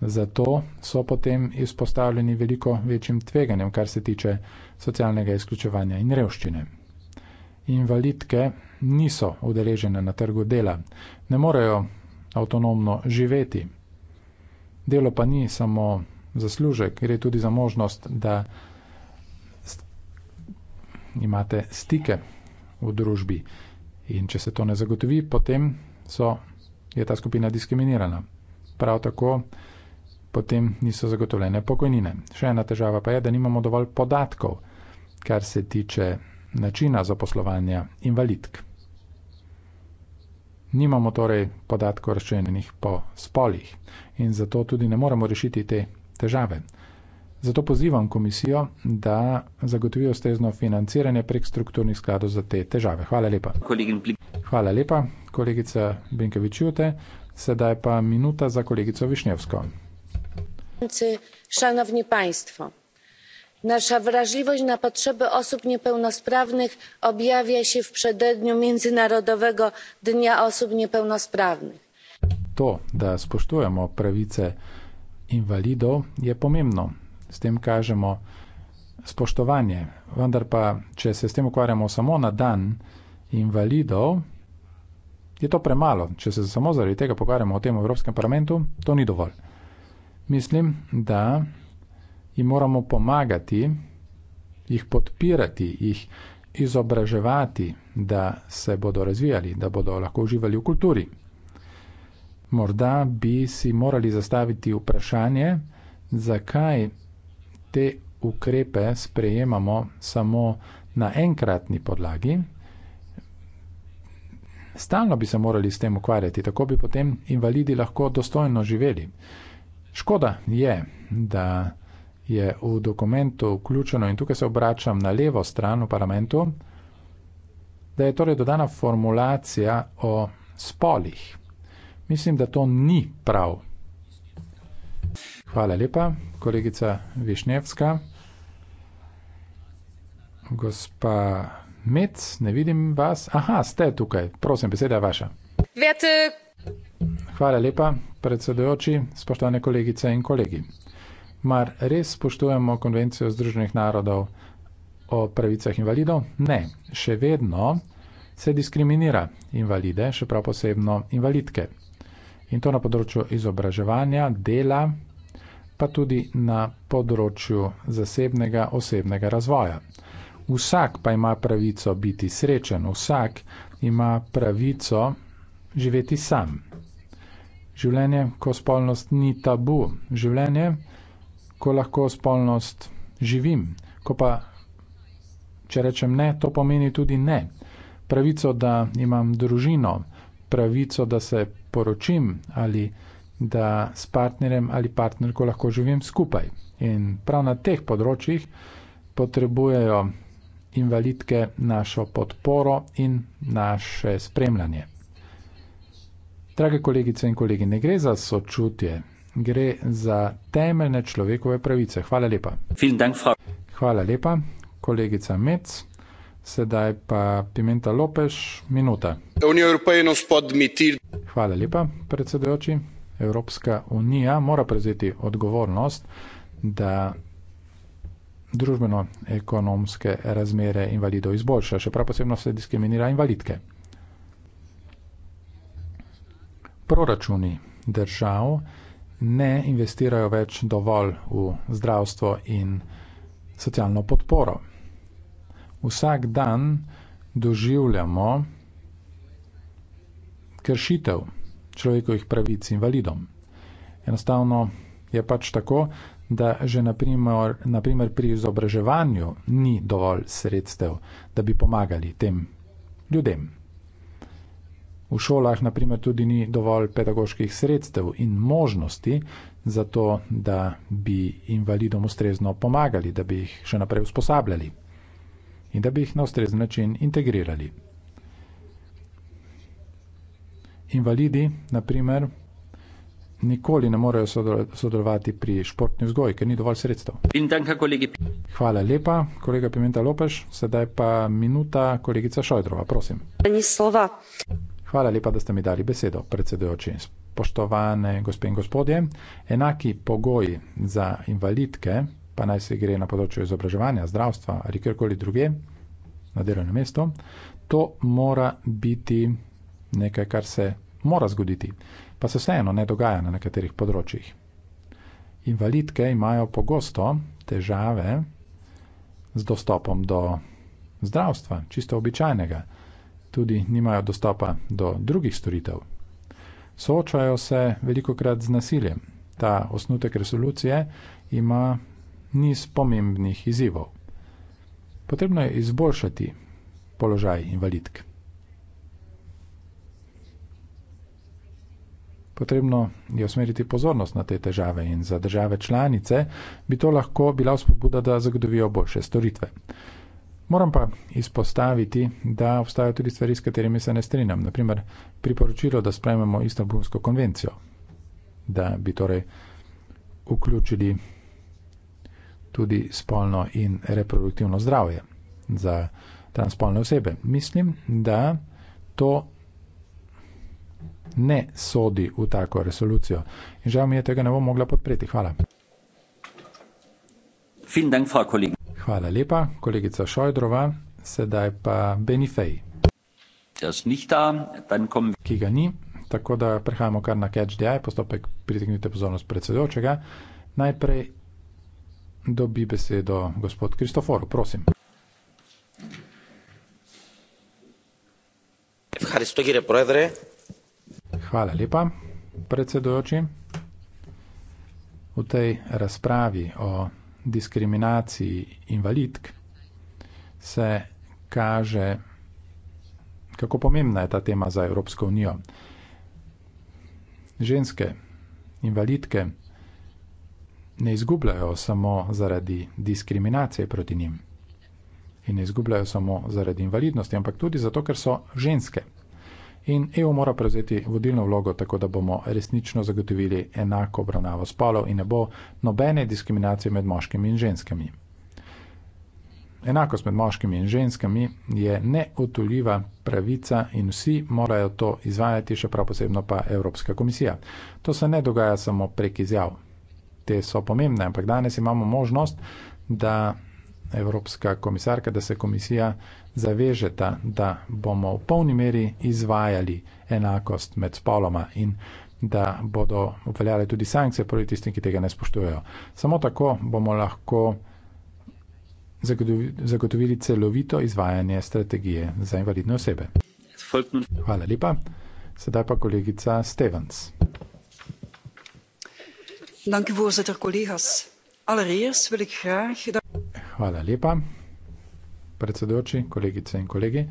Zato so potem izpostavljeni veliko večjim tveganjem, kar se tiče socialnega izključevanja in revščine. Invalidke niso udeležene na trgu dela, ne morejo avtonomno živeti. Delo pa ni samo zaslužek, gre tudi za možnost, da imate stike v družbi. In če se to ne zagotovi, potem so je ta skupina diskriminirana. Prav tako potem niso zagotovljene pokojnine. Še ena težava pa je, da nimamo dovolj podatkov, kar se tiče načina zaposlovanja invalidk. Nimamo torej podatkov razčlenjenih po spolih in zato tudi ne moremo rešiti te težave. Zato pozivam komisijo, da zagotovi ustrezno financiranje prek strukturnih skladov za te težave. Hvala lepa. Hvala lepa kolegice Benkevičute, sedaj pa minuta za kolegico Višnjevsko. Szanowni Państwo, nasza wrażliwość na potrzeby osób niepełnosprawnych objawia się w przededniu Międzynarodowego Dnia Osób Niepełnosprawnych. To, da spoštujemo pravice invalidov, je pomembno. S tem kažemo spoštovanje. Vendar pa, če se s tem ukvarjamo samo na dan invalidov, je to premalo. Če se samo zaradi tega pogovarjamo o tem v Evropskem parlamentu, to ni dovolj. Mislim, da jim moramo pomagati, jih podpirati, jih izobraževati, da se bodo razvijali, da bodo lahko uživali v kulturi. Morda bi si morali zastaviti vprašanje, zakaj te ukrepe sprejemamo samo na enkratni podlagi, Stalno bi se morali s tem ukvarjati, tako bi potem invalidi lahko dostojno živeli. Škoda je, da je v dokumentu vključeno, in tukaj se obračam na levo stran v parlamentu, da je torej dodana formulacija o spolih. Mislim, da to ni prav. Hvala lepa, kolegica Višnevska. Gospa Met, ne vidim vas. Aha, ste tukaj, prosim, beseda je vaša. Vete. Hvala lepa, predsedojoči, spoštovane kolegice in kolegi. Mar res spoštujemo konvencijo Združenih narodov o pravicah invalidov? Ne, še vedno se diskriminira invalide, še prav posebno invalidke. In to na področju izobraževanja, dela, pa tudi na področju zasebnega, osebnega razvoja. Vsak pa ima pravico biti srečen, vsak ima pravico živeti sam. Življenje, ko spolnost ni tabu, življenje, ko lahko spolnost živim. Ko pa, če rečem ne, to pomeni tudi ne. Pravico, da imam družino, pravico, da se poročim ali da s partnerjem ali partnerko lahko živim skupaj. In prav na teh področjih potrebujejo invalidke našo podporo in naše spremljanje. Drage kolegice in kolegi, ne gre za sočutje, gre za temeljne človekove pravice. Hvala lepa. Hvala lepa, kolegica Mec. Sedaj pa Pimenta Lopeš, minuta. Hvala lepa, predsedujoči. Evropska unija mora prevzeti odgovornost, da družbeno-ekonomske razmere invalidov izboljša, še prav posebno se diskriminira invalidke. Proračuni držav ne investirajo več dovolj v zdravstvo in socialno podporo. Vsak dan doživljamo kršitev človekovih pravic invalidom. Enostavno je pač tako, da že naprimer, naprimer pri izobraževanju ni dovolj sredstev, da bi pomagali tem ljudem. V šolah naprimer tudi ni dovolj pedagoških sredstev in možnosti za to, da bi invalidom ustrezno pomagali, da bi jih še naprej usposabljali in da bi jih na ustrezen način integrirali. Invalidi, naprimer, nikoli ne morejo sodelovati pri športni vzgoji, ker ni dovolj sredstev. Hvala lepa, kolega Pimenta Lopeš. Sedaj pa minuta, kolegica Šojdrova, prosim. Hvala lepa, da ste mi dali besedo, predsedujoči. Poštovane gospe in gospodje, enaki pogoji za invalidke, pa naj se gre na področju izobraževanja, zdravstva ali kjerkoli druge, na delovno mesto, to mora biti nekaj, kar se mora zgoditi pa se vseeno ne dogaja na nekaterih področjih. Invalidke imajo pogosto težave z dostopom do zdravstva, čisto običajnega, tudi nimajo dostopa do drugih storitev. Soočajo se veliko krat z nasiljem. Ta osnutek resolucije ima niz pomembnih izzivov. Potrebno je izboljšati položaj invalidk. Potrebno je usmeriti pozornost na te težave in za države članice bi to lahko bila vzpodbuda, da zagotovijo boljše storitve. Moram pa izpostaviti, da obstajajo tudi stvari, s katerimi se ne strinjam. Naprimer, priporočilo, da sprememo Istanbulsko konvencijo, da bi torej vključili tudi spolno in reproduktivno zdravje za transpolne osebe. Mislim, da to ne sodi v tako resolucijo. In žal mi je, tega ne bom mogla podpreti. Hvala. Hvala lepa, kolegica Šojdrova. Sedaj pa Benifej, ki ga ni, tako da prehajamo kar na catch-di-aj, postopek pritegnite pozornost predsedojočega. Najprej dobi besedo gospod Kristoforu, prosim. Hvala lepa, predsednik. Hvala lepa, predsedojoči. V tej razpravi o diskriminaciji invalidk se kaže, kako pomembna je ta tema za Evropsko unijo. Ženske invalidke ne izgubljajo samo zaradi diskriminacije proti njim in ne izgubljajo samo zaradi invalidnosti, ampak tudi zato, ker so ženske in EU mora prevzeti vodilno vlogo, tako da bomo resnično zagotovili enako obravnavo spolov in ne bo nobene diskriminacije med moškimi in ženskami. Enakost med moškimi in ženskami je neotoljiva pravica in vsi morajo to izvajati, še prav posebno pa Evropska komisija. To se ne dogaja samo prek izjav. Te so pomembne, ampak danes imamo možnost, da Evropska komisarka, da se komisija zavežeta, da bomo v polni meri izvajali enakost med spoloma in da bodo uveljale tudi sankcije proti tistim, ki tega ne spoštujejo. Samo tako bomo lahko zagotovili celovito izvajanje strategije za invalidne osebe. Hvala lepa. Sedaj pa kolegica Stevens. Hvala lepa predsedoči, kolegice in kolegi.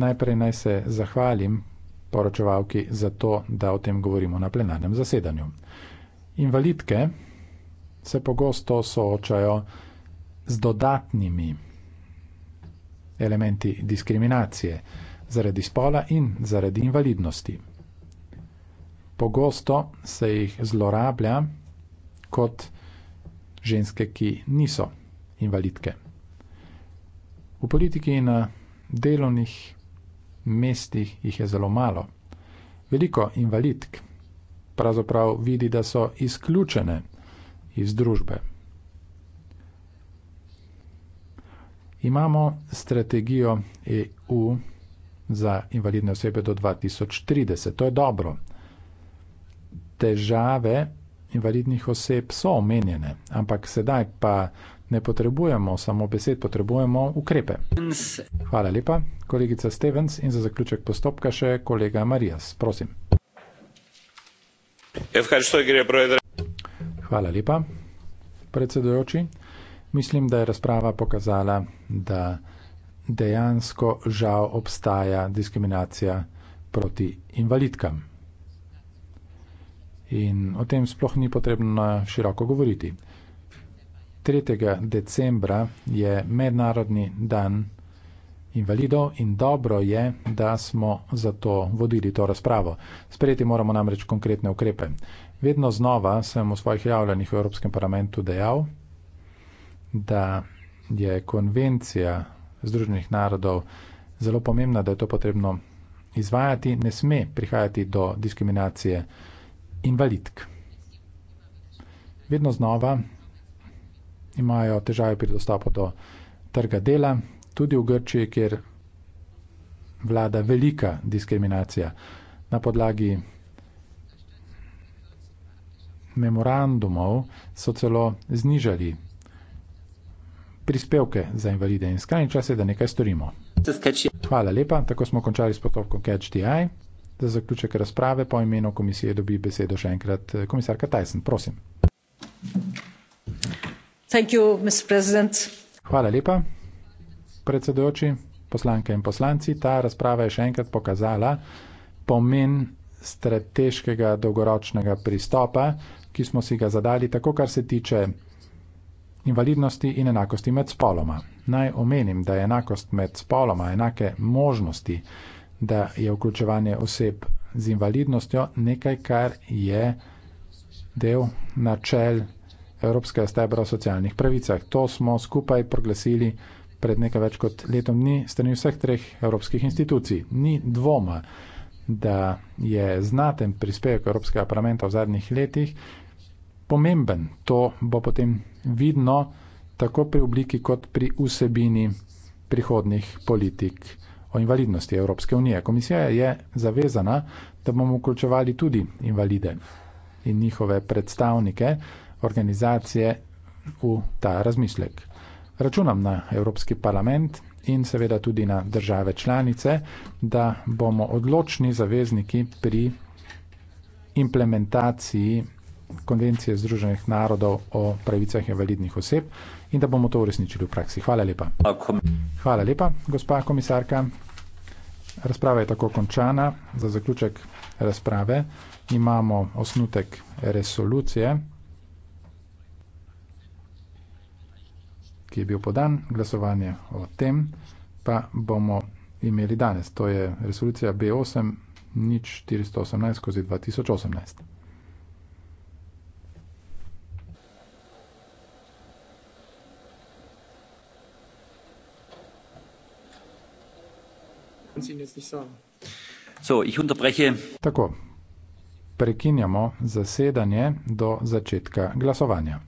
Najprej naj se zahvalim poročevalki za to, da o tem govorimo na plenarnem zasedanju. Invalidke se pogosto soočajo z dodatnimi elementi diskriminacije zaradi spola in zaradi invalidnosti. Pogosto se jih zlorablja kot ženske, ki niso invalidke. V politiki in na delovnih mestih jih je zelo malo. Veliko invalidk pravzaprav vidi, da so izključene iz družbe. Imamo strategijo EU za invalidne osebe do 2030. To je dobro. Težave invalidnih oseb so omenjene, ampak sedaj pa ne potrebujemo samo besed, potrebujemo ukrepe. Hvala lepa, kolegica Stevens, in za zaključek postopka še kolega Marijas. Prosim. Hvala lepa, predsedujoči. Mislim, da je razprava pokazala, da dejansko žal obstaja diskriminacija proti invalidkam. In o tem sploh ni potrebno široko govoriti. 3. decembra je mednarodni dan invalidov in dobro je, da smo za to vodili to razpravo. Sprejeti moramo namreč konkretne ukrepe. Vedno znova sem v svojih javljanjih v Evropskem parlamentu dejal, da je konvencija Združenih narodov zelo pomembna, da je to potrebno izvajati, ne sme prihajati do diskriminacije invalidk. Vedno znova imajo težave pri dostopu do trga dela, tudi v Grčiji, kjer vlada velika diskriminacija. Na podlagi memorandumov so celo znižali prispevke za invalide in skrajni čas je, da nekaj storimo. Hvala lepa, tako smo končali s potopkom CatchDI. Za zaključek razprave po imenu komisije dobi besedo še enkrat eh, komisarka Tyson. Prosim. Thank you. Hvala lepa, predsedujoči, poslanke in poslanci. Ta razprava je še enkrat pokazala pomen strateškega dolgoročnega pristopa, ki smo si ga zadali, tako kar se tiče invalidnosti in enakosti med spoloma. Naj omenim, da je enakost med spoloma, enake možnosti, da je vključevanje oseb z invalidnostjo nekaj, kar je del načel evropskega stebra o socialnih pravicah. To smo skupaj proglasili pred nekaj več kot letom dni strani vseh treh evropskih institucij. Ni dvoma, da je znaten prispevek Evropskega parlamenta v zadnjih letih pomemben. To bo potem vidno tako pri obliki kot pri vsebini prihodnih politik o invalidnosti Evropske unije. Komisija je zavezana, da bomo vključevali tudi invalide in njihove predstavnike organizacije v ta razmislek. Računam na Evropski parlament in seveda tudi na države članice, da bomo odločni zavezniki pri implementaciji Konvencije Združenih narodov o pravicah invalidnih oseb in da bomo to uresničili v praksi. Hvala lepa. Hvala lepa, gospa komisarka. Razprava je tako končana. Za zaključek razprave imamo osnutek resolucije. ki je bil podan, glasovanje o tem pa bomo imeli danes. To je resolucija B8 nič 418 skozi 2018. So, ich unterbreche. Tako, prekinjamo zasedanje do začetka glasovanja.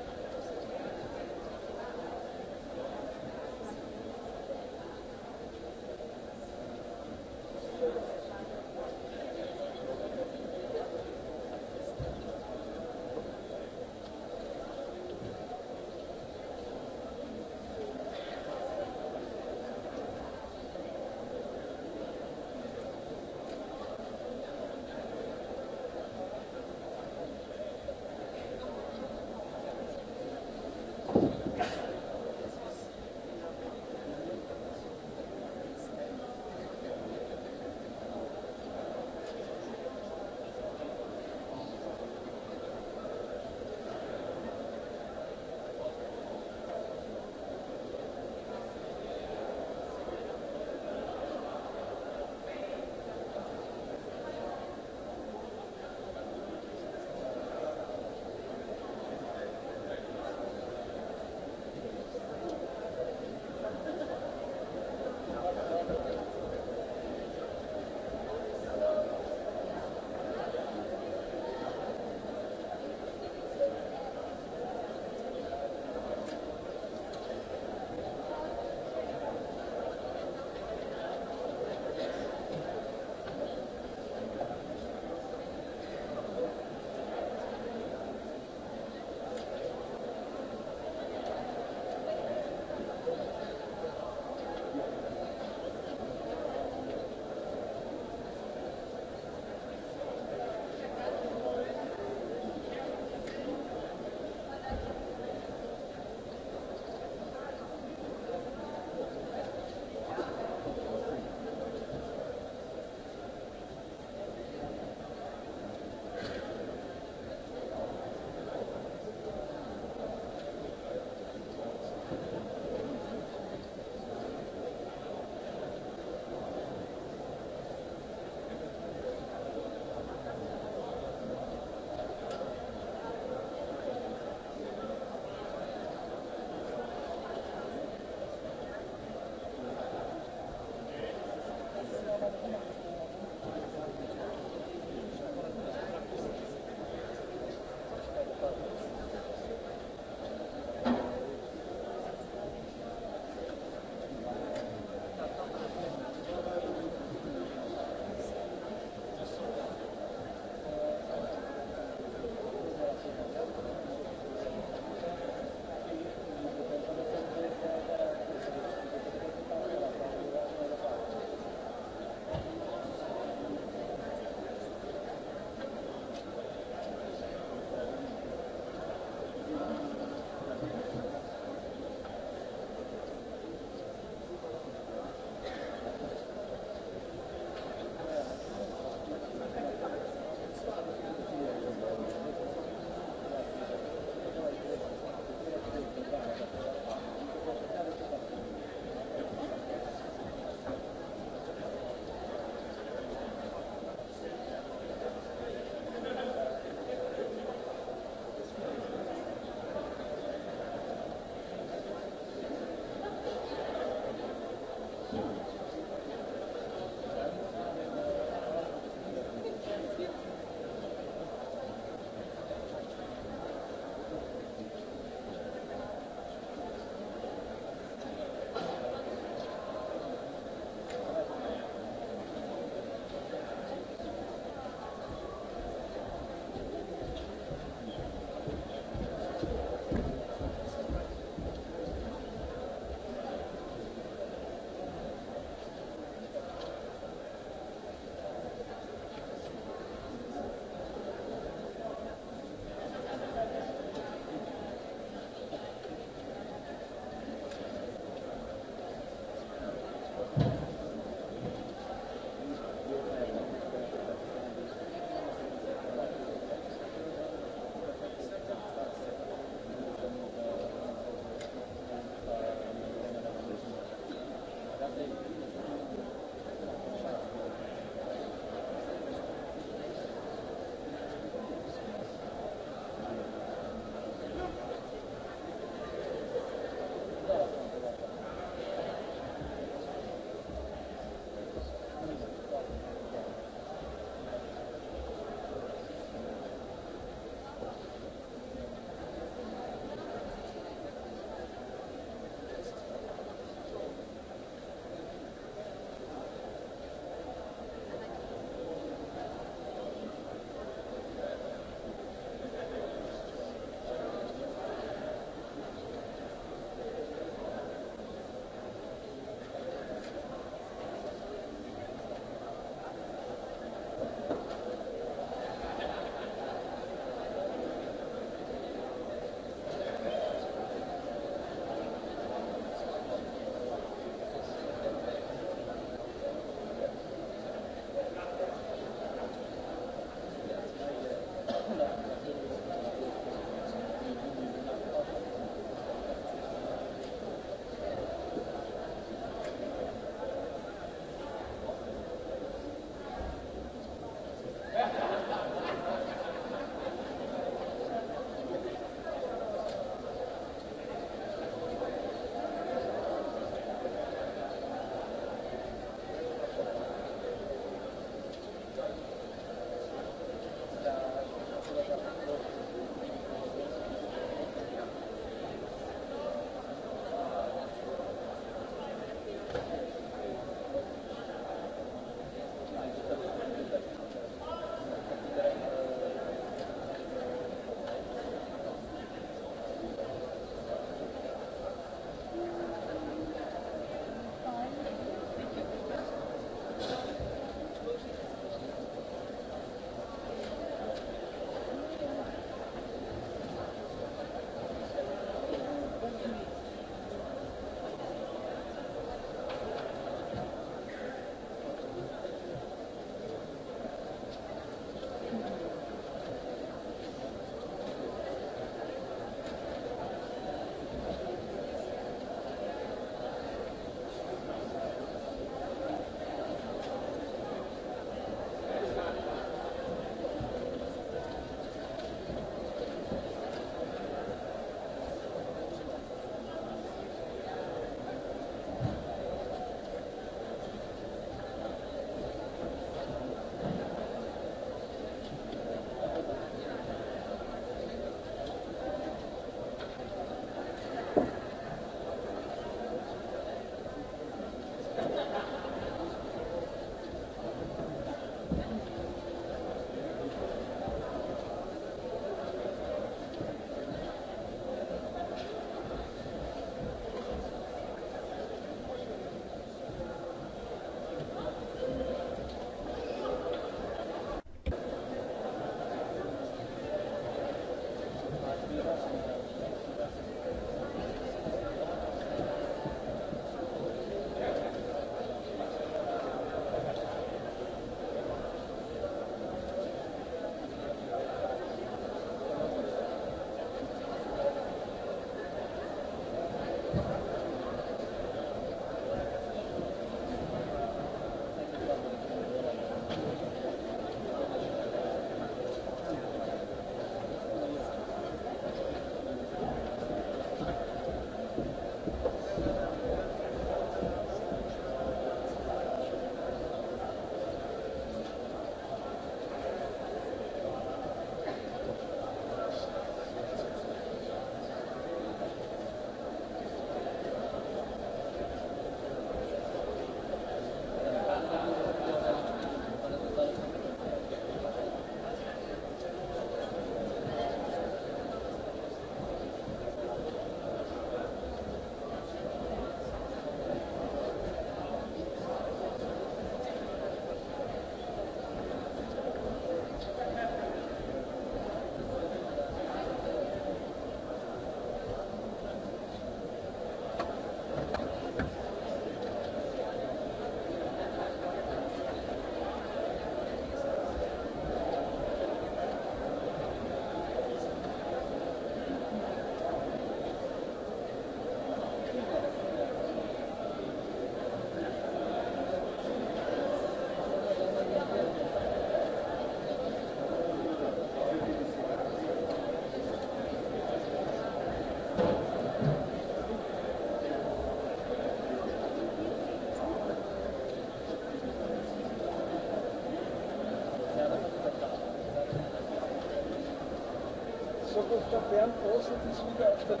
Ich glaube, wir haben große Diskussionen.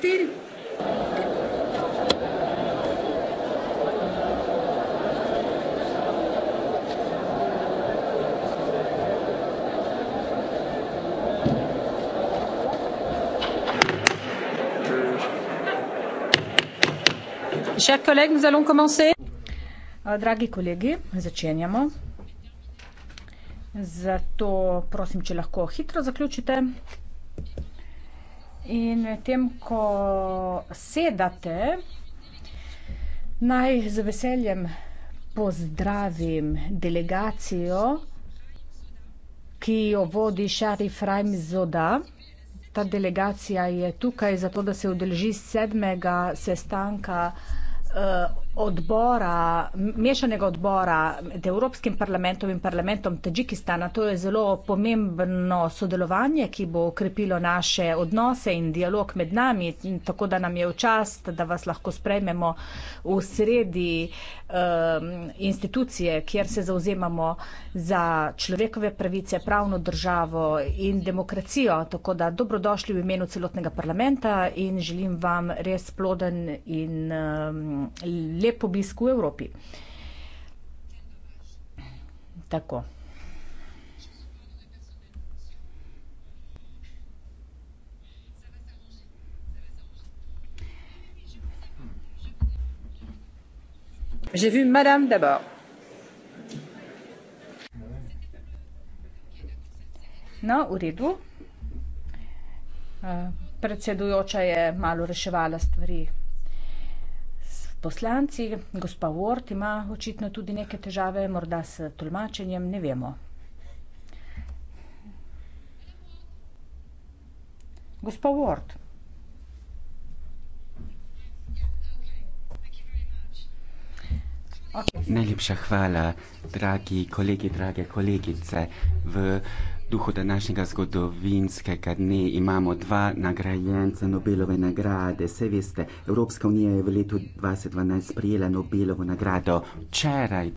štiri. Chers collègues, nous allons commencer. Euh, dragi kolegi, začenjamo. Zato prosim, če lahko hitro zaključite in medtem ko sedate, naj z veseljem pozdravim delegacijo, ki jo vodi Šarif Rajmzoda. Ta delegacija je tukaj zato, da se udeleži sedmega sestanka eh, odbora, mešanega odbora med Evropskim parlamentom in parlamentom Tadžikistana. To je zelo pomembno sodelovanje, ki bo okrepilo naše odnose in dialog med nami, in tako da nam je v čast, da vas lahko sprejmemo v sredi um, institucije, kjer se zauzemamo za človekove pravice, pravno državo in demokracijo. Tako da dobrodošli v imenu celotnega parlamenta in želim vam res ploden in um, lep lep obisk v Evropi. Tako. J'ai vu madame d'abord. No, v redu. Eh, predsedujoča je malo reševala stvari poslanci. Gospa Ward ima očitno tudi neke težave, morda s tolmačenjem, ne vemo. Gospa Ward. Okay. Najlepša hvala, dragi kolegi, drage kolegice. V uh, duhu današnjega zgodovinskega dne imamo dva nagrajenca Nobelove nagrade. Se veste, Evropska unija je v letu 2012 sprijela Nobelovo nagrado. Včeraj,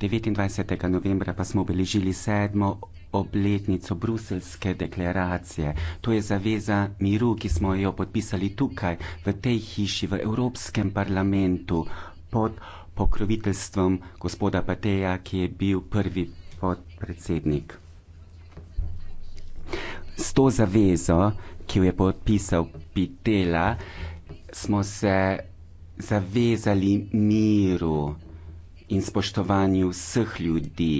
29. novembra, pa smo obeležili sedmo obletnico Bruselske deklaracije. To je zaveza miru, ki smo jo podpisali tukaj, v tej hiši, v Evropskem parlamentu, pod pokroviteljstvom gospoda Pateja, ki je bil prvi podpredsednik s to zavezo, ki jo je podpisal Pitela, smo se zavezali miru in spoštovanju vseh ljudi.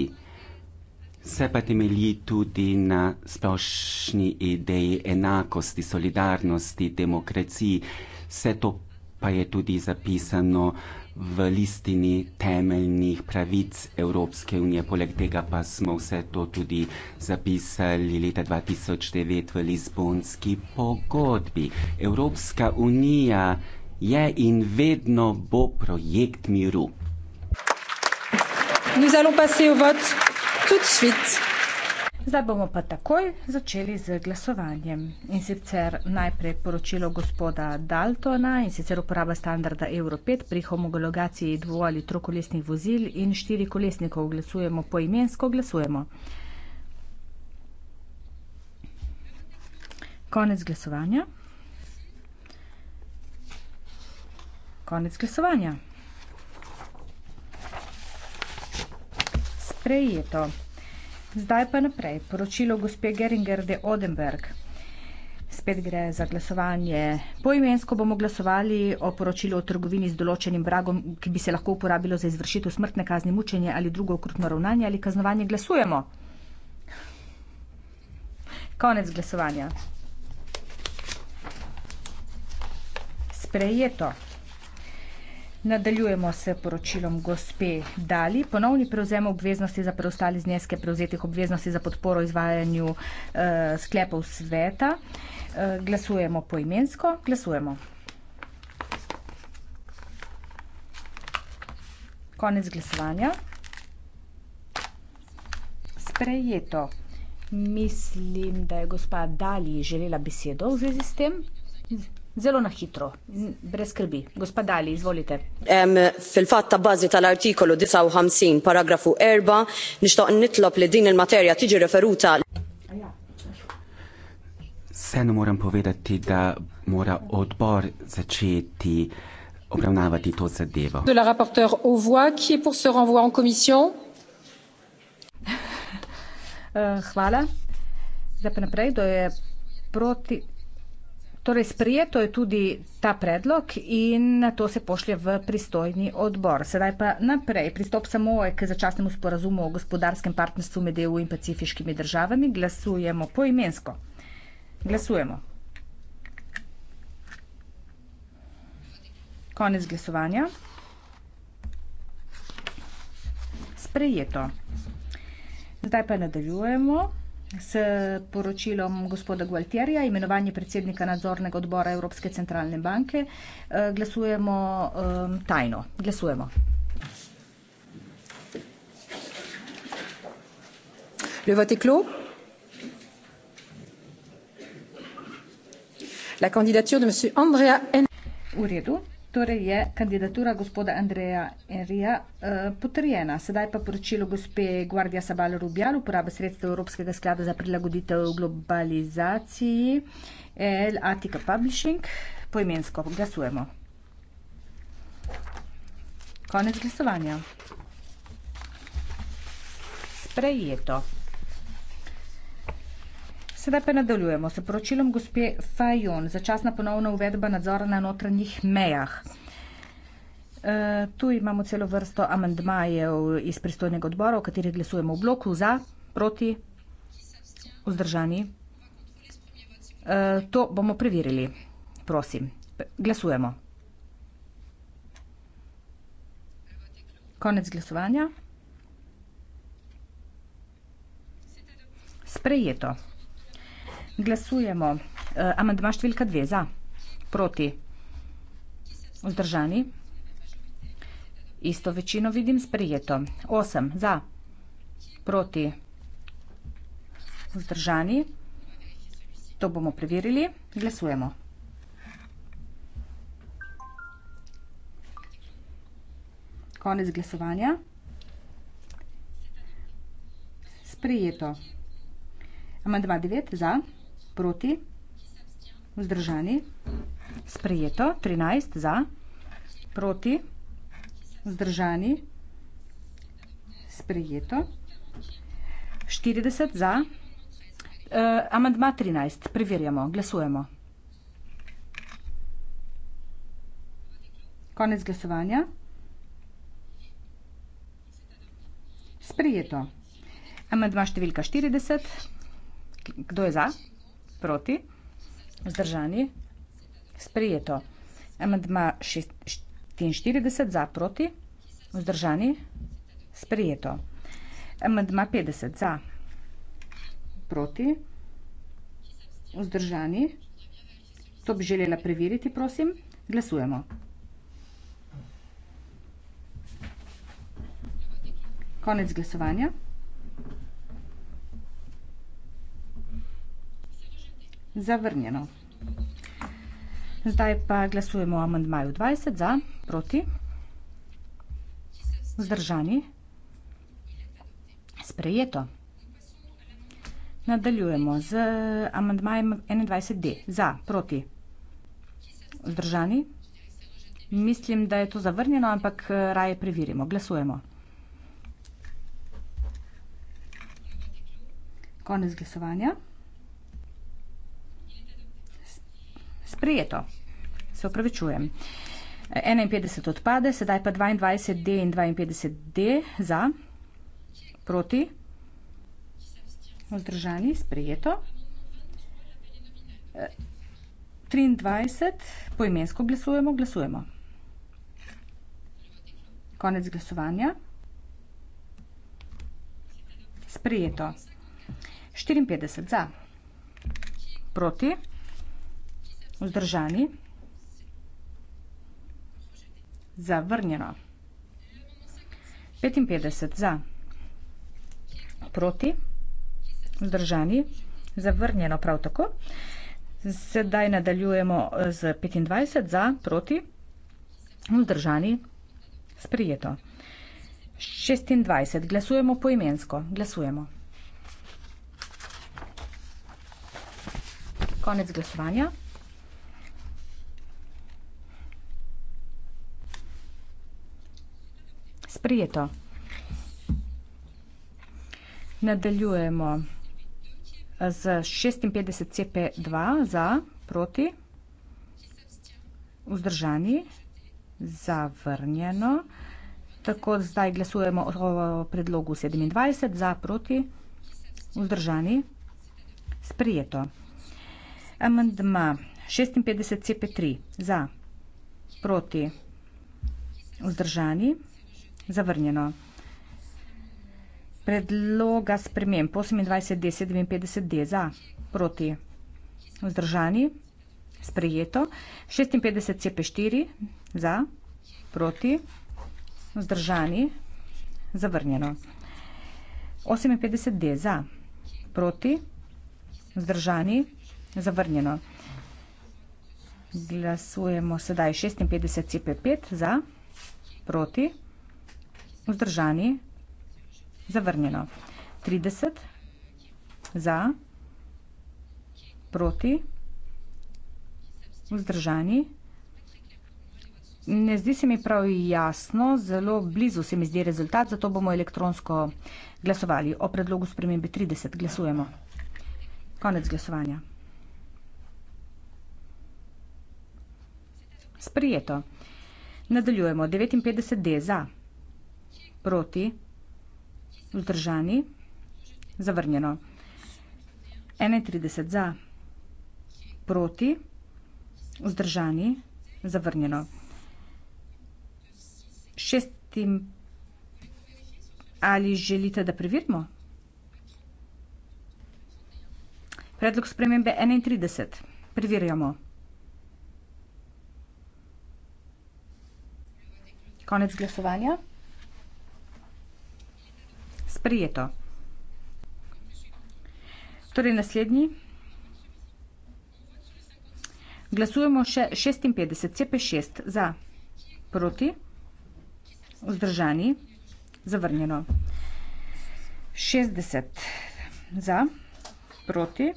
Vse pa temelji tudi na splošni ideji enakosti, solidarnosti, demokraciji. Vse to pa je tudi zapisano v listini temeljnih pravic Evropske unije. Poleg tega pa smo vse to tudi zapisali leta 2009 v Lizbonski pogodbi. Evropska unija je in vedno bo projekt miru. Nous allons passer au vote tout de suite. Zdaj bomo pa takoj začeli z glasovanjem. In sicer najprej poročilo gospoda Daltona in sicer uporaba standarda Euro 5 pri homologaciji dvo- ali trokolesnih vozil in štirikolesnikov. Glasujemo poimensko, glasujemo. Konec glasovanja. Konec glasovanja. Sprejeto. Zdaj pa naprej. Poročilo gospe Geringer de Odenberg. Spet gre za glasovanje. Poimensko bomo glasovali o poročilu o trgovini z določenim vragom, ki bi se lahko uporabilo za izvršitev smrtne kazni, mučenje ali drugo okrutno ravnanje ali kaznovanje. Glasujemo. Konec glasovanja. Sprejeto. Nadaljujemo s poročilom gospe Dali. Ponovni prevzem obveznosti za preostale zneske prevzetih obveznosti za podporo izvajanju eh, sklepov sveta. Eh, glasujemo poimensko. Glasujemo. Konec glasovanja. Sprejeto. Mislim, da je gospa Dali želela besedo v zvezi s tem zelo na hitro brez skrbi gospodali izvolite em fil fatta bażi tal artikolu 59 paragrafu 4 nixtaq nitlob li din il-materja tiġi referuta Sen moram povedati da mora odbor začeti obravnavati to zadevo. De la rapporteur au voix qui est pour ce renvoi en commission? uh, hvala. Zdaj pa naprej, kdo je proti, Torej, sprijeto je tudi ta predlog in na to se pošlje v pristojni odbor. Sedaj pa naprej. Pristop samo je k začasnemu sporazumu o gospodarskem partnerstvu med EU in pacifiškimi državami. Glasujemo poimensko. Glasujemo. Konec glasovanja. Sprejeto. Zdaj pa nadaljujemo s poročilom gospoda Gualtierja, imenovanje predsednika nadzornega odbora Evropske centralne banke, eh, glasujemo eh, tajno. Glasujemo. V redu. Torej je kandidatura gospoda Andreja Enrija uh, potrjena. Sedaj pa poročilo gospe Guardia Sabal Rubjal, uporaba sredstev Evropskega sklada za prilagoditev globalizaciji, El Attica Publishing, poimensko glasujemo. Konec glasovanja. Sprejeto. Sedaj pa nadaljujemo s poročilom gospe Fajon, začasna ponovna uvedba nadzora na notranjih mejah. E, tu imamo celo vrsto amendmajev iz pristojnega odbora, o katerih glasujemo v bloku za, proti, vzdržani. E, to bomo preverili, prosim. Glasujemo. Konec glasovanja. Sprejeto. Glasujemo. Uh, amandma številka dve za. Proti. Vzdržani. Isto večino vidim sprejeto. Osem za. Proti. Vzdržani. To bomo preverili. Glasujemo. Konec glasovanja. Sprejeto. Amandma 9 za proti, vzdržani, sprejeto, 13 za, proti, vzdržani, sprejeto, 40 za, uh, amandma 13, preverjamo, glasujemo. Konec glasovanja. Sprejeto. Amandma številka 40. Kdo je za? proti vzdržani sprejeto amandma 44 za proti vzdržani sprejeto amandma 50 za proti vzdržani to bi želela preveriti prosim glasujemo konec glasovanja Zavrnjeno. Zdaj pa glasujemo o amandmaju 20 za, proti. Vzdržani. Sprejeto. Nadaljujemo z amandmajem 21D. Za, proti. Vzdržani. Mislim, da je to zavrnjeno, ampak raje preverimo. Glasujemo. Konec glasovanja. sprejeto. Se upravičujem. 51 odpade, sedaj pa 22D in 52D za, proti, vzdržani, sprejeto. 23, poimensko glasujemo, glasujemo. Konec glasovanja. Sprejeto. 54 za, proti vzdržani, zavrnjeno, 55 za, proti, vzdržani, zavrnjeno prav tako, sedaj nadaljujemo z 25 za, proti, vzdržani, sprijeto. 26. Glasujemo poimensko. Glasujemo. Konec glasovanja. sprijeto. Nadaljujemo z 56 CP2 za, proti, vzdržani, zavrnjeno. Tako zdaj glasujemo o predlogu 27 za, proti, vzdržani, sprijeto. Amendma 56 CP3 za, proti, vzdržani, sprijeto. Zavrnjeno. Predloga spremem 28.10.59 D za proti vzdržani sprejeto 56 CP4 za proti vzdržani zavrnjeno 58 D za proti vzdržani zavrnjeno glasujemo sedaj 56 CP5 za proti vzdržani vzdržani zavrnjeno 30 za proti vzdržani ne zdi se mi prav jasno zelo blizu se mi zdi rezultat zato bomo elektronsko glasovali o predlogu spremembe trideset glasujemo konec glasovanja sprejeto nadaljujemo devetinpetdeset D za Proti. Vzdržani. Zavrnjeno. 31 za. Proti. Vzdržani. Zavrnjeno. 6. Ali želite, da privirimo? Predlog spremembe 31. Privirjamo. Konec glasovanja sprejeto. Torej naslednji. Glasujemo še 56, CP6 za, proti, vzdržani, zavrnjeno. 60 za, proti,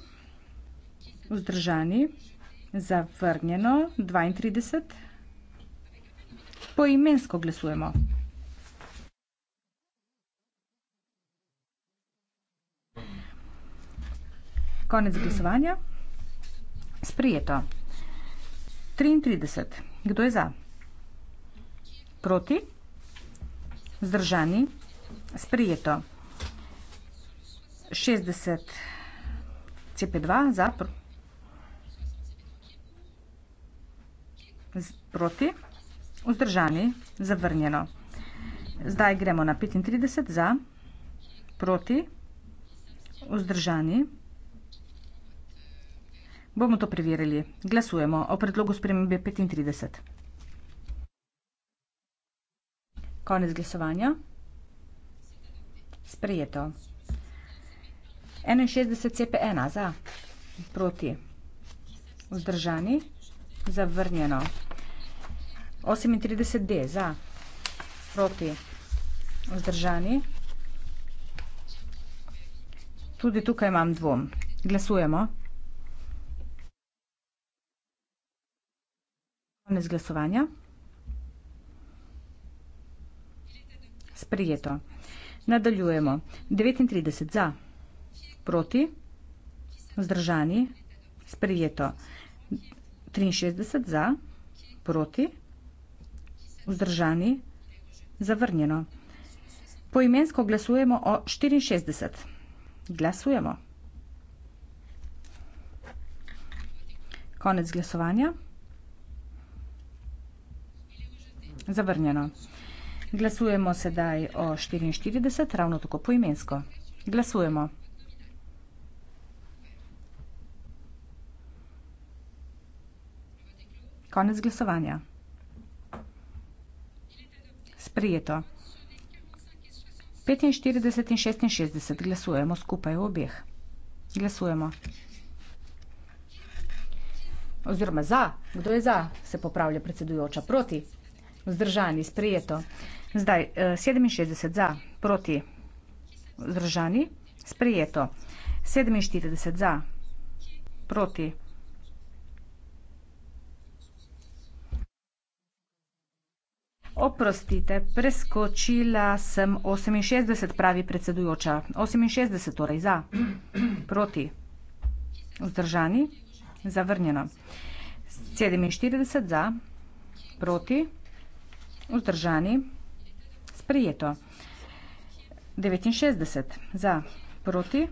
vzdržani, zavrnjeno, 32. Poimensko glasujemo. Konec glasovanja. Sprijeto. 33. Kdo je za? Proti? Zdržani? Sprijeto. 60. CP2 za? Proti? Vzdržani? Zavrnjeno. Zdaj gremo na 35 za? Proti? Vzdržani? Zdržani? Bomo to preverili. Glasujemo o predlogu spremembe 35. Konec glasovanja. Sprejeto. 61 CP1 za proti vzdržani. Zavrnjeno. 38 D za proti vzdržani. Tudi tukaj imam dvom. Glasujemo. Glasujemo. konec glasovanja. Sprejeto. Nadaljujemo. 39 za, proti, vzdržani, sprejeto. 63 za, proti, vzdržani, zavrnjeno. Poimensko glasujemo o 64. Glasujemo. Konec glasovanja. Zavrnjeno. Glasujemo sedaj o 44, ravno tako poimensko. Glasujemo. Konec glasovanja. Sprijeto. 45 in 66 glasujemo skupaj v obeh. Glasujemo. Oziroma za. Kdo je za? Se popravlja predsedujoča. Proti. Vzdržani, sprejeto. Zdaj, 67 eh, za, proti. Vzdržani, sprejeto. 47 za, proti. Oprostite, preskočila sem 68, pravi predsedujoča. 68, torej za, proti. Vzdržani, zavrnjeno. 47 za, proti. Proti vzdržani. Sprejeto. 69 za proti.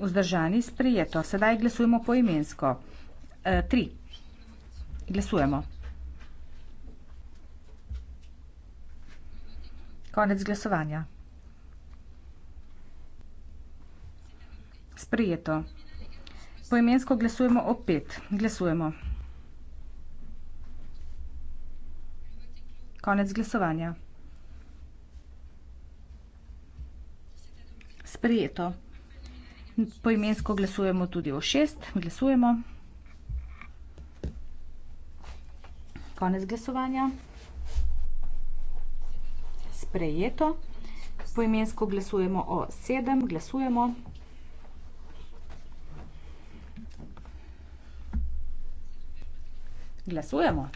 Vzdržani. Sprejeto. Sedaj glasujemo po imensko. 3. E, glasujemo. Konec glasovanja. Sprejeto. Poimensko glasujemo o 5. Glasujemo. Konec glasovanja. Sprejeto. Poimensko glasujemo tudi o šest. Glasujemo. Konec glasovanja. Sprejeto. Poimensko glasujemo o sedem. Glasujemo. Glasujemo.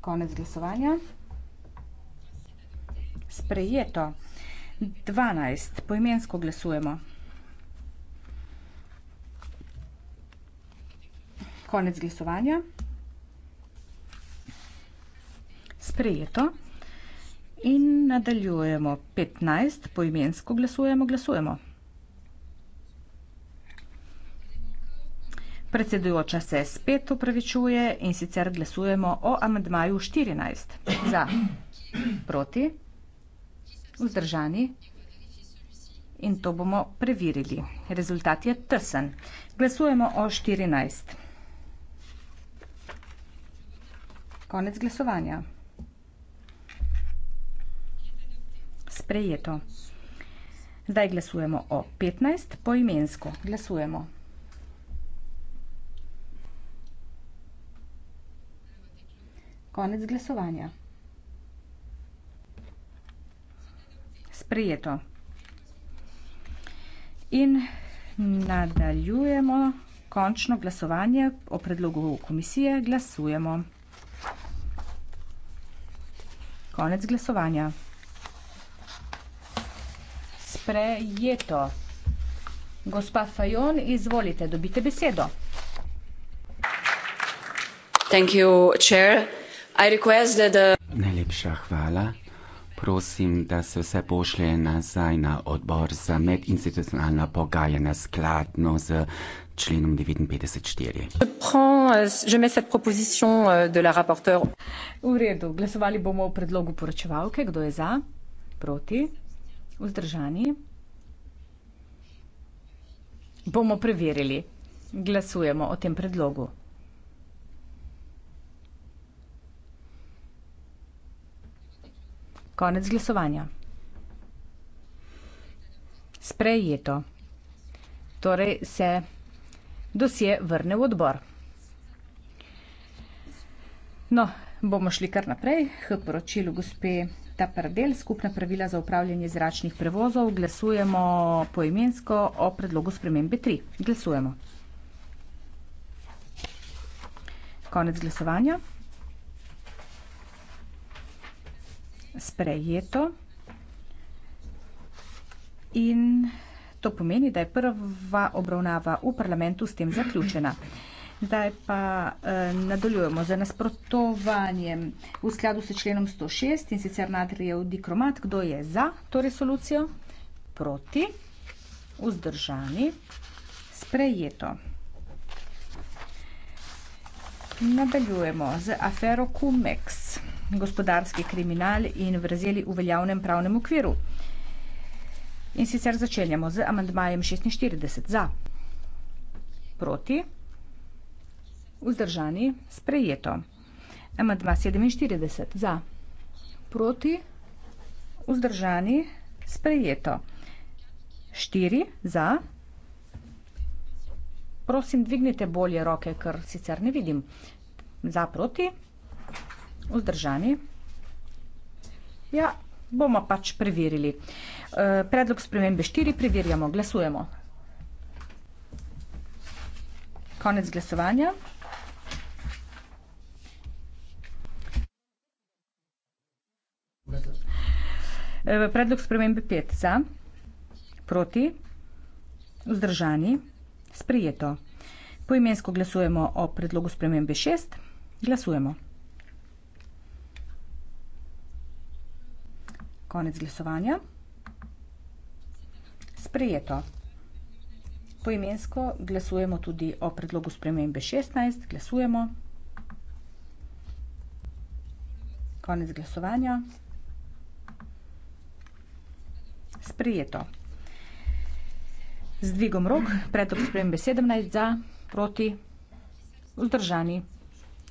Konec glasovanja. Sprejeto. 12. Poimensko glasujemo. Konec glasovanja. Sprejeto. In nadaljujemo. 15. Poimensko glasujemo. Glasujemo. Predsedujoča se spet upravičuje in sicer glasujemo o amandmaju 14. Za, proti, vzdržani in to bomo preverili. Rezultat je tesen. Glasujemo o 14. Konec glasovanja. Sprejeto. Zdaj glasujemo o 15 poimensko. Glasujemo. Konec glasovanja. Sprejeto. In nadaljujemo končno glasovanje o predlogu komisije. Glasujemo. Konec glasovanja. Sprejeto. Gospa Fajon, izvolite, dobite besedo. Thank you, Chair. Najlepša hvala. Prosim, da se vse pošlje nazaj na odbor za medinstitucionalna pogajanja skladno z členom 954. Euh, euh, v redu, glasovali bomo o predlogu poročevalke. Kdo je za? Proti? Vzdržani? Bomo preverili. Glasujemo o tem predlogu. Konec glasovanja. Sprejeto. Torej se dosje vrne v odbor. No, bomo šli kar naprej. H poročilu gospe Taprdel, skupna pravila za upravljanje zračnih prevozov. Glasujemo poimensko o predlogu spremembe 3. Glasujemo. Konec glasovanja. sprejeto. In to pomeni, da je prva obravnava v parlamentu s tem zaključena. Zdaj pa eh, nadaljujemo za nasprotovanjem v skladu s členom 106 in sicer nadrejev dikromat, kdo je za to resolucijo, proti, vzdržani, sprejeto. Nadaljujemo z afero Cumex gospodarski kriminal in vrzeli v veljavnem pravnem okviru. In sicer začenjamo z amandmajem 46 za, proti, vzdržani, sprejeto. Amandma 47 za, proti, vzdržani, sprejeto. 4 za, prosim, dvignite bolje roke, ker sicer ne vidim. Za, proti vzdržani. Ja, bomo pač preverili. E, predlog spremembe štiri preverjamo. Glasujemo. Konec glasovanja. E, predlog spremembe pet za, proti, vzdržani, sprejeto. Poimensko glasujemo o predlogu spremembe šest. Glasujemo. Konec glasovanja. Sprejeto. Poimensko glasujemo tudi o predlogu spremembe 16. Glasujemo. Konec glasovanja. Sprejeto. Z dvigom rok predlog spremembe 17 za, proti, vzdržani,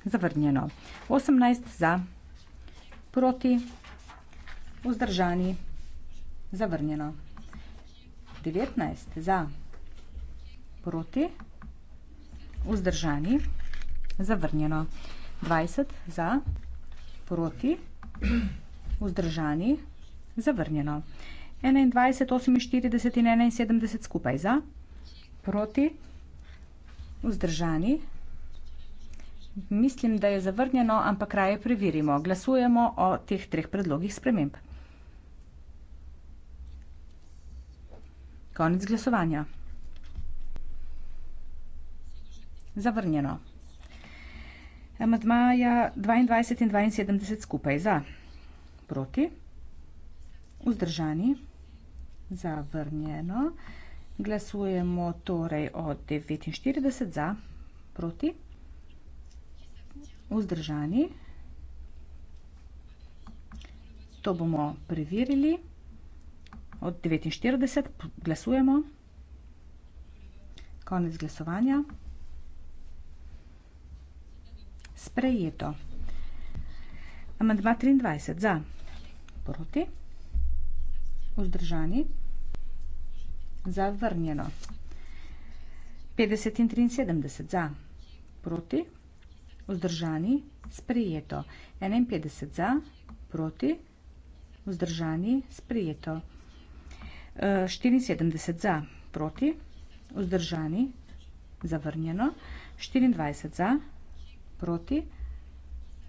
zavrnjeno. 18 za, proti, vzdržani vzdržani, zavrnjeno. 19 za, proti, vzdržani, zavrnjeno. 20 za, proti, vzdržani, zavrnjeno. 21, 48 in 71 skupaj za, proti, vzdržani. Mislim, da je zavrnjeno, ampak raje preverimo. Glasujemo o teh treh predlogih sprememb. Koniec glasovanja. Zavrnjeno. Amadmaja 22 in 72 skupaj. Za. Proti. Vzdržani. Zavrnjeno. Glasujemo torej o 49 za. Proti. Vzdržani. To bomo preverili. Zdravljeno od 49 glasujemo. Konec glasovanja. Sprejeto. Amandma 23 za. Proti. Vzdržani. Zavrnjeno. 50 in 73 za. Proti. Vzdržani. Sprejeto. 51 za. Proti. Vzdržani. Sprejeto. 74 za, proti, vzdržani, zavrnjeno, 24 za, proti,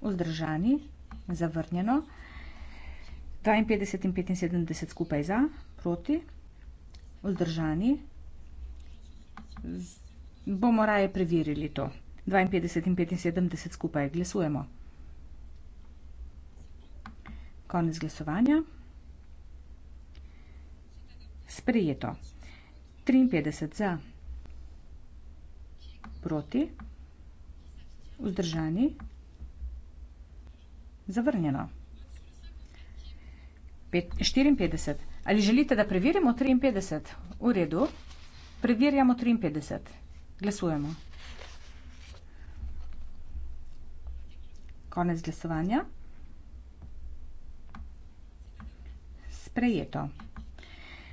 vzdržani, zavrnjeno, 52 in 75 skupaj za, proti, vzdržani, bomo raje preverili to. 52 in 75 skupaj glasujemo. Konec glasovanja. Sprejeto. 53 za. Proti. Vzdržani. Zavrnjeno. 54. Ali želite, da preverimo 53? V redu. Preverjamo 53. Glasujemo. Konec glasovanja. Sprejeto.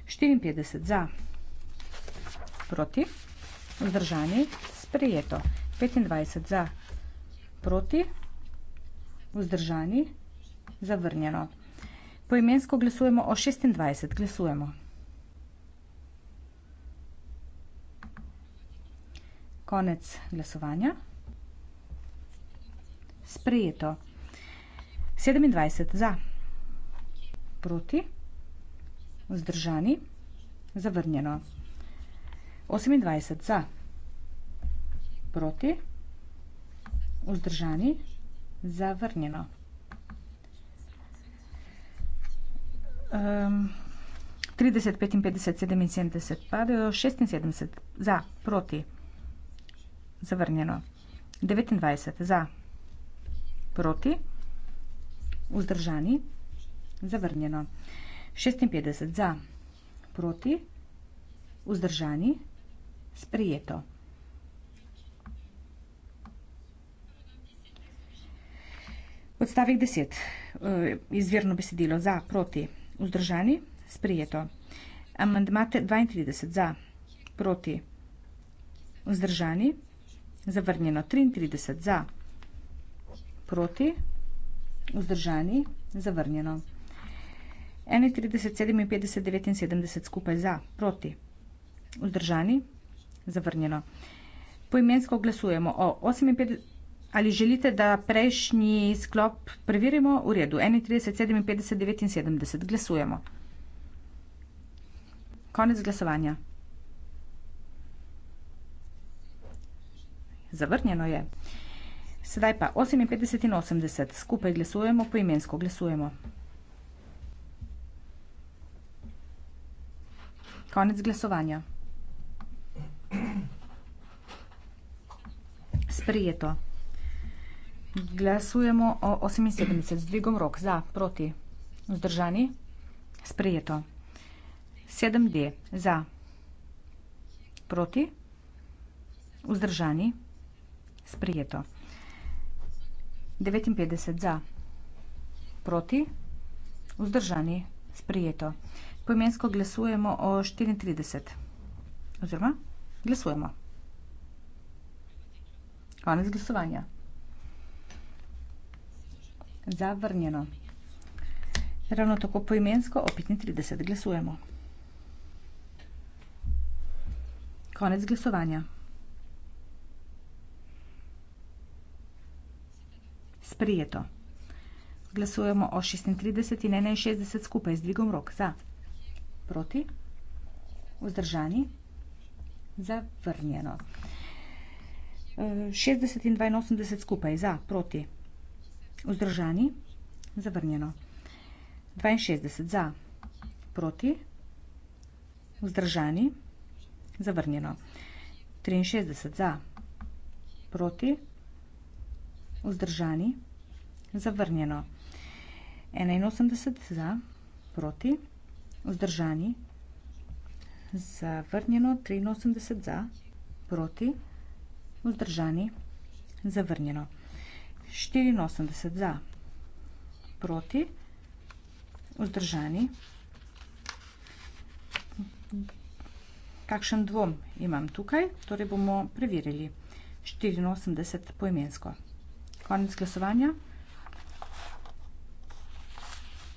54 za, proti, vzdržani, sprejeto. 25 za, proti, vzdržani, zavrnjeno. Poimensko glasujemo o 26, glasujemo. Konec glasovanja. Sprejeto. 27 za, proti, vzdržani, zavrnjeno vzdržani, zavrnjeno. 28 za, proti, vzdržani, zavrnjeno. Um, 30, 55, 77 padejo, 76 za, proti, zavrnjeno. 29 za, proti, vzdržani, zavrnjeno. 56 za, proti, vzdržani, sprijeto. Odstavek 10. E, izvirno besedilo za, proti, vzdržani, sprijeto. Amandmate 32 za, proti, vzdržani, zavrnjeno 33 za, proti, vzdržani, zavrnjeno. 31, 57, 79 skupaj za, proti, vzdržani, zavrnjeno. Poimensko glasujemo o 58, ali želite, da prejšnji sklop preverimo v redu. 31, 57, 79 glasujemo. Konec glasovanja. Zavrnjeno je. Sedaj pa 58 in 80 skupaj glasujemo, poimensko glasujemo. Konec glasovanja. Sprejeto. Glasujemo o 78. Zdvigom rok. Za, proti. Vzdržani. Sprejeto. 7D. Za. Proti. Vzdržani. Sprejeto. 59. Za. Proti. Vzdržani. Sprijeto poimensko glasujemo o 34. Oziroma, glasujemo. Konec glasovanja. Zavrnjeno. Ravno tako poimensko o 35. Glasujemo. Konec glasovanja. Sprijeto. Glasujemo o 36 in 61 skupaj z dvigom rok. Za proti, vzdržani, zavrnjeno. 60 e, in 82 skupaj, za, proti, vzdržani, zavrnjeno. 62, za, proti, vzdržani, zavrnjeno. 63, za, proti, vzdržani, zavrnjeno. 81, za, proti, vzdržani, zavrnjeno. Vzdržani. Zavrnjeno 83 za, proti. Vzdržani. Zavrnjeno. 84 za, proti. Vzdržani. Kakšen dvom imam tukaj, torej bomo preverili. 84 poimensko. Konec glasovanja.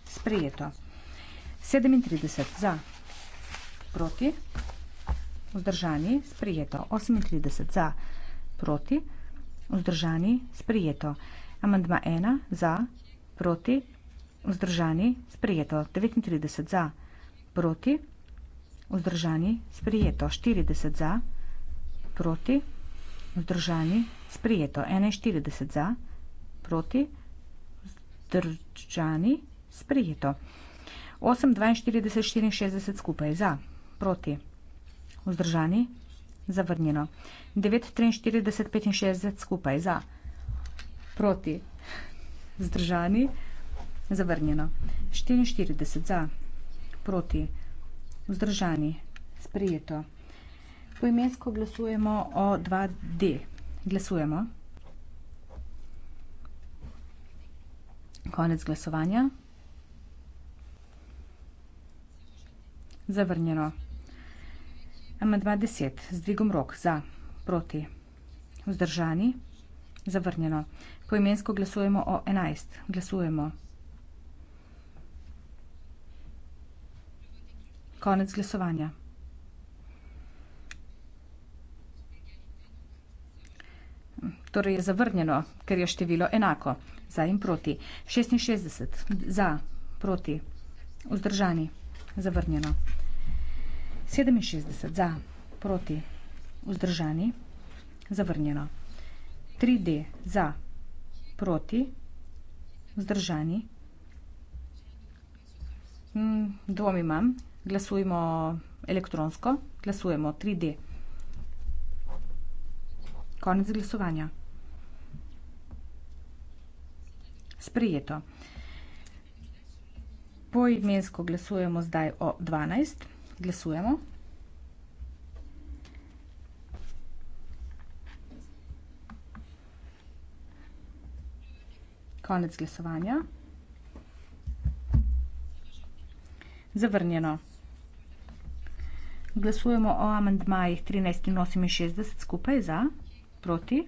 Sprejeto. 37 za, proti, vzdržani, sprijeto. 38 za, proti, vzdržani, sprijeto. Amandma 1 za, proti, vzdržani, sprijeto. 39 za, proti, vzdržani, sprijeto. 40 za, proti, vzdržani, sprijeto. 41 za, proti, vzdržani, sprijeto. 8, 42, 64 skupaj. Za, proti, vzdržani, zavrnjeno. 9, 43, 65 skupaj. Za, proti, vzdržani, zavrnjeno. 44 za, proti, vzdržani, sprijeto. Poimensko glasujemo o 2D. Glasujemo. Konec glasovanja. Zavrnjeno. Amandma 10. Z dvigom rok. Za. Proti. Vzdržani. Zavrnjeno. Poimensko glasujemo o 11. Glasujemo. Konec glasovanja. Torej je zavrnjeno, ker je število enako. Za in proti. 66. Za. Proti. Vzdržani. Zavrnjeno. 67 za, proti, vzdržani, zavrnjeno. 3D za, proti, vzdržani. Mm, dvom imam, glasujemo elektronsko, glasujemo 3D. Konec glasovanja. Sprijeto. Poimensko glasujemo zdaj o 12. 12. Glasujemo. Konec glasovanja. Zavrnjeno. Glasujemo o amandmajih 13 in 68 skupaj za, proti,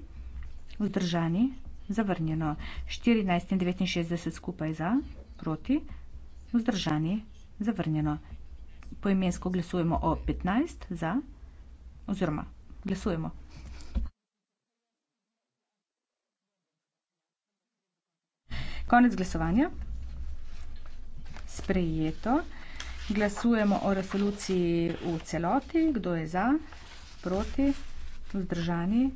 vzdržani, zavrnjeno. 14 in 69 skupaj za, proti, vzdržani, zavrnjeno poimensko glasujemo o 15 za oziroma glasujemo. Konec glasovanja. Sprejeto. Glasujemo o resoluciji v celoti. Kdo je za, proti, vzdržani?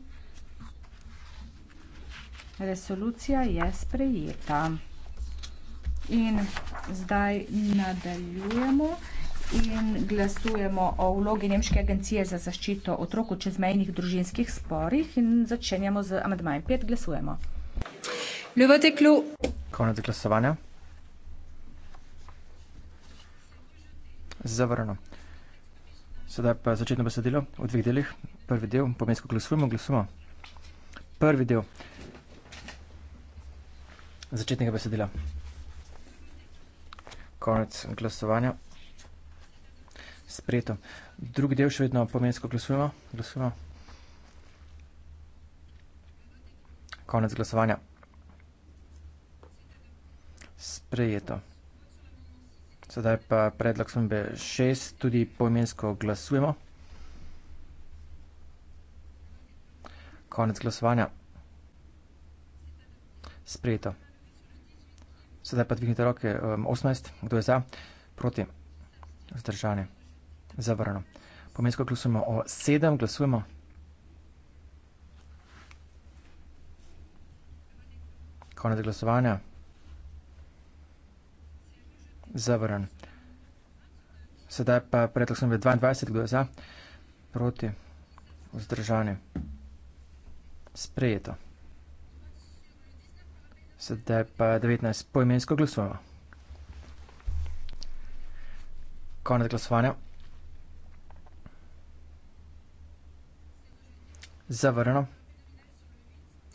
Resolucija je sprejeta. In zdaj nadaljujemo in glasujemo o vlogi Nemške agencije za zaščito otrok v čezmejnih družinskih sporih in začenjamo z amadmajem. Pet glasujemo. Ljubate klu. Konec glasovanja. Zavrano. Sedaj pa začetno besedilo v dveh delih. Prvi del, pomensko glasujemo, glasujemo. Prvi del začetnega besedila. Konec glasovanja sprejeto. Drugi del še vedno pomensko glasujemo. glasujemo. Konec glasovanja. Sprejeto. Sedaj pa predlog SMB6 tudi pomensko glasujemo. Konec glasovanja. Sprejeto. Sedaj pa dvignite roke 18. Um, Kdo je za? Proti. Zdržanje zavrnil. Pomensko glasujemo o sedem, glasujemo. Konec glasovanja. Zavrn. Sedaj pa predlog sem 22, kdo je za, proti, vzdržani. Sprejeto. Sedaj pa 19, poimensko glasujemo. Konec glasovanja. Zavrno.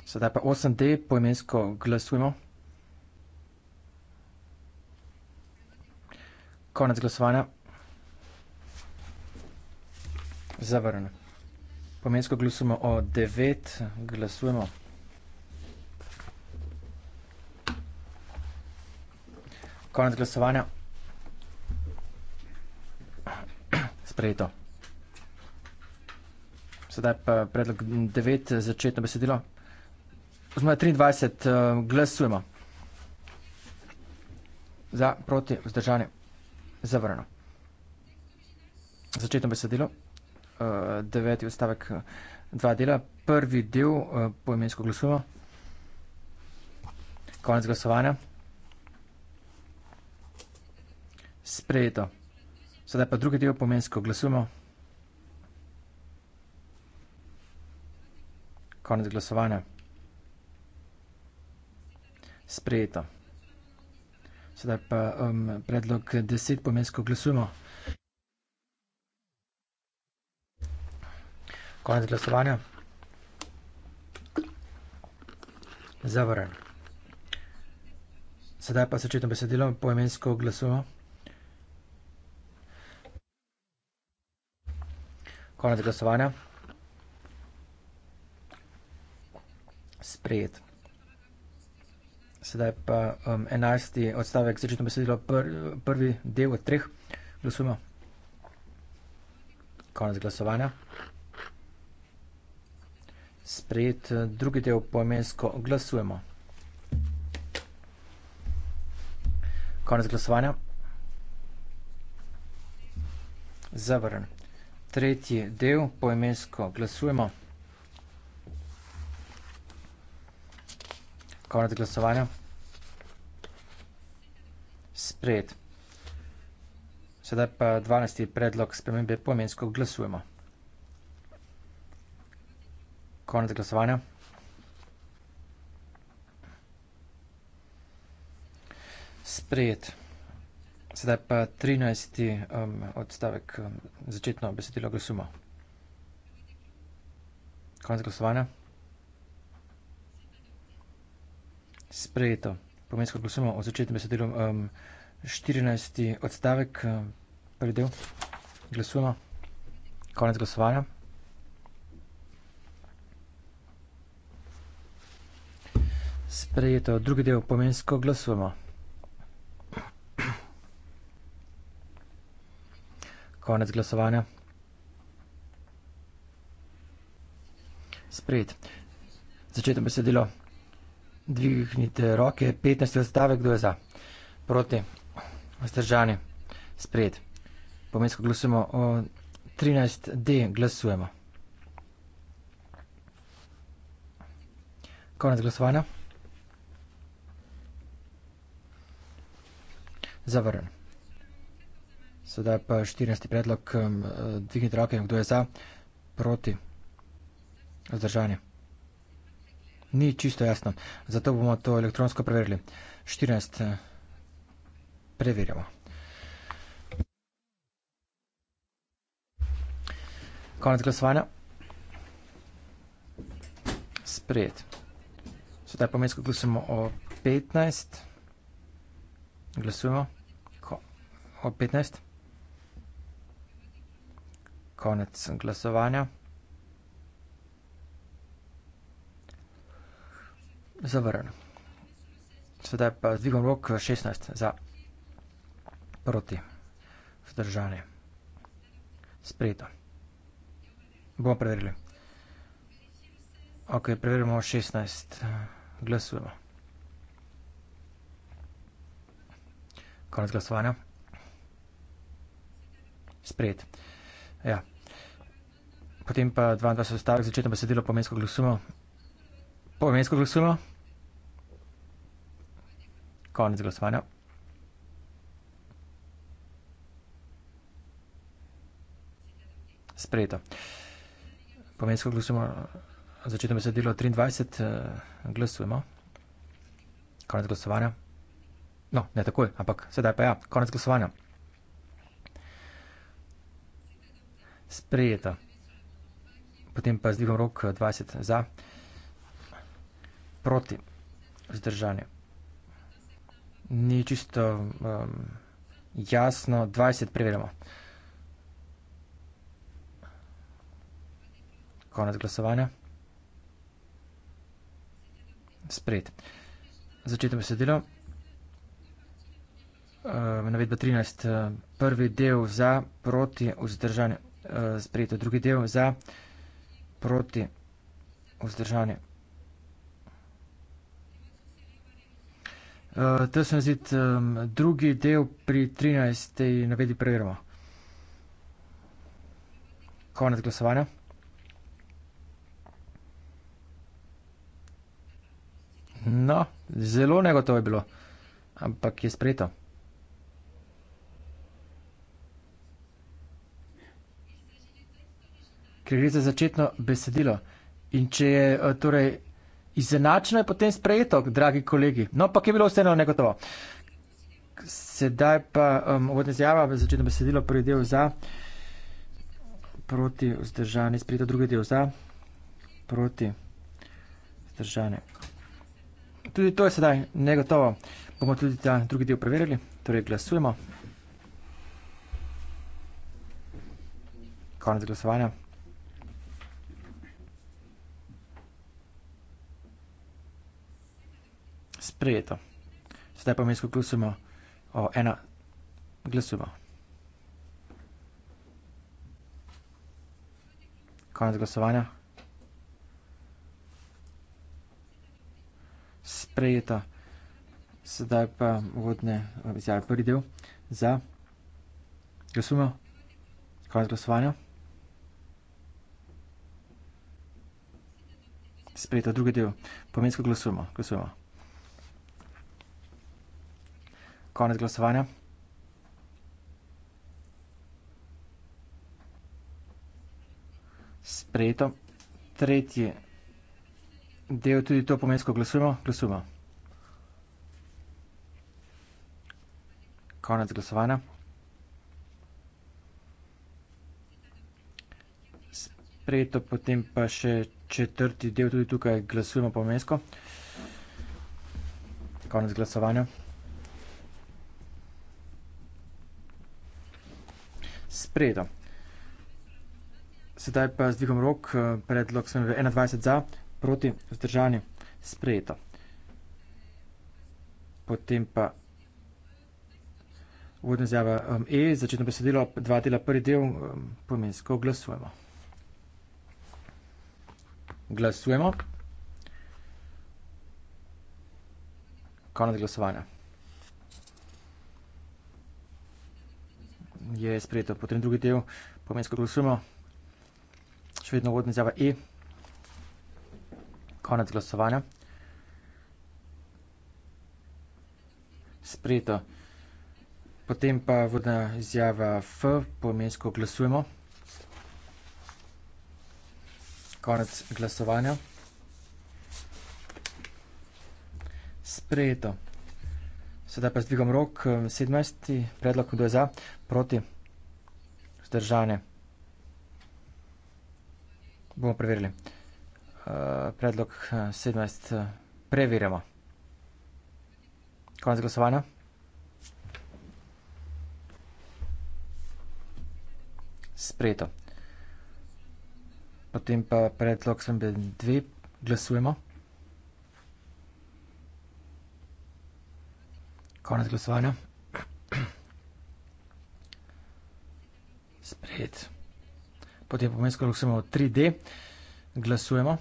Sedaj pa 8D poimensko glasujemo. Konec glasovanja. Zavrno. Poimensko glasujemo o 9, glasujemo. Konec glasovanja. Sprejeto. Sedaj pa predlog 9, začetno besedilo. Oziroma 23, eh, glasujemo. Za, proti, vzdržanje, zavrno. Začetno besedilo. 9. Eh, odstavek 2 eh, dela. Prvi del poimensko glasujemo. Konec glasovanja. Sprejeto. Sedaj pa drugi del pomensko glasujemo. Konec glasovanja. Sprejeto. Sedaj pa um, predlog deset pomensko glasujemo. Konec glasovanja. Zavoren. Sedaj pa začetno besedilo pojemensko glasujemo. Konec glasovanja. sprejet. Sedaj pa um, enajsti odstavek začetno besedilo pr prvi del od treh. Glasujemo. Konec glasovanja. Sprejet drugi del poemensko glasujemo. Konec glasovanja. Zavrn. Tretji del poemensko glasujemo. konec glasovanja. Sprejet. Sedaj pa 12. predlog spremembe pomensko glasujemo. Konec glasovanja. Sprejet. Sedaj pa 13. Um, odstavek um, začetno besedilo glasujemo. Konec glasovanja. Konec glasovanja. sprejeto. Pomeni, ko glasujemo o začetnem besedilu, um, 14. odstavek, um, prvi del, glasujemo, konec glasovanja. Sprejeto, drugi del, pomensko glasujemo. Konec glasovanja. Sprejet. Začetno besedilo. Dvignite roke, 15 stavek, kdo je za? Proti, vzdržani, sprejet. Pomensko glasujemo o 13D, glasujemo. Konec glasovanja. Zavrn. Sedaj pa 14. predlog, um, dvignite roke, kdo je za? Proti, vzdržani, sprejet. Ni čisto jasno. Zato bomo to elektronsko preverili. 14. Eh, preverjamo. Konec glasovanja. Sprejet. Sedaj pomensko glasujemo o 15. Glasujemo. Ko, o 15. Konec glasovanja. Zavrn. Sedaj pa dvigam rok šestnajst za. Proti. Vzdržanje. Sprejeto. Bomo preverili. Okej, preverimo šestnajst. Glasujemo. Konec glasovanja. Sprejet. Ja. Potem pa dvaindvajseti odstavek, začetno besedilo, poimensko glasujemo. Poimensko glasujemo konec glasovanja. Sprejeto. Pomensko glasujemo začetno besedilo 23, eh, glasujemo. Konec glasovanja. No, ne takoj, ampak sedaj pa ja, konec glasovanja. Sprejeto. Potem pa z divom rok 20 za, proti, vzdržanje ni čisto um, jasno. 20 preverimo. Konec glasovanja. Sprejet. Začetno besedilo. Uh, navedba 13. Uh, prvi del za, proti, vzdržanje. Uh, sprejeto drugi del za, proti, vzdržanje. Uh, to se mi zdi um, drugi del pri 13. navedi preverimo. Konec glasovanja. No, zelo negotovo je bilo, ampak je sprejeto. Ker gre za začetno besedilo. In če je eh, torej Izenačeno je potem sprejeto, dragi kolegi. No, pa je bilo vseeno negotovo. Sedaj pa um, vodne zjava, začetno besedilo, prvi del za, proti vzdržani, sprejeto drugi del za, proti vzdržani. Tudi to je sedaj negotovo. Bomo tudi ta drugi del preverili, torej glasujemo. Konec glasovanja. sprejeto. Sedaj pa mi skoklusimo o ena glasuma. Konec glasovanja. Sprejeto. Sedaj pa vodne eh, izjave prvi del za glasumo. Konec glasovanja. Sprejeto drugi del. Pomensko glasujemo. Glasujemo. konec glasovanja. Sprejeto. Tretje del, tudi to pomensko glasujemo. Glasujemo. Konec glasovanja. Sprejeto, potem pa še četrti del, tudi tukaj glasujemo pomensko. Konec glasovanja. sprejeto. Sedaj pa z dvigom rok eh, predlog smo v 21 za, proti vzdržanje sprejeto. Potem pa vodna zjava E, začetno besedilo, dva dela prvi del, pomensko glasujemo. Glasujemo. Konec glasovanja. je sprejeto. Potem drugi del, pomensko glasujemo, še vedno vodna izjava E, konec glasovanja. Sprejeto. Potem pa vodna izjava F, pomensko glasujemo, konec glasovanja. Sprejeto. Sedaj pa z dvigom rok 17. Eh, predlog, kdo je za, proti, zdržane. Bomo preverili. Eh, predlog 17. Eh, preverjamo. Konec glasovanja. Sprejeto. Potem pa predlog 72. Glasujemo. Konec glasovanja. Sprejet. Potem pomeni, da smo v 3D, glasujemo.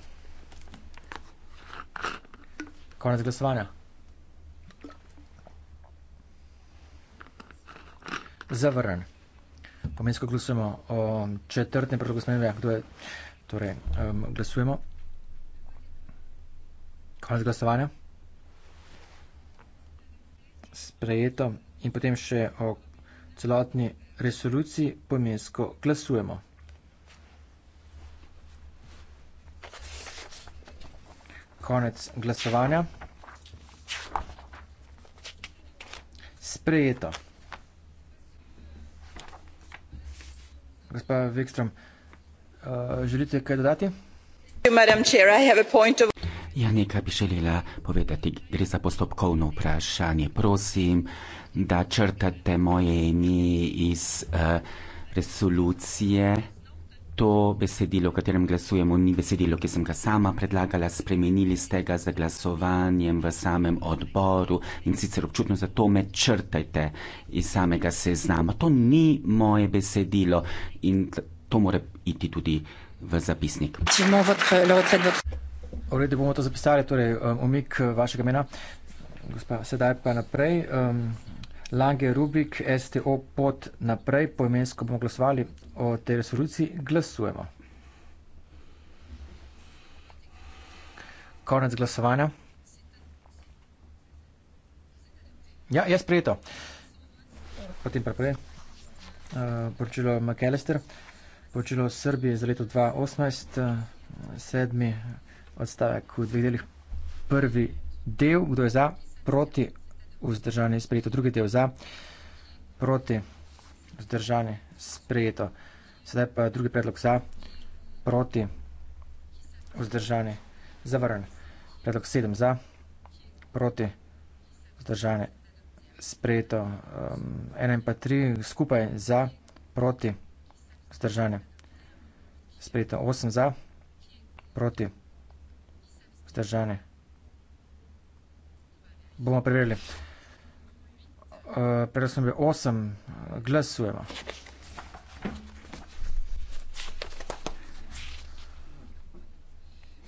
Konec glasovanja. Zavrn. Pomeni, da glasujemo o četrtem predlogu smeri, kdo je. Torej, um, glasujemo. Konec glasovanja sprejeto in potem še o celotni resoluciji pomensko glasujemo. Konec glasovanja. Sprejeto. Gospa Vikstrom, eh, želite kaj dodati? Madam Chair, I have a point of... Ja nekaj bi želela povedati, gre za postopkovno vprašanje. Prosim, da črtate moje ime iz uh, resolucije. To besedilo, o katerem glasujemo, ni besedilo, ki sem ga sama predlagala, spremenili ste ga z glasovanjem v samem odboru in sicer občutno zato me črtajte iz samega seznama. To ni moje besedilo in to mora iti tudi v zapisnik. Vredno bomo to zapisali, torej omik um, uh, vašega imena. Gospa, sedaj pa naprej. Um, Lange Rubik, STO pot naprej, poimensko bomo glasovali o tej resoluciji. Glasujemo. Konec glasovanja. Ja, jaz prijeto. Potem preprej. Uh, poročilo McAllister, poročilo Srbije za leto 2018, uh, sedmi odstavek v dveh delih. Prvi del, kdo je za, proti vzdržanje sprejeto, drugi del za, proti vzdržanje sprejeto. Sedaj pa drugi predlog za, proti vzdržanje zavrn. Predlog sedem za, proti vzdržanje sprejeto. Um, ena in pa tri skupaj za, proti vzdržanje sprejeto. Osem za, proti vzdržanje sprejeto. Zdržane. Bomo preverili. Uh, eh, Prej smo bili eh, 8, glasujemo.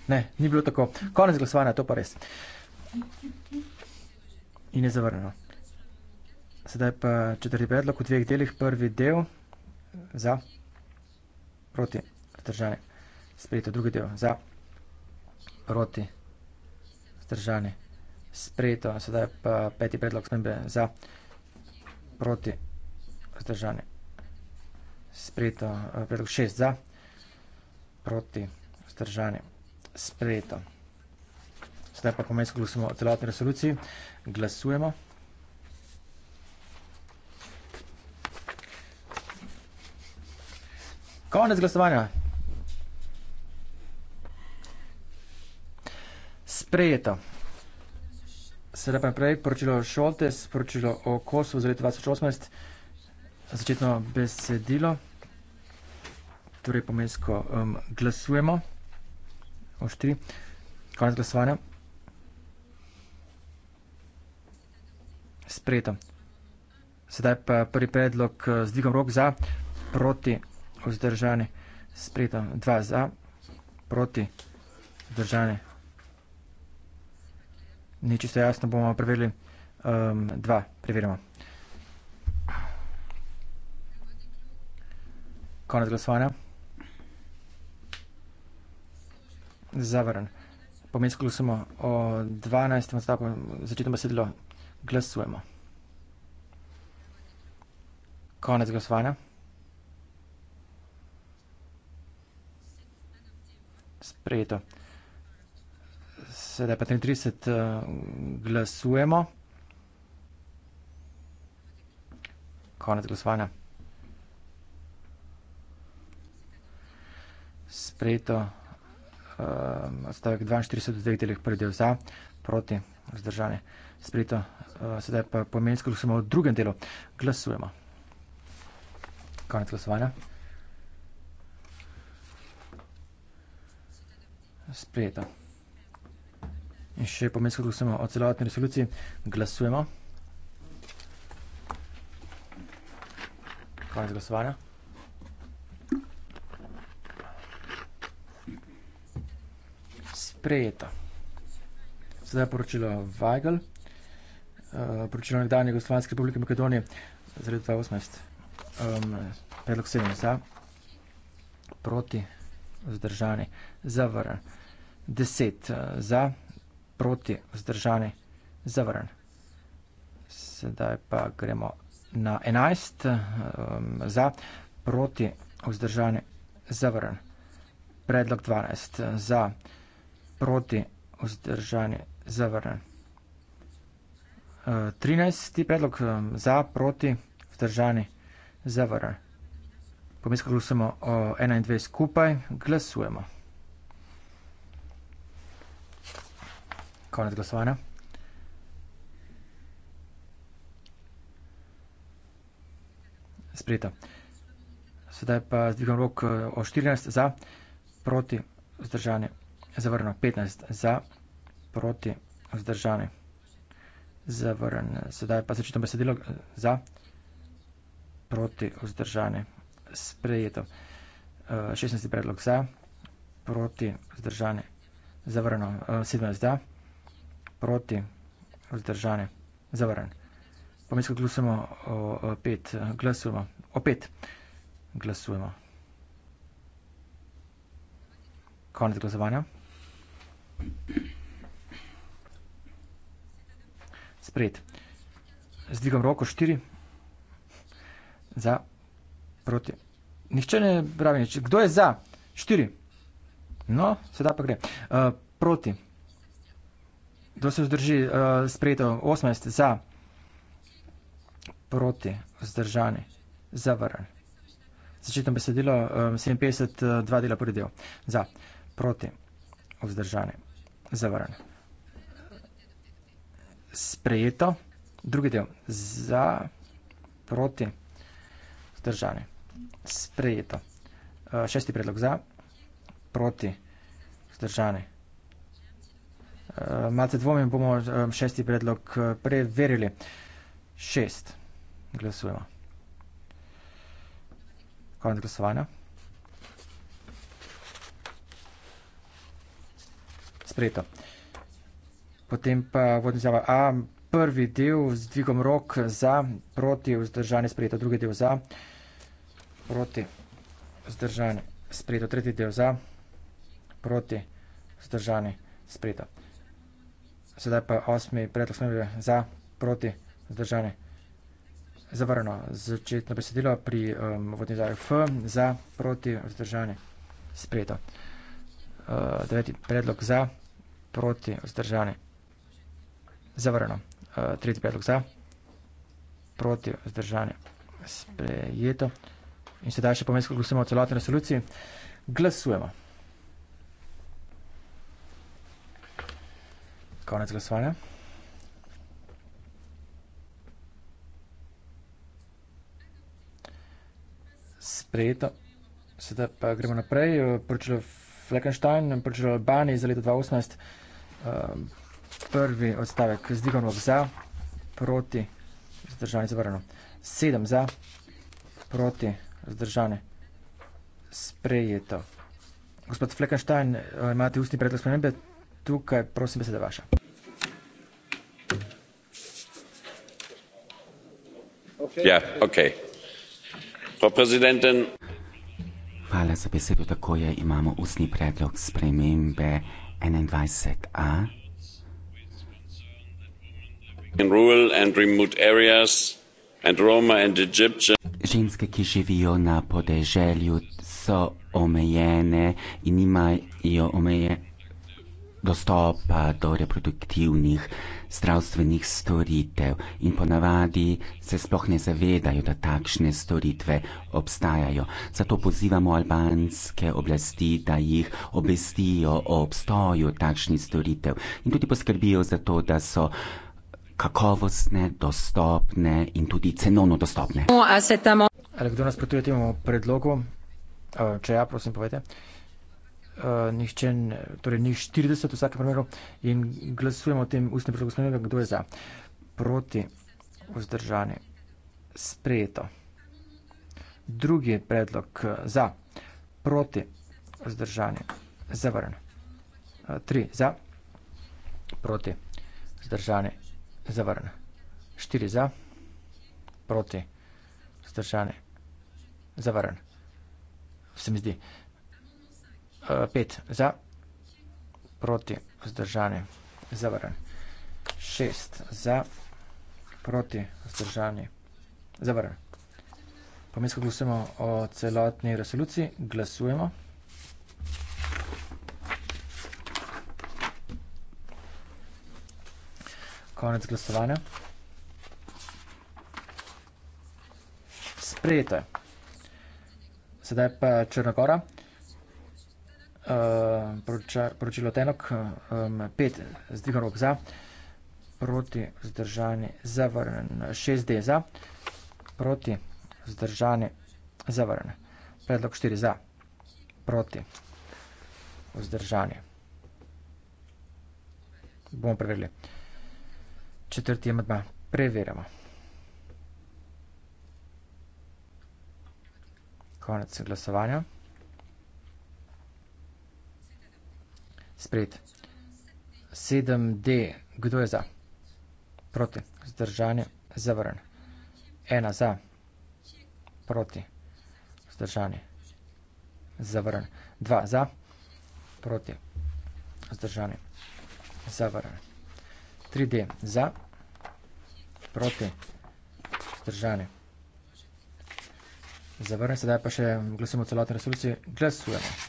Ne, ni bilo tako. Konec glasovanja, to pa res. In je zavrnjeno. Sedaj pa četrti predlog v dveh delih. Prvi del za proti zdržane. Sprejeto drugi del za proti zdržane proti zdržani. Sprejeto, sedaj pa peti predlog spremembe za proti zdržani. Sprejeto, predlog šest za proti zdržani. Sprejeto. Sedaj pa pomensko glasujemo o celotni resoluciji. Glasujemo. Konec glasovanja. sprejeta. Sedaj pa naprej, poročilo Šoltes, poročilo o Kosovo za leto 2018, začetno besedilo, torej pomensko um, glasujemo, o štiri, konec glasovanja, sprejeta. Sedaj pa prvi predlog uh, z dvigom rok za, proti vzdržane, sprejeta dva za, proti vzdržane Ne čisto jasno bomo preverili. Um, dva, preverimo. Konec glasovanja. Zavrn. Pomensko glasujemo o 12. odstavku, začetno besedilo glasujemo. Konec glasovanja. Sprejeto sedaj pa 33 uh, eh, glasujemo. Konec glasovanja. Sprejeto um, stavek 42 v dveh delih predel za, proti, vzdržanje. Sprejeto, uh, sedaj pa pomensko glasujemo v drugem delu. Glasujemo. Konec glasovanja. Sprejeto. Še pomensko glasujemo o celotni resoluciji. Glasujemo. Konec glasovanja. Sprejeta. Sedaj poročilo Weigel. Uh, eh, poročilo nekdanje Jugoslovanske republike Makedonije za leto 2018. Um, predlog 7 za, proti, vzdržani, zavrn. 10 uh, eh, za, proti vzdržani zavrn. Sedaj pa gremo na 11 ehm, za proti vzdržani zavrn. Predlog 12 za proti vzdržani zavrn. 13. Ehm, predlog ehm, za proti vzdržani zavrn. Pomisko glasujemo o 1 in 2 skupaj, glasujemo. Konec glasovanja. Sprejeta. Sedaj pa zdvigam rok eh, o 14 za, proti vzdržanje, zavrno 15 za, proti vzdržanje, zavrno. Sedaj pa začetam besedilo eh, za, proti vzdržanje, sprejeto. 16 eh, predlog za, proti vzdržanje, zavrno 17 za proti, vzdržane, zavrn. Pomisko glasujemo o, o pet, glasujemo o pet, glasujemo. Konec glasovanja. Sprejet. Z dvigom roko štiri. Za, proti. Nihče ne pravi nič. Kdo je za? Štiri. No, sedaj pa gre. Uh, proti. Kdo se vzdrži uh, sprejeto? 18 za, proti, vzdržani, zavrn. Začetno besedilo, um, 57, uh, dva dela poredil. Za, proti, vzdržani, zavrn. Sprejeto, drugi del, za, proti, vzdržani, sprejeto. Uh, šesti predlog za, proti, vzdržani, Eh, malce dvomim, bomo eh, šesti predlog eh, preverili. Šest. Glasujemo. Konec glasovanja. Sprejeto. Potem pa vodni zjava A. Prvi del z dvigom rok za, proti, vzdržanje sprejeto. Drugi del za, proti, vzdržanje sprejeto. Tretji del za, proti, vzdržanje sprejeto. Sedaj pa osmi predlog smo bili za, proti, zdržani. Zavrno. Začetno besedilo pri um, vodni zdaj F, za, proti, vzdržani. Sprejeto. Uh, deveti predlog za, proti, vzdržani. Zavrno. Uh, tretji predlog za, proti, vzdržani. Sprejeto. In sedaj še pomeni, ko glasujemo o celotni resoluciji, glasujemo. Konec glasovanja. Sprejeto. Sedaj pa gremo naprej. Poročilo Fleckenstein, poročilo Albanije za leto 2018. Ehm, prvi odstavek z digonom za, proti, zdržani zavrano. Sedem za, proti, zdržani sprejeto. Gospod Fleckenstein, eh, imate ustni predlog spremembe? tukaj, prosim, beseda vaša. Ja, okej. Hvala za besedo, tako je, imamo ustni predlog spremembe 21a. Ženske, ki živijo na podeželju, so omejene in imajo omejene dostopa do reproduktivnih zdravstvenih storitev in ponavadi se sploh ne zavedajo, da takšne storitve obstajajo. Zato pozivamo albanske oblasti, da jih obvestijo o obstoju takšnih storitev in tudi poskrbijo za to, da so kakovostne, dostopne in tudi cenovno dostopne. Ali kdo nasprotuje temu predlogu? Eh, če ja, prosim, povedajte. Eh, nihče, torej ni 40 v vsakem primeru in glasujemo o tem ustnem predlogu spremembe, kdo je za. Proti vzdržani. Sprejeto. Drugi predlog eh, za. Proti vzdržani. Zavrn. Eh, tri za. Proti vzdržani. Zavrn. Štiri za. Proti vzdržani. Zavrn. Se mi zdi. Uh, 5 za, proti, vzdržane, zavaran. 6 za, proti, vzdržane, zavaran. Pomesko glasujemo o celotni resoluciji. Glasujemo. Konec glasovanja. Sprejeto je. Sedaj pa Črnogora. Sprejeto je poročilo uh, tenok, um, pet zdvih rok za, proti zdržani zavrnen, šest de za, proti zdržani zavrnen, predlog štiri za, proti vzdržani. Bomo preverili. Četrti je medba, preverjamo. Konec glasovanja. sprejet. 7D. Kdo je za? Proti. Zdržanje. Zavrn. 1 za. Proti. Zdržanje. Zavrn. 2 za. Proti. Zdržanje. Zavrn. 3D. Za. Proti. Zdržanje. Zavrn. Sedaj pa še glasujemo celotne resolucije. Glasujemo. Glasujemo.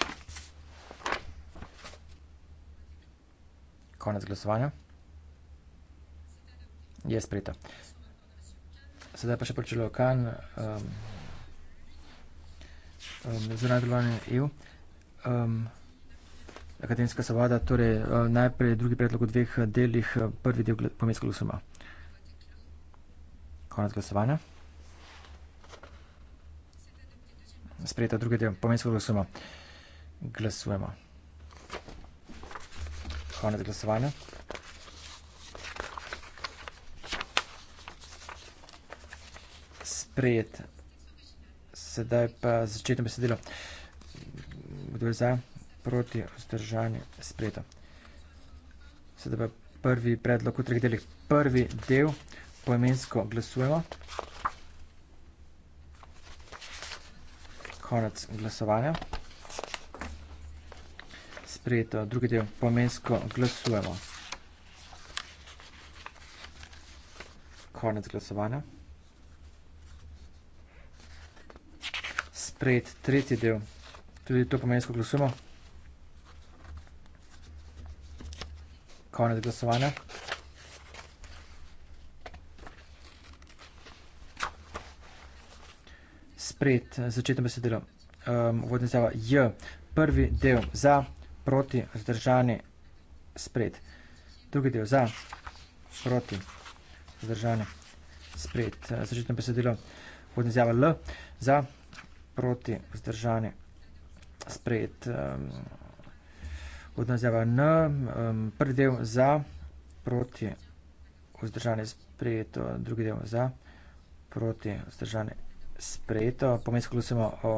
konec glasovanja. Je sprejeto. Sedaj pa še počelo kan um, um, za nadaljevanje EU. Um, akademska svoboda, torej um, najprej drugi predlog v dveh uh, delih, uh, prvi del pomenskega glasovanja. Konec glasovanja. Sprejeto drugi del pomenskega glasovanja. Glasujemo konec glasovanja. Sprejet. Sedaj pa začetno besedilo. Kdo je za? Proti vzdržanje spreta. Sedaj pa prvi predlog v treh delih. Prvi del poimensko glasujemo. Konec glasovanja sprejeto. Drugi del pomensko glasujemo. Konec glasovanja. Sprejet tretji del. Tudi to pomensko glasujemo. Konec glasovanja. Sprejet začetno besedilo. Um, Vodne zjava J. Prvi del za proti, vzdržani, spred. Drugi del za, proti, vzdržani, spred. Srečno eh, besedilo, vhodni izjava L, za, proti, vzdržani, spred. Vhodna izjava N, prvi del za, proti, vzdržani, spred. Drugi del za, proti, vzdržani, spred. Pomensko glasujemo o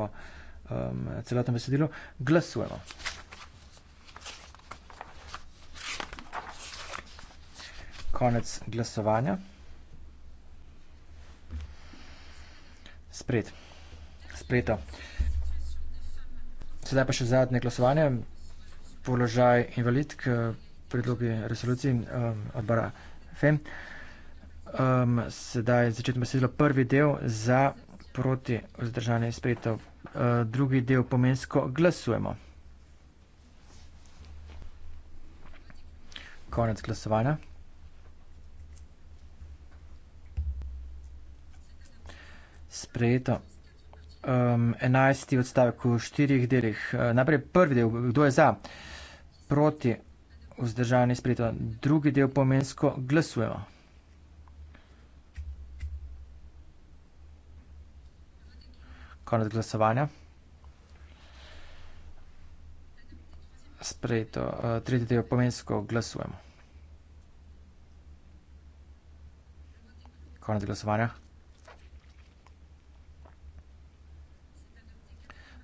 celotnem besedilu. Glasujemo. Glasujemo. konec glasovanja. Spred. Spreto. Sedaj pa še zadnje glasovanje. Položaj invalid k predlogi resoluciji um, odbora FEM. Um, sedaj je začetno besedilo prvi del za proti vzdržanje spreto. Uh, drugi del pomensko glasujemo. Konec glasovanja. sprejeto. Um, 11. odstavek v štirih delih. Uh, najprej prvi del, kdo je za, proti, vzdržani sprejeto. Drugi del pomensko glasujemo. Konec glasovanja. Sprejeto. Uh, tretji del pomensko glasujemo. Konec glasovanja.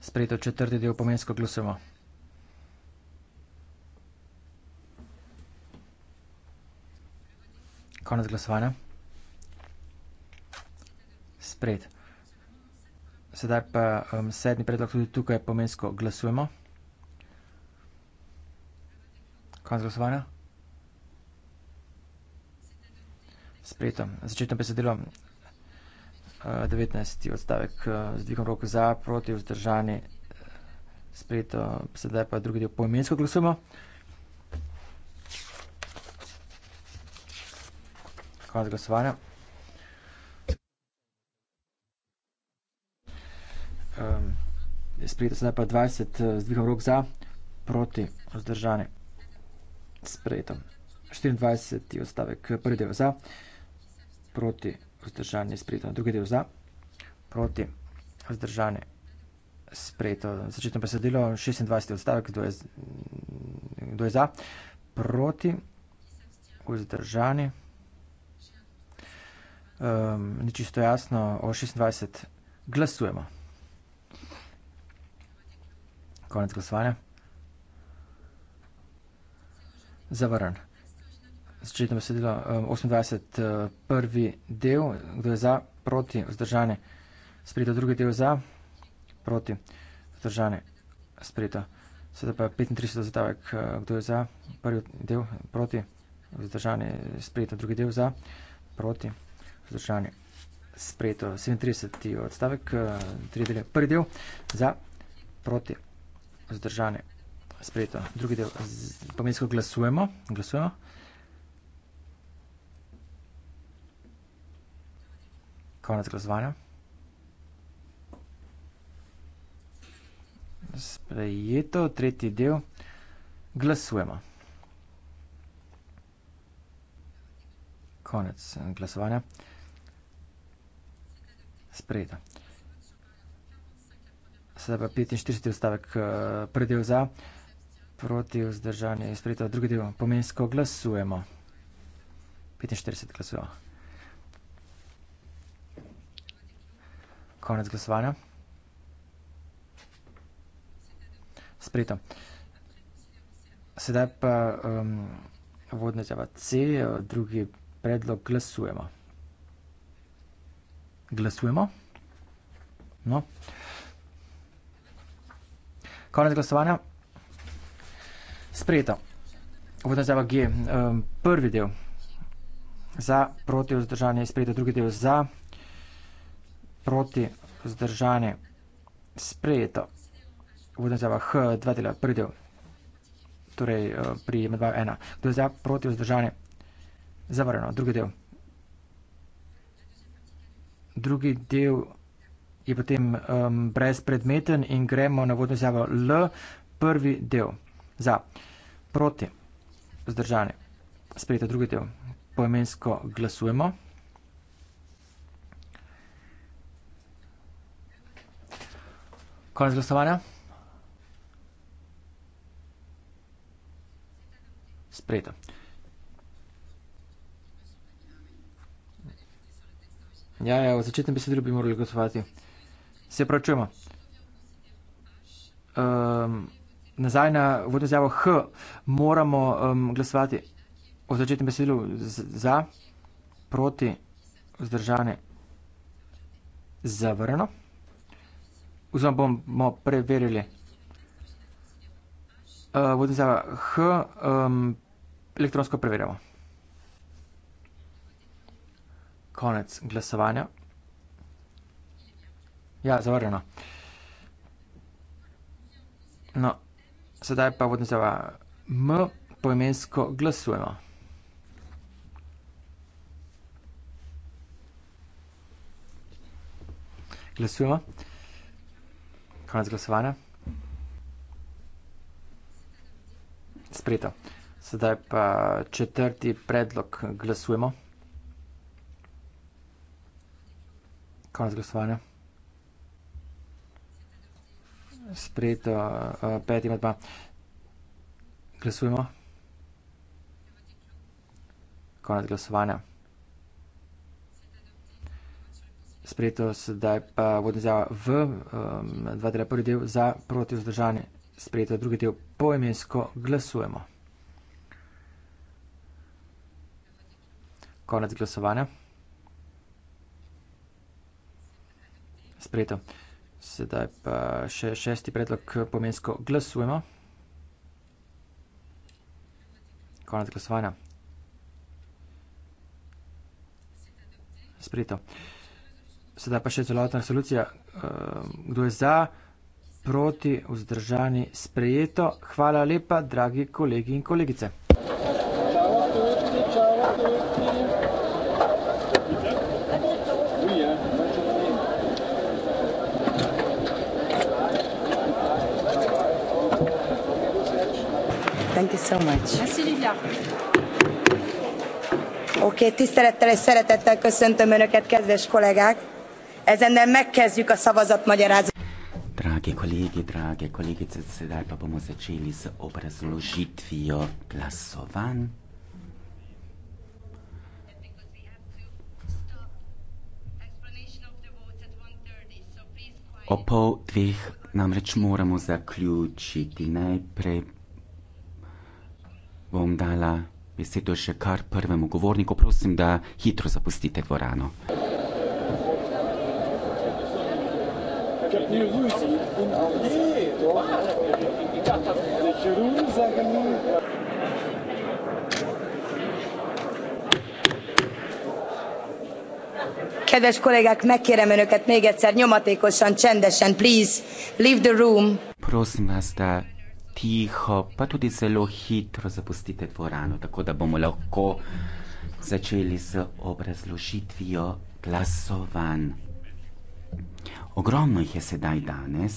sprejeto četrti del pomensko glasovo. Konec glasovanja. Sprejet. Sedaj pa um, sedmi predlog tudi tukaj pomensko glasujemo. Konec glasovanja. Sprejeto. Začetno besedilo 19. odstavek eh, z dvigom roke za, proti vzdržani, eh, sprejeto, sedaj pa drugi del poimensko glasujemo. Konec glasovanja. Ehm, sprejeto, sedaj pa 20 eh, z dvigom roke za, proti vzdržani, sprejeto. 24. odstavek prvi del za, proti vzdržani vzdržanje sprejeto, drugi del za, proti, vzdržanje sprejeto, začetno besedilo, šestindvajset odstavek, kdo je kdo je za, proti, vzdržani, ehm, ni čisto jasno, o šestindvajset glasujemo. Konec glasovanja. Zavrnjen začetno besedilo eh, 28. Eh, prvi del, kdo je za, proti, vzdržane, sprejeto drugi del za, proti, vzdržane, sprejeto. Sedaj pa 35. zadavek, eh, kdo je za, prvi del, proti, vzdržane, sprejeto drugi del za, proti, vzdržane, sprejeto. 37. odstavek, tri dele, prvi del za, proti, vzdržane, sprejeto drugi del, pomensko glasujemo, glasujemo. konec glasovanja. Sprejeto, tretji del, glasujemo. Konec eh, glasovanja. Sprejeto. Sedaj pa 45. odstavek eh, predel za, proti vzdržanje, sprejeto drugi del, pomensko glasujemo. 45 glasujemo. Konec glasovanja. Sprejeto. Sedaj pa um, vodna zjava C, drugi predlog, glasujemo. Glasujemo. No. Konec glasovanja. Sprejeto. Vodna zjava G, um, prvi del za, proti, vzdržanje, sprejeto, drugi del za proti zdržanje sprejeto v odnozavah dva dela pridel, torej eh, pri medvaju ena, kdo je za proti vzdržanje zavrano, drugi del. Drugi del je potem brezpredmeten in gremo na vodno izjavo L, prvi del za proti vzdržanje, sprejeta drugi del, poimensko glasujemo. Konec glasovanja. Sprejeto. Ja, ja, v začetnem besedilu bi morali glasovati. Se pravi, čujemo. Um, ehm, nazaj na vodno izjavo H moramo um, glasovati v začetnem besedilu za, proti, vzdržane, zavrno oziroma bomo preverili. Uh, vodnica H um, elektronsko preverjamo. Konec glasovanja. Ja, zavrjeno. No, sedaj pa vodnica M poimensko glasujemo. Glasujemo. Konec glasovanja. Sprejeto. Sedaj pa četrti predlog glasujemo. Konec glasovanja. Sprejeto. Eh, peti med dva. Glasujemo. Konec glasovanja. sprejeto sedaj pa vodne zjava v um, 2.1. del za proti vzdržanje sprejeto drugi del poemensko glasujemo. Konec glasovanja. Sprejeto. Sedaj pa še šesti predlog poemensko glasujemo. Konec glasovanja. Sprejeto. Sedaj pa še celotna resolucija. Eh, kdo je za, proti, vzdržani, sprejeto. Hvala lepa, dragi kolegi in kolegice. Thank you so much. Merci Lydia. Ok, tisztelettel és szeretettel köszöntöm Önöket, kedves kollégák! Ezennel megkezdjük a szavazatmagyarázatot. Drage kolegi, drage kolegice, sedaj pa bomo začeli z obrazložitvijo glasovanj. O pol dveh namreč moramo zaključiti. Najprej bom dala besedo še kar prvemu govorniku. Prosim, da hitro zapustite dvorano. Nee, hoe is het in alles? Nee, waar? Ik dacht dat de Jeroen zeggen nu. Kedves kollégák, megkérem önöket még egyszer nyomatékosan, csendesen, please, leave the room. Prosím vás, de ticho, pa tudi zelo hitro zapustite dvorano, tako da bomo lahko začeli z obrazložitvijo glasovanj. Ogromno jih je sedaj danes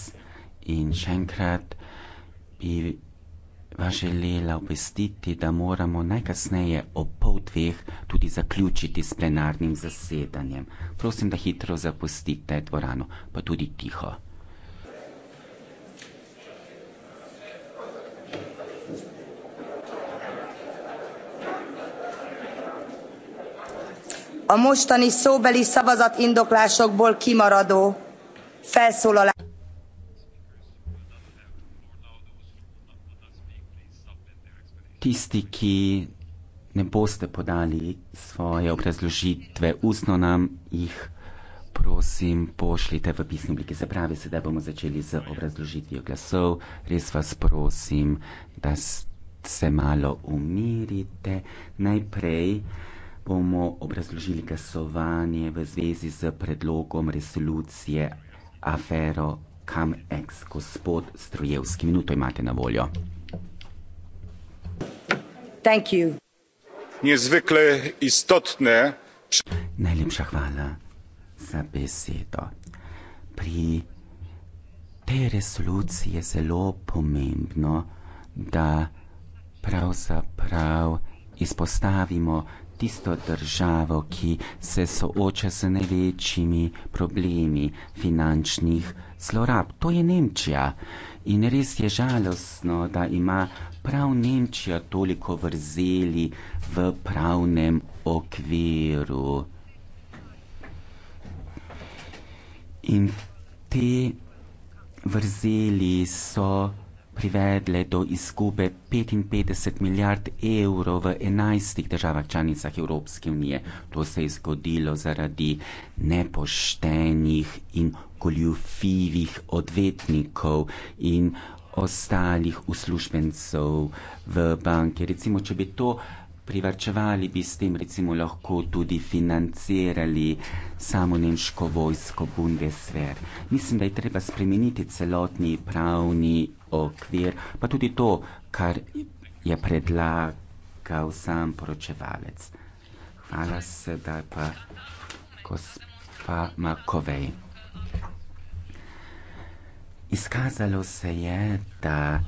in še enkrat bi vas želela obvestiti, da moramo najkasneje ob pol dveh tudi zaključiti s plenarnim zasedanjem. Prosim, da hitro zapustite dvorano, pa tudi tiho. a mostani szóbeli szavazatindoklásokból kimaradó felszólalás. Tisti, ki ne boste podali svoje obrazložitve ustno nam, jih prosim pošljite v pisni obliki. Se pravi, sedaj bomo začeli z obrazložitvijo glasov. Res vas prosim, da se malo umirite. Najprej bomo obrazložili glasovanje v zvezi z predlogom resolucije Afero Kamex. Gospod Strojevski, minuto imate na voljo. Thank you. Niezwykle istotne. Najlepša hvala za besedo. Pri tej resoluciji je zelo pomembno, da pravzaprav izpostavimo tisto državo, ki se sooča z največjimi problemi finančnih zlorab. To je Nemčija. In res je žalostno, da ima prav Nemčija toliko vrzeli v pravnem okviru. In te vrzeli so privedle do izgube 55 milijard evrov v enajstih državah članicah Evropske unije. To se je zgodilo zaradi nepoštenih in goljufivih odvetnikov in ostalih uslužbencev v banke. Recimo, če bi to privarčevali, bi s tem recimo lahko tudi financirali samo nemško vojsko Bundeswehr. Mislim, da je treba spremeniti celotni pravni okvir, pa tudi to, kar je predlagal sam poročevalec. Hvala sedaj pa gospa Makovej. Izkazalo se je, da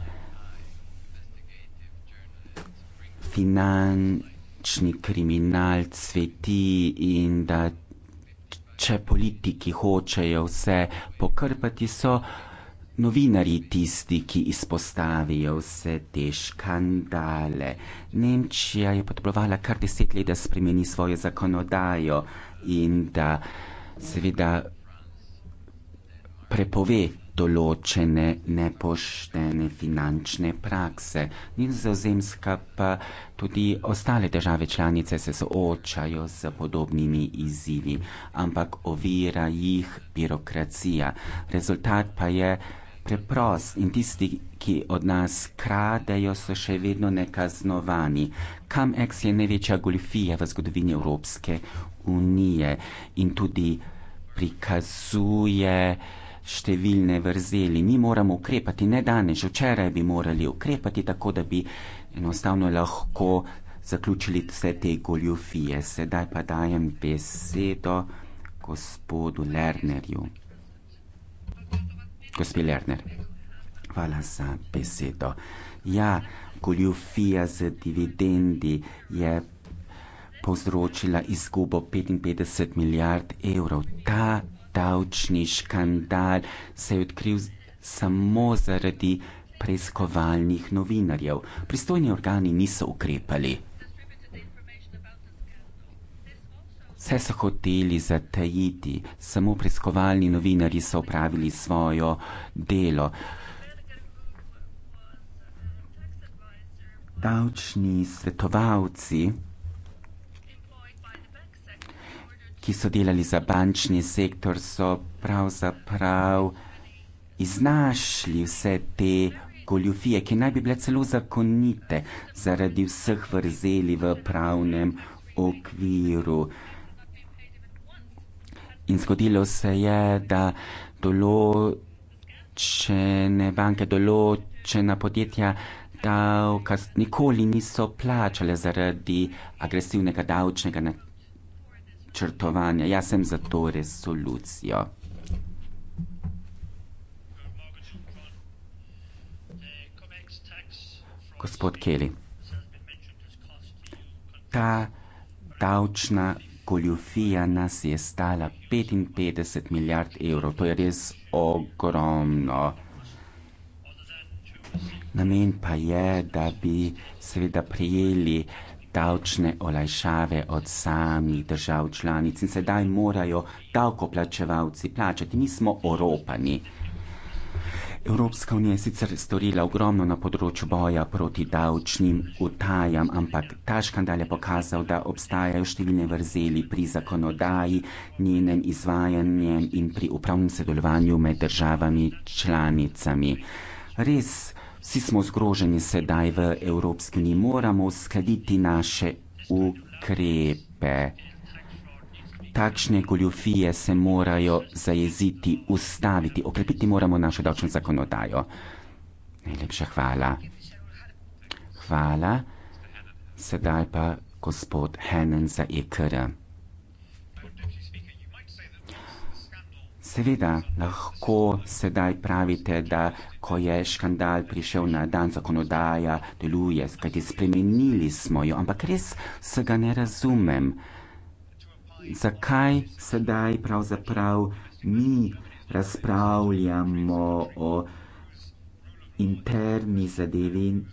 finančni kriminal cveti in da če politiki hočejo vse pokrpati, so novinari tisti, ki izpostavijo vse te škandale. Nemčija je potrebovala kar deset let, da spremeni svojo zakonodajo in da seveda prepove določene nepoštene finančne prakse. Nizozemska pa tudi ostale države članice se soočajo z podobnimi izzivi, ampak ovira jih birokracija. Rezultat pa je, preprost in tisti, ki od nas kradejo, so še vedno nekaznovani. CamEx je največja golfija v zgodovini Evropske unije in tudi prikazuje številne vrzeli. Mi moramo ukrepati, ne danes, včeraj bi morali ukrepati tako, da bi enostavno lahko zaključili vse te goljofije. Sedaj pa dajem besedo gospodu Lernerju gospe Lerner. Hvala za besedo. Ja, goljufija z dividendi je povzročila izgubo petinpetdeset milijard evrov. Ta davčni škandal se je odkril samo zaradi preiskovalnih novinarjev. Pristojni organi niso ukrepali. Vse so hoteli zatajiti, samo preiskovalni novinari so upravili svoje delo. Davčni svetovalci, ki so delali za bančni sektor, so pravzaprav iznašli vse te goljufije, ki naj bi bile celo zakonite zaradi vseh vrzeli v pravnem okviru in zgodilo se je, da določene banke, določena podjetja davka nikoli niso plačale zaradi agresivnega davčnega načrtovanja. Jaz sem za to resolucijo. Gospod Kelly, ta davčna goljufija nas je stala 55 milijard evrov. To je res ogromno. Namen pa je, da bi seveda prijeli davčne olajšave od samih držav članic in sedaj morajo davkoplačevalci plačati. Mi smo oropani. Evropska unija je sicer storila ogromno na področju boja proti davčnim utajam, ampak ta škandal je pokazal, da obstajajo številne vrzeli pri zakonodaji, njenem izvajanju in pri upravnem sodelovanju med državami članicami. Res, vsi smo zgroženi sedaj v Evropski uniji, moramo uskladiti naše ukrepe takšne goljofije se morajo zajeziti, ustaviti, okrepiti moramo našo davčno zakonodajo. Najlepša hvala. Hvala. Sedaj pa gospod Henen za IKR. E Seveda, lahko sedaj pravite, da ko je škandal prišel na dan, zakonodaja deluje, kajti spremenili smo jo, ampak res se ga ne razumem zakaj sedaj pravzaprav mi razpravljamo o interni zadevi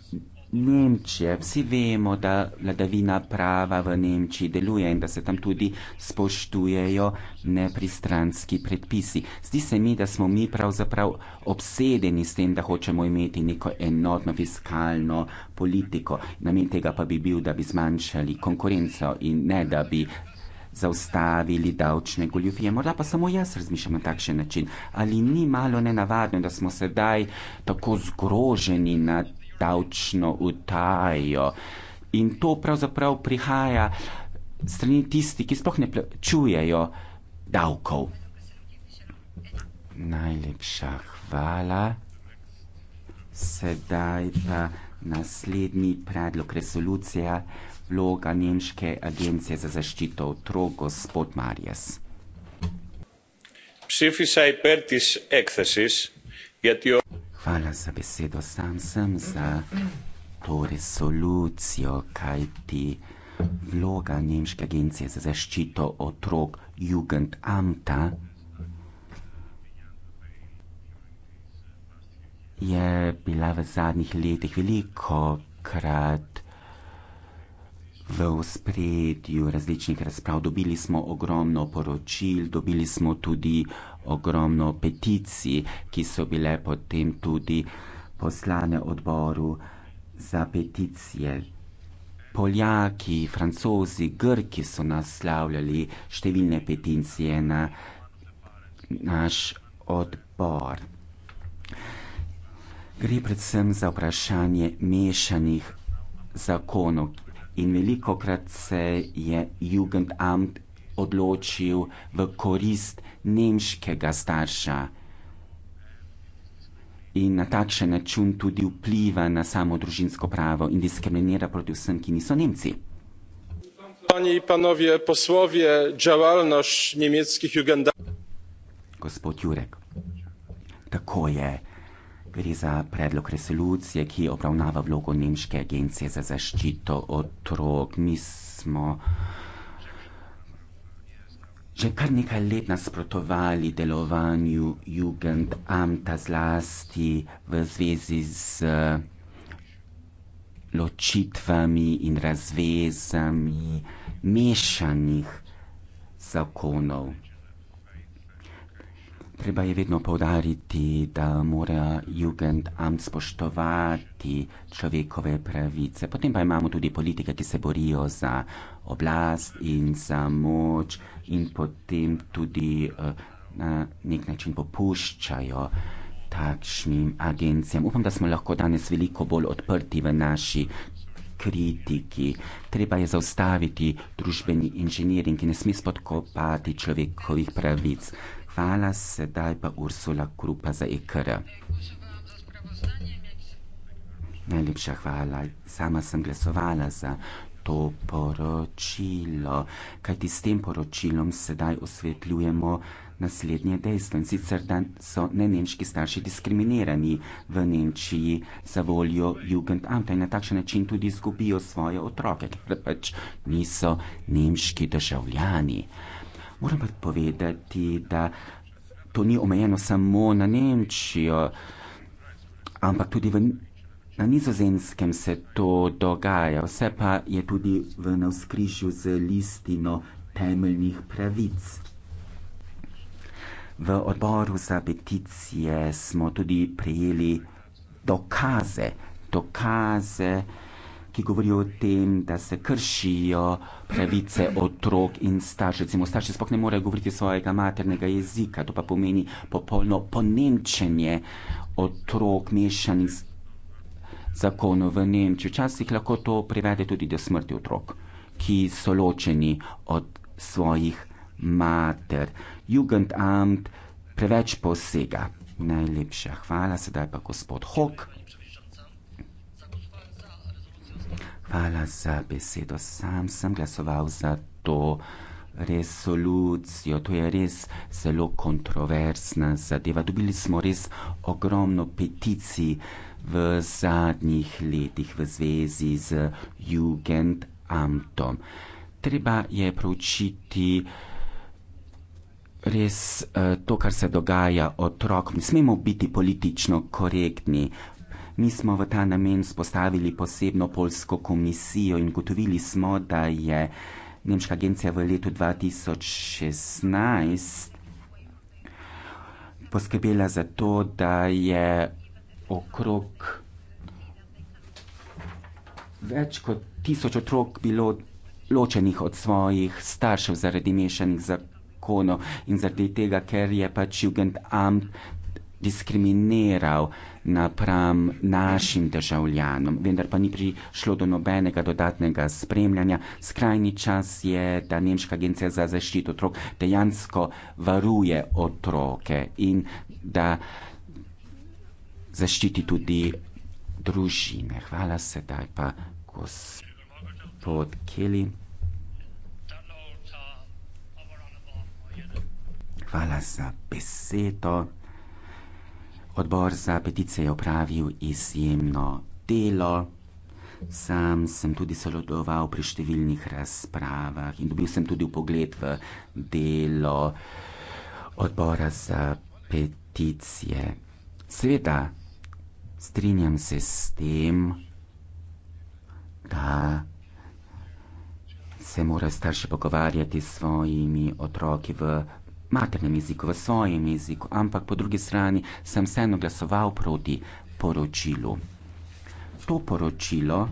Nemčije. Vsi vemo, da vladavina prava v Nemčiji deluje in da se tam tudi spoštujejo nepristranski predpisi. Zdi se mi, da smo mi pravzaprav obsedeni s tem, da hočemo imeti neko enotno fiskalno politiko. Namen tega pa bi bil, da bi zmanjšali konkurenco in ne, da bi zaustavili davčne goljufije. Morda pa samo jaz razmišljam na takšen način. Ali ni malo nenavadno, da smo sedaj tako zgroženi nad davčno utajo? In to pravzaprav prihaja strani tisti, ki sploh ne plačujejo davkov. Najlepša hvala. Sedaj pa naslednji predlog resolucije vloga nemške agencije za zaščito otrok, gospod Marjes. Hvala za besedo. Sam sem za to resolucijo, kajti vloga nemške agencije za zaščito otrok Jugendamta je bila v zadnjih letih veliko krat v spredju različnih razprav. Dobili smo ogromno poročil, dobili smo tudi ogromno peticij, ki so bile potem tudi poslane odboru za peticije. Poljaki, francozi, grki so naslavljali številne peticije na naš odbor. Gre predvsem za vprašanje mešanih zakonov, in velikokrat se je Jugendamt odločil v korist nemškega starša in na takšen način tudi vpliva na samo družinsko pravo in diskriminira proti vsem, ki niso Nemci. Gospod Jurek, tako je. Gre za predlog resolucije, ki obravnava vlogo Nemške agencije za zaščito otrok. Mi smo že kar nekaj let nasprotovali delovanju Jugendamta zlasti v zvezi z ločitvami in razvezami mešanih zakonov. Treba je vedno povdariti, da mora Jugendamt spoštovati človekove pravice. Potem pa imamo tudi politike, ki se borijo za oblast in za moč in potem tudi uh, na nek način popuščajo takšnim agencijam. Upam, da smo lahko danes veliko bolj odprti v naši kritiki. Treba je zaustaviti družbeni inženiring, ki ne sme spodkopati človekovih pravic. Hvala, sedaj pa Ursula Krupa za EKR. Najlepša hvala. Sama sem glasovala za to poročilo, kajti s tem poročilom sedaj osvetljujemo naslednje dejstvo in sicer, da so nenemški starši diskriminirani v Nemčiji za voljo Jugendamta in na takšen način tudi izgubijo svoje otroke, ker pač niso nemški državljani. Moram pa povedati, da to ni omejeno samo na Nemčijo, ampak tudi v, na nizozemskem se to dogaja. Vse pa je tudi v navskrižju z listino temeljnih pravic. V odboru za peticije smo tudi prijeli dokaze, dokaze, ki govori o tem, da se kršijo pravice otrok in staršev. Recimo, starši sploh ne morejo govoriti svojega maternega jezika, to pa pomeni popolno ponemčenje otrok mešanih zakonov v Nemčiji. Včasih lahko to privede tudi do smrti otrok, ki so ločeni od svojih mater. Jugendamt preveč posega. Najlepša hvala, sedaj pa gospod Hock. hvala za besedo. Sam sem glasoval za to resolucijo. To je res zelo kontroverzna zadeva. Dobili smo res ogromno peticij v zadnjih letih v zvezi z Jugendamtom. Treba je proučiti res eh, to, kar se dogaja otrokom. Ne smemo biti politično korektni. Mi smo v ta namen spostavili posebno polsko komisijo in gotovili smo, da je Nemška agencija v letu 2016 poskrbela za to, da je okrog več kot tisoč otrok bilo ločenih od svojih staršev zaradi mešanih zakonov in zaradi tega, ker je pač Jugendamt diskriminiral napram našim državljanom, vendar pa ni prišlo do nobenega dodatnega spremljanja. Skrajni čas je, da Nemška agencija za zaščito otrok dejansko varuje otroke in da zaščiti tudi družine. Hvala sedaj pa gospod Kelly. Hvala za besedo. Odbor za peticije je opravil izjemno delo. Sam sem tudi sodeloval pri številnih razpravah in dobil sem tudi pogled v delo odbora za peticije. Sveda, strinjam se s tem, da se morajo starši pogovarjati s svojimi otroki v maternem jeziku, v svojem jeziku, ampak po drugi strani sem vseeno glasoval proti poročilu. To poročilo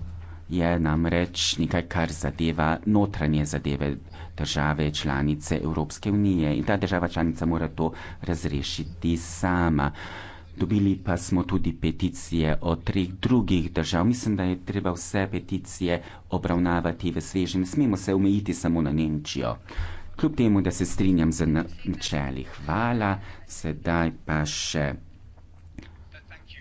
je namreč nekaj, kar zadeva notranje zadeve države članice Evropske unije in ta država članica mora to razrešiti sama. Dobili pa smo tudi peticije od treh drugih držav. Mislim, da je treba vse peticije obravnavati v svežem. Smemo se omejiti samo na Nemčijo kljub temu, da se strinjam z načeli hvala, sedaj pa še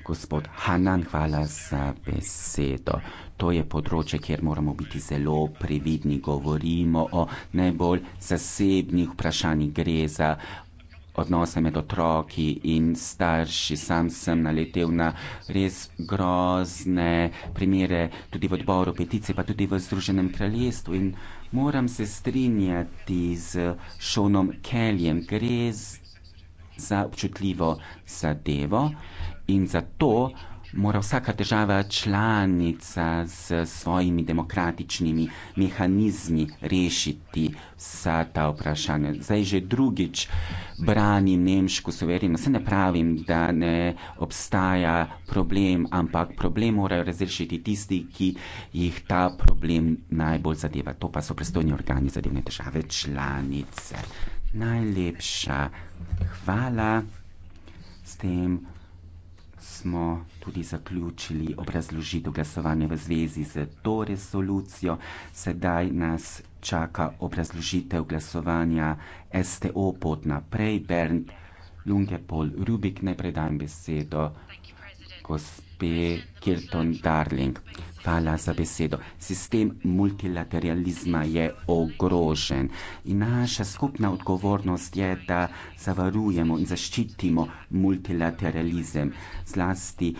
gospod Hanan, hvala za besedo. To je področje, kjer moramo biti zelo previdni, govorimo o najbolj zasebnih vprašanjih, gre za odnose med otroki in starši. Sam sem naletel na res grozne primere tudi v odboru peticije, pa tudi v Združenem kraljestvu in moram se strinjati z Seanom Kelljem, gre za občutljivo zadevo in zato mora vsaka država članica s svojimi demokratičnimi mehanizmi rešiti vsa ta vprašanja. Zdaj že drugič branim nemško suvereno, se ne pravim, da ne obstaja problem, ampak problem morajo razrešiti tisti, ki jih ta problem najbolj zadeva. To pa so pristojni organi zadevne države članice. Najlepša hvala. S tem smo tudi zaključili obrazložitev glasovanja v zvezi z to resolucijo. Sedaj nas čaka obrazložitev glasovanja STO pod naprej. Bernd Lungepol Rubik, najprej dajem besedo gospe Kirton Darling. Hvala za besedo. Sistem multilateralizma je ogrožen in naša skupna odgovornost je, da zavarujemo in zaščitimo multilateralizem, zlasti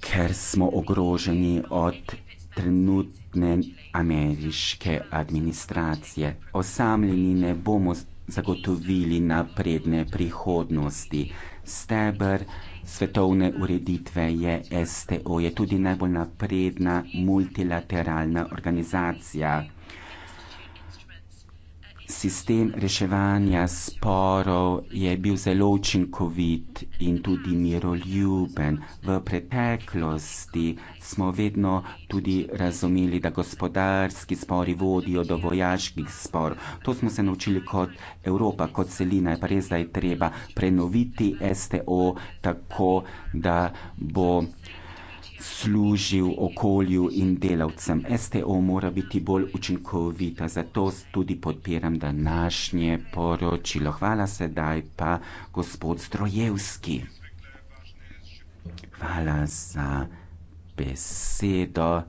ker smo ogroženi od trenutne ameriške administracije. Osamljeni ne bomo zagotovili napredne prihodnosti. Steber svetovne ureditve je STO, je tudi najbolj napredna multilateralna organizacija sistem reševanja sporov je bil zelo učinkovit in tudi miroljuben. V preteklosti smo vedno tudi razumeli, da gospodarski spori vodijo do vojaških sporov. To smo se naučili kot Evropa, kot celina. Je pa res, da je treba prenoviti STO tako, da bo služil okolju in delavcem. STO mora biti bolj učinkovita, zato tudi podpiram današnje poročilo. Hvala sedaj pa gospod Strojevski. Hvala za besedo.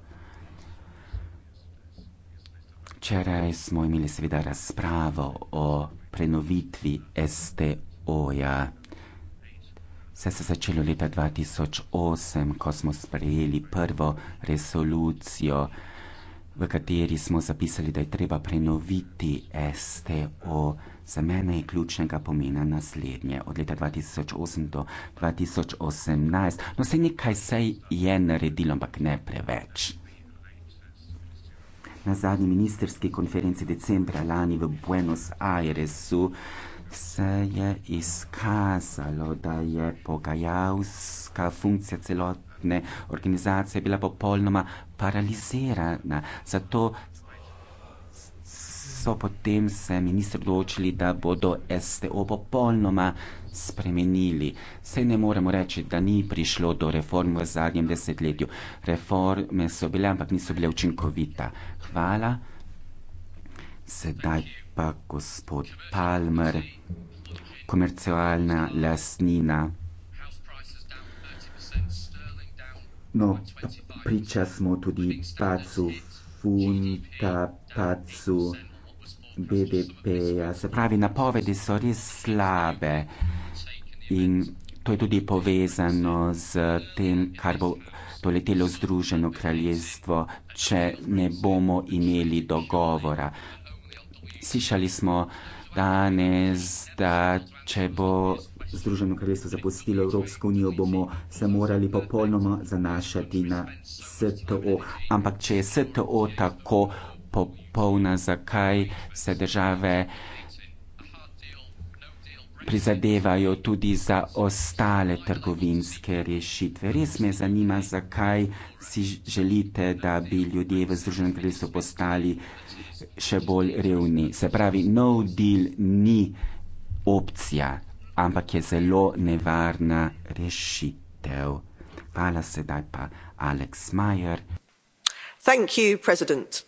Včeraj smo imeli seveda razpravo o prenovitvi STO-ja. Vse se je začelo leta 2008, ko smo sprejeli prvo resolucijo, v kateri smo zapisali, da je treba prenoviti STO. Za mene je ključnega pomena naslednje. Od leta 2008 do 2018, no se nekaj se je naredilo, ampak ne preveč. Na zadnji ministerski konferenci decembra lani v Buenos Airesu se je izkazalo, da je pogajalska funkcija celotne organizacije bila popolnoma paralizirana. Zato so potem se ministri odločili, da bodo STO popolnoma spremenili. Se ne moremo reči, da ni prišlo do reform v zadnjem desetletju. Reforme so bile, ampak niso bile učinkovita. Hvala. Sedaj. Thank you pa gospod Palmer, komercialna lasnina. No, priča smo tudi pacu funta, pacu BDP-ja, se pravi, napovedi so res slabe in to je tudi povezano z tem, kar bo doletelo Združeno kraljestvo, če ne bomo imeli dogovora slišali smo danes, da če bo Združeno kraljestvo zapustilo Evropsko unijo, bomo se morali popolnoma zanašati na STO. Ampak če je STO tako popolna, zakaj se države prizadevajo tudi za ostale trgovinske rešitve. Res me zanima, zakaj si želite, da bi ljudje v Združenem kraljestvu postali še bolj revni. Se pravi, no deal ni opcija, ampak je zelo nevarna rešitev. Hvala sedaj pa Alex Majer. Thank you, president.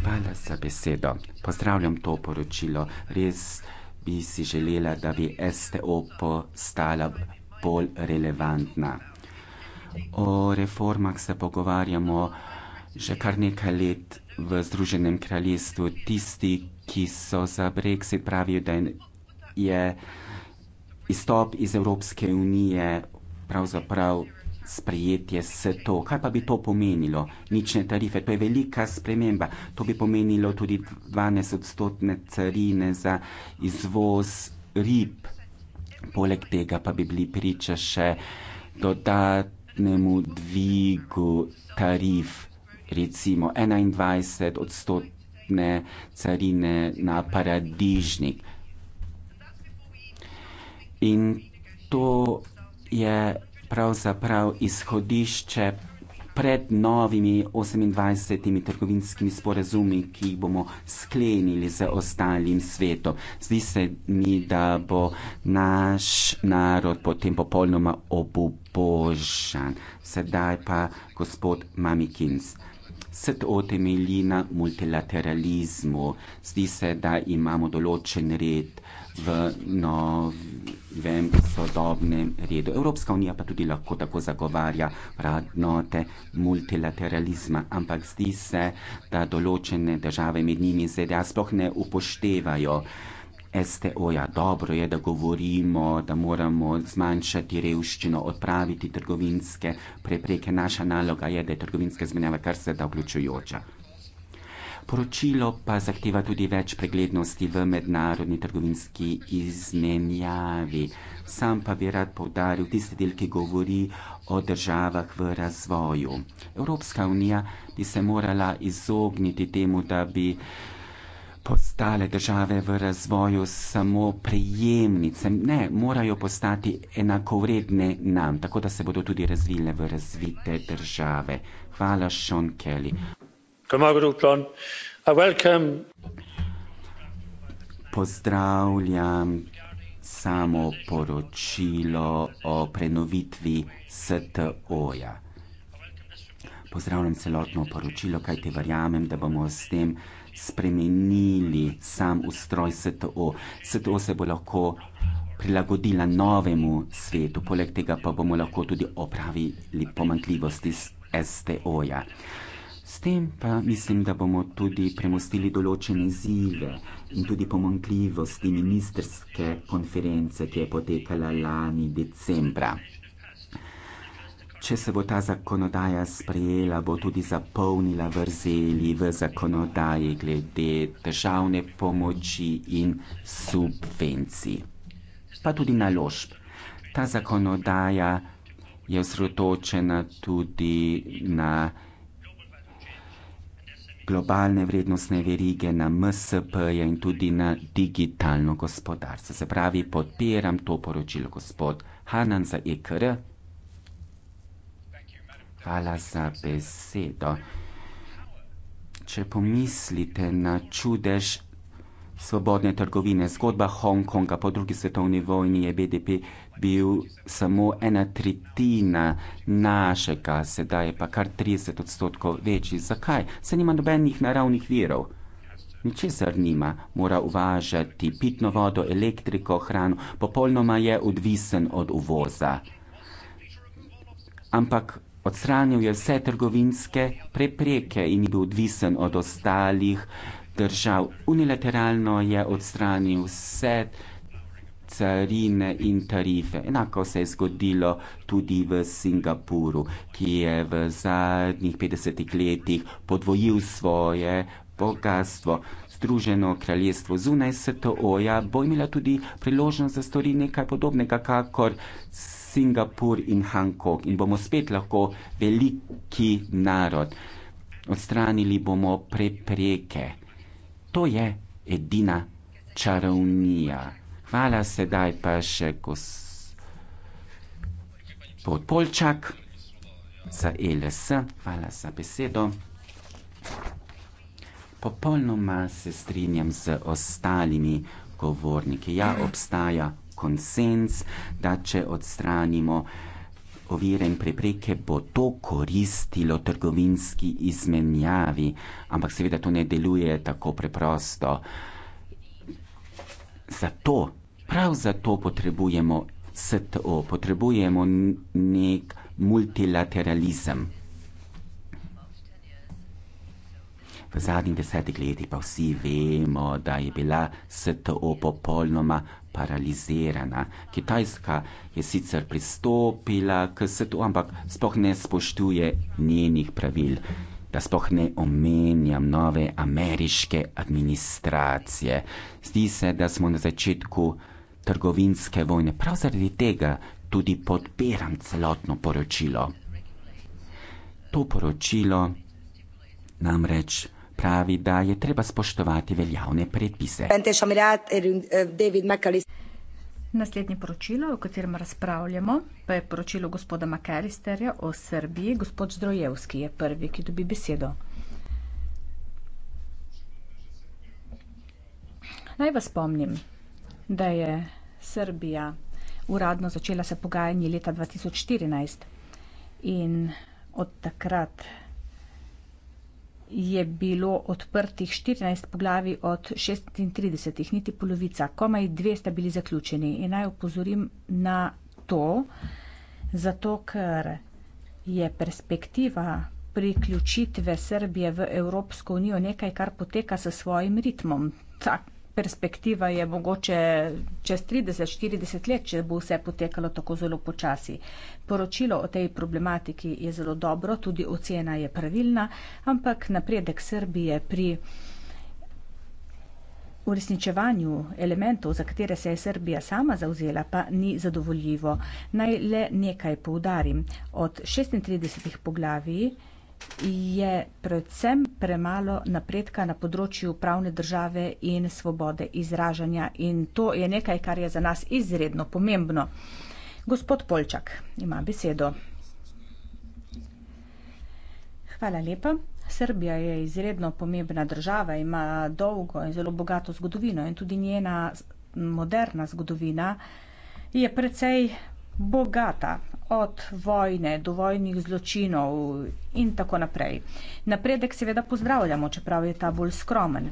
Hvala za besedo. Pozdravljam to poročilo. Res bi si želela, da bi STO postala bolj relevantna. O reformah se pogovarjamo že kar nekaj let, v Združenem kraljestvu. Tisti, ki so za Brexit, pravijo, da je izstop iz Evropske unije pravzaprav sprejetje se to. Kaj pa bi to pomenilo? Nične tarife, to je velika sprememba. To bi pomenilo tudi 12 odstotne carine za izvoz rib. Poleg tega pa bi bili priča še dodatnemu dvigu tarif recimo 21 odstotne carine na paradižnik. In to je pravzaprav izhodišče pred novimi 28 trgovinskimi sporazumi, ki jih bomo sklenili z ostalim svetom. Zdi se mi, da bo naš narod potem popolnoma obubožan. Sedaj pa gospod Mamikins se to temelji na multilateralizmu. Zdi se, da imamo določen red v novem sodobnem redu. Evropska unija pa tudi lahko tako zagovarja vrednote multilateralizma, ampak zdi se, da določene države med njimi ZDA sploh ne upoštevajo. STO-ja. Dobro je, da govorimo, da moramo zmanjšati revščino, odpraviti trgovinske prepreke. Naša naloga je, da je trgovinska zmenjava kar se da vključujoča. Poročilo pa zahteva tudi več preglednosti v mednarodni trgovinski izmenjavi. Sam pa bi rad povdaril tisti del, ki govori o državah v razvoju. Evropska unija bi se morala izogniti temu, da bi uh, postale države v razvoju samo prejemnice. Ne, morajo postati enakovredne nam, tako da se bodo tudi razvile v razvite države. Hvala, Sean Kelly. Pozdravljam samo poročilo o prenovitvi STO-ja. Pozdravljam celotno poročilo, kajti verjamem, da bomo s tem spremenili sam ustroj STO. STO se bo lahko prilagodila novemu svetu, poleg tega pa bomo lahko tudi opravili pomankljivosti z STO-ja. S tem pa mislim, da bomo tudi premostili določene zile in tudi pomankljivosti ministerske konference, ki je potekala lani decembra. Če se bo ta zakonodaja sprejela, bo tudi zapolnila vrzeli v zakonodaji glede državne pomoči in subvencij, pa tudi naložb. Ta zakonodaja je osredotočena tudi na globalne vrednostne verige, na MSP-je in tudi na digitalno gospodarstvo. Se pravi, podpiram to poročilo, gospod Hanan za IKR. E Hvala za besedo. Če pomislite na čudež svobodne trgovine, zgodba Hongkonga po drugi svetovni vojni je BDP bil samo ena tretjina našega, sedaj je pa kar trideset odstotkov večji. Zakaj? Saj nima nobenih naravnih virov. Ničesar nima. Mora uvažati pitno vodo, elektriko, hrano, popolnoma je odvisen od uvoza. Ampak odstranil je vse trgovinske prepreke in bil odvisen od ostalih držav. Unilateralno je odstranil vse carine in tarife. Enako se je zgodilo tudi v Singapuru, ki je v zadnjih 50 letih podvojil svoje bogatstvo. Združeno kraljestvo zunaj STO-ja bo imela tudi priložnost, da stori nekaj podobnega, kakor Singapur in Hongkong in bomo spet lahko veliki narod. Odstranili bomo prepreke. To je edina čarovnija. Hvala sedaj pa še gospod Polčak za e LS. Hvala za besedo. Popolnoma se strinjam z ostalimi govorniki. Ja, obstaja konsens, da če odstranimo ovire in prepreke, bo to koristilo trgovinski izmenjavi. Ampak seveda to ne deluje tako preprosto. Zato, prav zato potrebujemo STO, potrebujemo nek multilateralizem. V zadnjih desetih letih pa vsi vemo, da je bila STO popolnoma paralizirana. Kitajska je sicer pristopila k svetu, ampak sploh ne spoštuje njenih pravil. Da sploh ne omenjam nove ameriške administracije. Zdi se, da smo na začetku trgovinske vojne. Prav zaradi tega tudi podpiram celotno poročilo. To poročilo namreč pravi, da je treba spoštovati veljavne predpise. Eh, Naslednje poročilo, o katerem razpravljamo, pa je poročilo gospoda McAllisterja o Srbiji. Gospod Zdrojevski je prvi, ki dobi besedo. Naj vas spomnim, da je Srbija uradno začela se pogajanji leta 2014 in od takrat je bilo odprtih 14 poglavi od 36, niti polovica, komaj dve sta bili zaključeni. In naj upozorim na to, zato ker je perspektiva priključitve Srbije v Evropsko unijo nekaj, kar poteka s svojim ritmom. Tak, perspektiva je mogoče čez 30-40 let, če bo vse potekalo tako zelo počasi. Poročilo o tej problematiki je zelo dobro, tudi ocena je pravilna, ampak napredek Srbije pri uresničevanju elementov, za katere se je Srbija sama zauzela, pa ni zadovoljivo. Naj le nekaj poudarim. Od 36 poglavij je predvsem premalo napredka na področju pravne države in svobode izražanja. In to je nekaj, kar je za nas izredno pomembno. Gospod Polčak ima besedo. Hvala lepa. Srbija je izredno pomembna država, ima dolgo in zelo bogato zgodovino in tudi njena moderna zgodovina je precej bogata od vojne do vojnih zločinov in tako naprej. Napredek seveda pozdravljamo, čeprav je ta bolj skromen.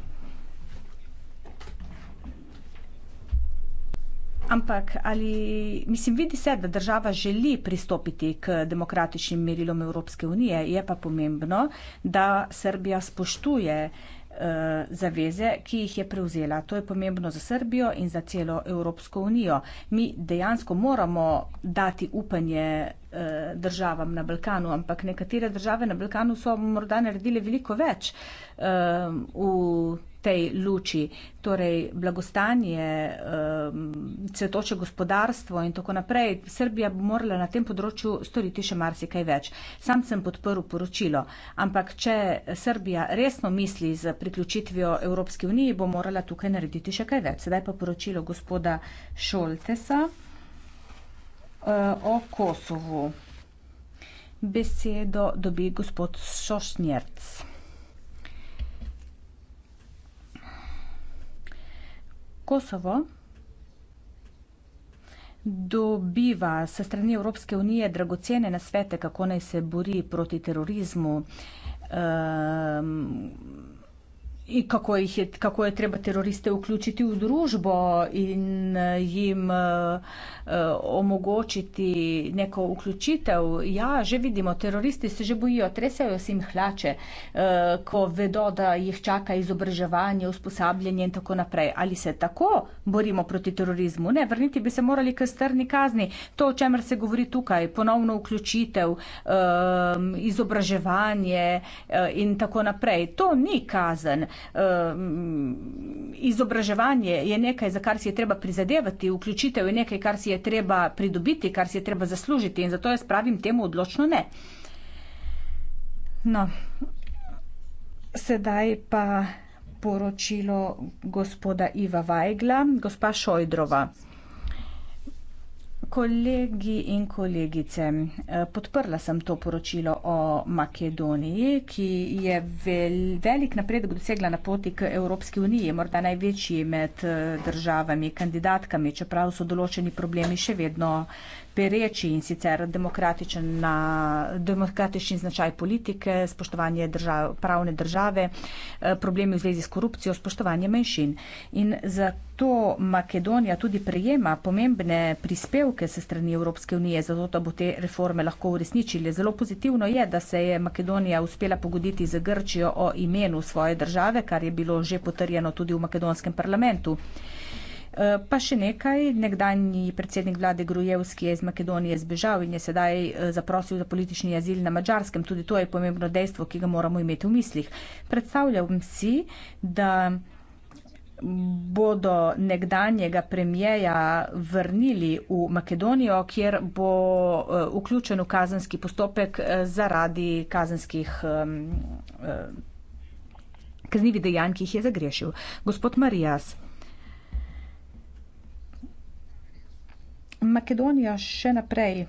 Ampak ali, mislim, vidi se, da država želi pristopiti k demokratičnim merilom Evropske unije, je pa pomembno, da Srbija spoštuje eh, Eh, zaveze, ki jih je prevzela. To je pomembno za Srbijo in za celo Evropsko unijo. Mi dejansko moramo dati upanje eh, državam na Balkanu, ampak nekatere države na Balkanu so morda naredile veliko več eh, v tej luči. Torej, blagostanje, cvetoče gospodarstvo in tako naprej. Srbija bo morala na tem področju storiti še marsikaj več. Sam sem podprl poročilo, ampak če Srbija resno misli z priključitvijo Evropske unije, bo morala tukaj narediti še kaj več. Sedaj pa poročilo gospoda Šoltesa eh, o Kosovu. Besedo dobi gospod Šošnjerc. Косово dobiva se strani Evropske unije dragocene nasvete, kako naj se bori proti terorizmu, um, kako, jih je, kako je treba teroriste vključiti v družbo in eh, jim eh, eh, omogočiti neko vključitev. Ja, že vidimo, teroristi se že bojijo, tresajo se jim hlače, ko vedo, da jih čaka izobraževanje, usposabljanje in tako naprej. Ali se tako borimo proti terorizmu? Ne, vrniti bi se morali k strni kazni. To, o čemer se govori tukaj, ponovno vključitev, izobraževanje in tako naprej. To ni kazen. Um, izobraževanje je nekaj, za kar si je treba prizadevati, vključitev je nekaj, kar si je treba pridobiti, kar si je treba zaslužiti in zato jaz pravim temu odločno ne. No, sedaj pa poročilo gospoda Iva Vajgla, gospa Šojdrova kolegi in kolegice, eh, podprla sem to poročilo o Makedoniji, ki je vel, velik napredek dosegla na poti k Evropski uniji, morda največji med eh, državami, kandidatkami, čeprav so določeni problemi še vedno pereči in sicer demokratičen, na, demokratični značaj politike, spoštovanje držav, pravne države, eh, problemi v zvezi s korupcijo, spoštovanje menšin. In zato Makedonija tudi prejema pomembne prispevke se strani Evropske unije, zato da bo te reforme lahko uresničili. Zelo pozitivno je, da se je Makedonija uspela pogoditi z Grčijo o imenu svoje države, kar je bilo že potrjeno tudi v makedonskem parlamentu. Eh, pa še nekaj, nekdanji predsednik vlade Grujevski je iz Makedonije zbežal in je sedaj eh, zaprosil za politični azil na Mačarskem. Tudi to je pomembno dejstvo, ki ga moramo imeti v mislih. Predstavljam si, da bodo nekdanjega premijeja vrnili v Makedonijo, kjer bo eh, vključen v kazenski postopek zaradi kazenskih kaznivih dejanj, ki jih je zagrešil. Gospod Marijas. Makedonija še naprej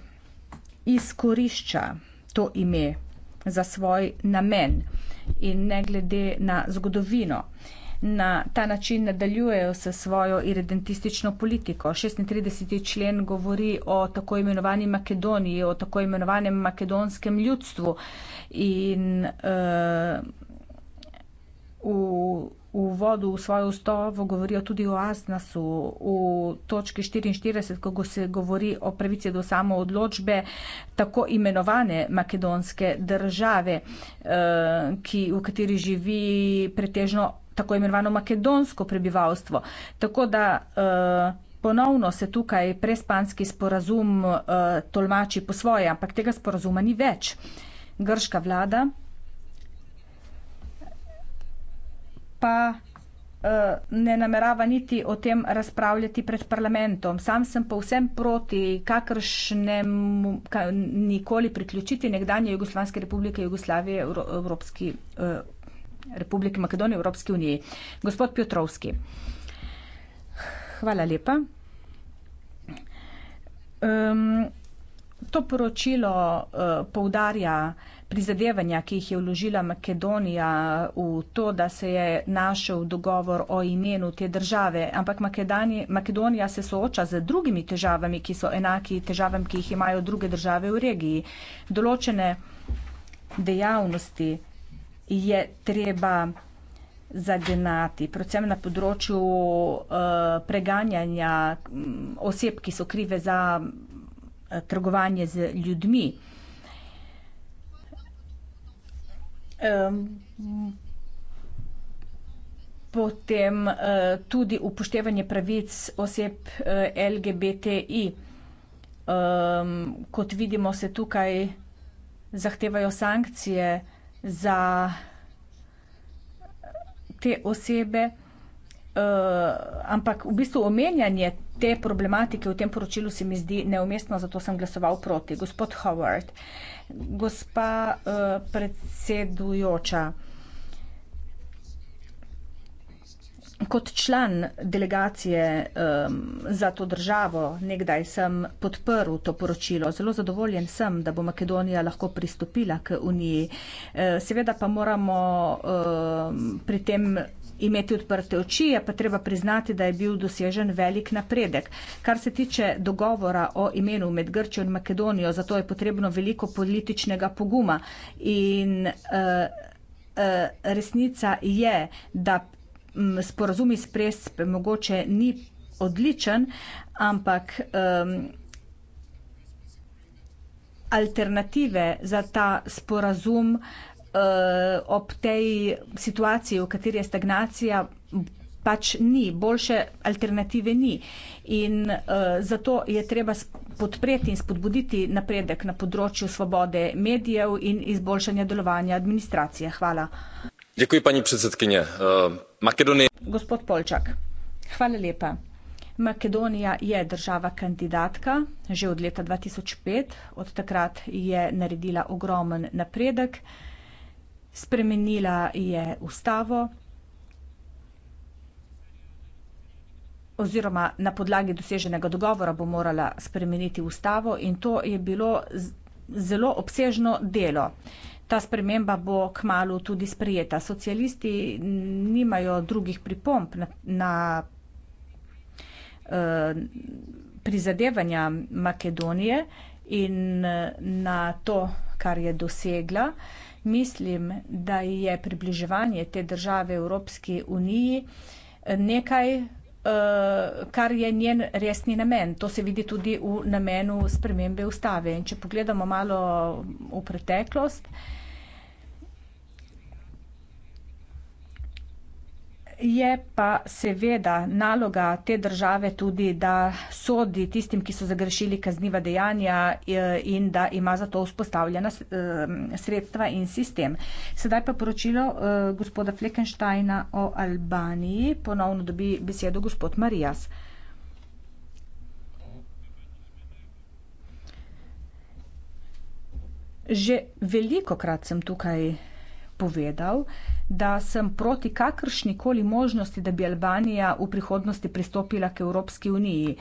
izkorišča to ime za svoj namen in ne glede na zgodovino. Na ta način nadaljujejo se svojo irredentistično politiko. 36. člen govori o tako imenovani Makedoniji, o tako imenovanem makedonskem ljudstvu in uh, v uvodu v svojo ustavo govorijo tudi o ASNAS-u, v točki 44, ko se govori o pravici do samoodločbe tako imenovane makedonske države, eh, ki, v kateri živi pretežno tako imenovano makedonsko prebivalstvo. Tako da eh, ponovno se tukaj prespanski sporazum eh, tolmači po svoje, ampak tega sporazuma ni več. Grška vlada pa uh, ne namerava niti o tem razpravljati pred parlamentom. Sam sem pa vsem proti kakršnemu ka, nikoli priključiti nekdanje Jugoslavijske republike Jugoslavije Evro, Evropski, uh, eh, Republike Makedonije Evropski uniji. Gospod Piotrovski. Hvala lepa. Um, to poročilo uh, poudarja, uh, prizadevanja, ki jih je vložila Makedonija v to, da se je našel dogovor o imenu te države. Ampak Makedonija se sooča z drugimi težavami, ki so enaki težavam, ki jih imajo druge države v regiji. Določene dejavnosti je treba zagnati, predvsem na področju uh, preganjanja mm, oseb, ki so krive za uh, trgovanje z ljudmi. Um, potem uh, tudi upoštevanje pravic oseb uh, eh, LGBTI. Um, kot vidimo, se tukaj zahtevajo sankcije za te osebe, uh, ampak v bistvu omenjanje te problematike v tem poročilu se mi zdi neumestno, zato sem glasoval proti. Gospod Howard, uh, gospa eh, predsedujoča. Kot član delegacije za to državo nekdaj sem podprl to poročilo. Zelo zadovoljen sem, da bo Makedonija lahko pristopila k Uniji. Eh, seveda pa moramo pri tem imeti odprte oči, je pa treba priznati, da je bil dosežen velik napredek. Kar se tiče dogovora o imenu med Grčjo in Makedonijo, zato je potrebno veliko političnega poguma. In uh, uh, resnica je, da um, sporazum iz Prespe mogoče ni odličen, ampak. Um, Alternative za ta sporazum uh, uh, ob tej situaciji, v kateri je stagnacija, pač ni, boljše alternative ni. In uh, zato je treba podpreti in spodbuditi napredek na področju svobode medijev in izboljšanja delovanja administracije. Hvala. Děkuji, paní předsedkyně. Uh, Makedonie. Gospod Polčak, hvala lepa. Makedonija je država kandidatka že od leta 2005. Od takrat je naredila ogromen napredek. Uh, spremenila je ustavo oziroma na podlagi doseženega dogovora bo morala spremeniti ustavo in to je bilo zelo obsežno delo. Ta sprememba bo kmalo tudi sprejeta. Socialisti nimajo drugih pripomb na, na eh, prizadevanja Makedonije in eh, na to, kar je dosegla mislim, da je približevanje te države Evropski uniji nekaj, eh, kar je njen resni namen. To se vidi tudi v namenu spremembe ustave. In če pogledamo malo v preteklost, Je pa seveda naloga te države tudi, da sodi tistim, ki so zagrešili kazniva dejanja eh, in da ima za to vzpostavljena eh, sredstva in sistem. Sedaj pa poročilo eh, gospoda Fleckensteina o Albaniji. Ponovno dobi besedo gospod Marijas. Že veliko krat sem tukaj povedal, da sem proti kakršnikoli možnosti, da bi Albanija v prihodnosti pristopila k Evropski uniji.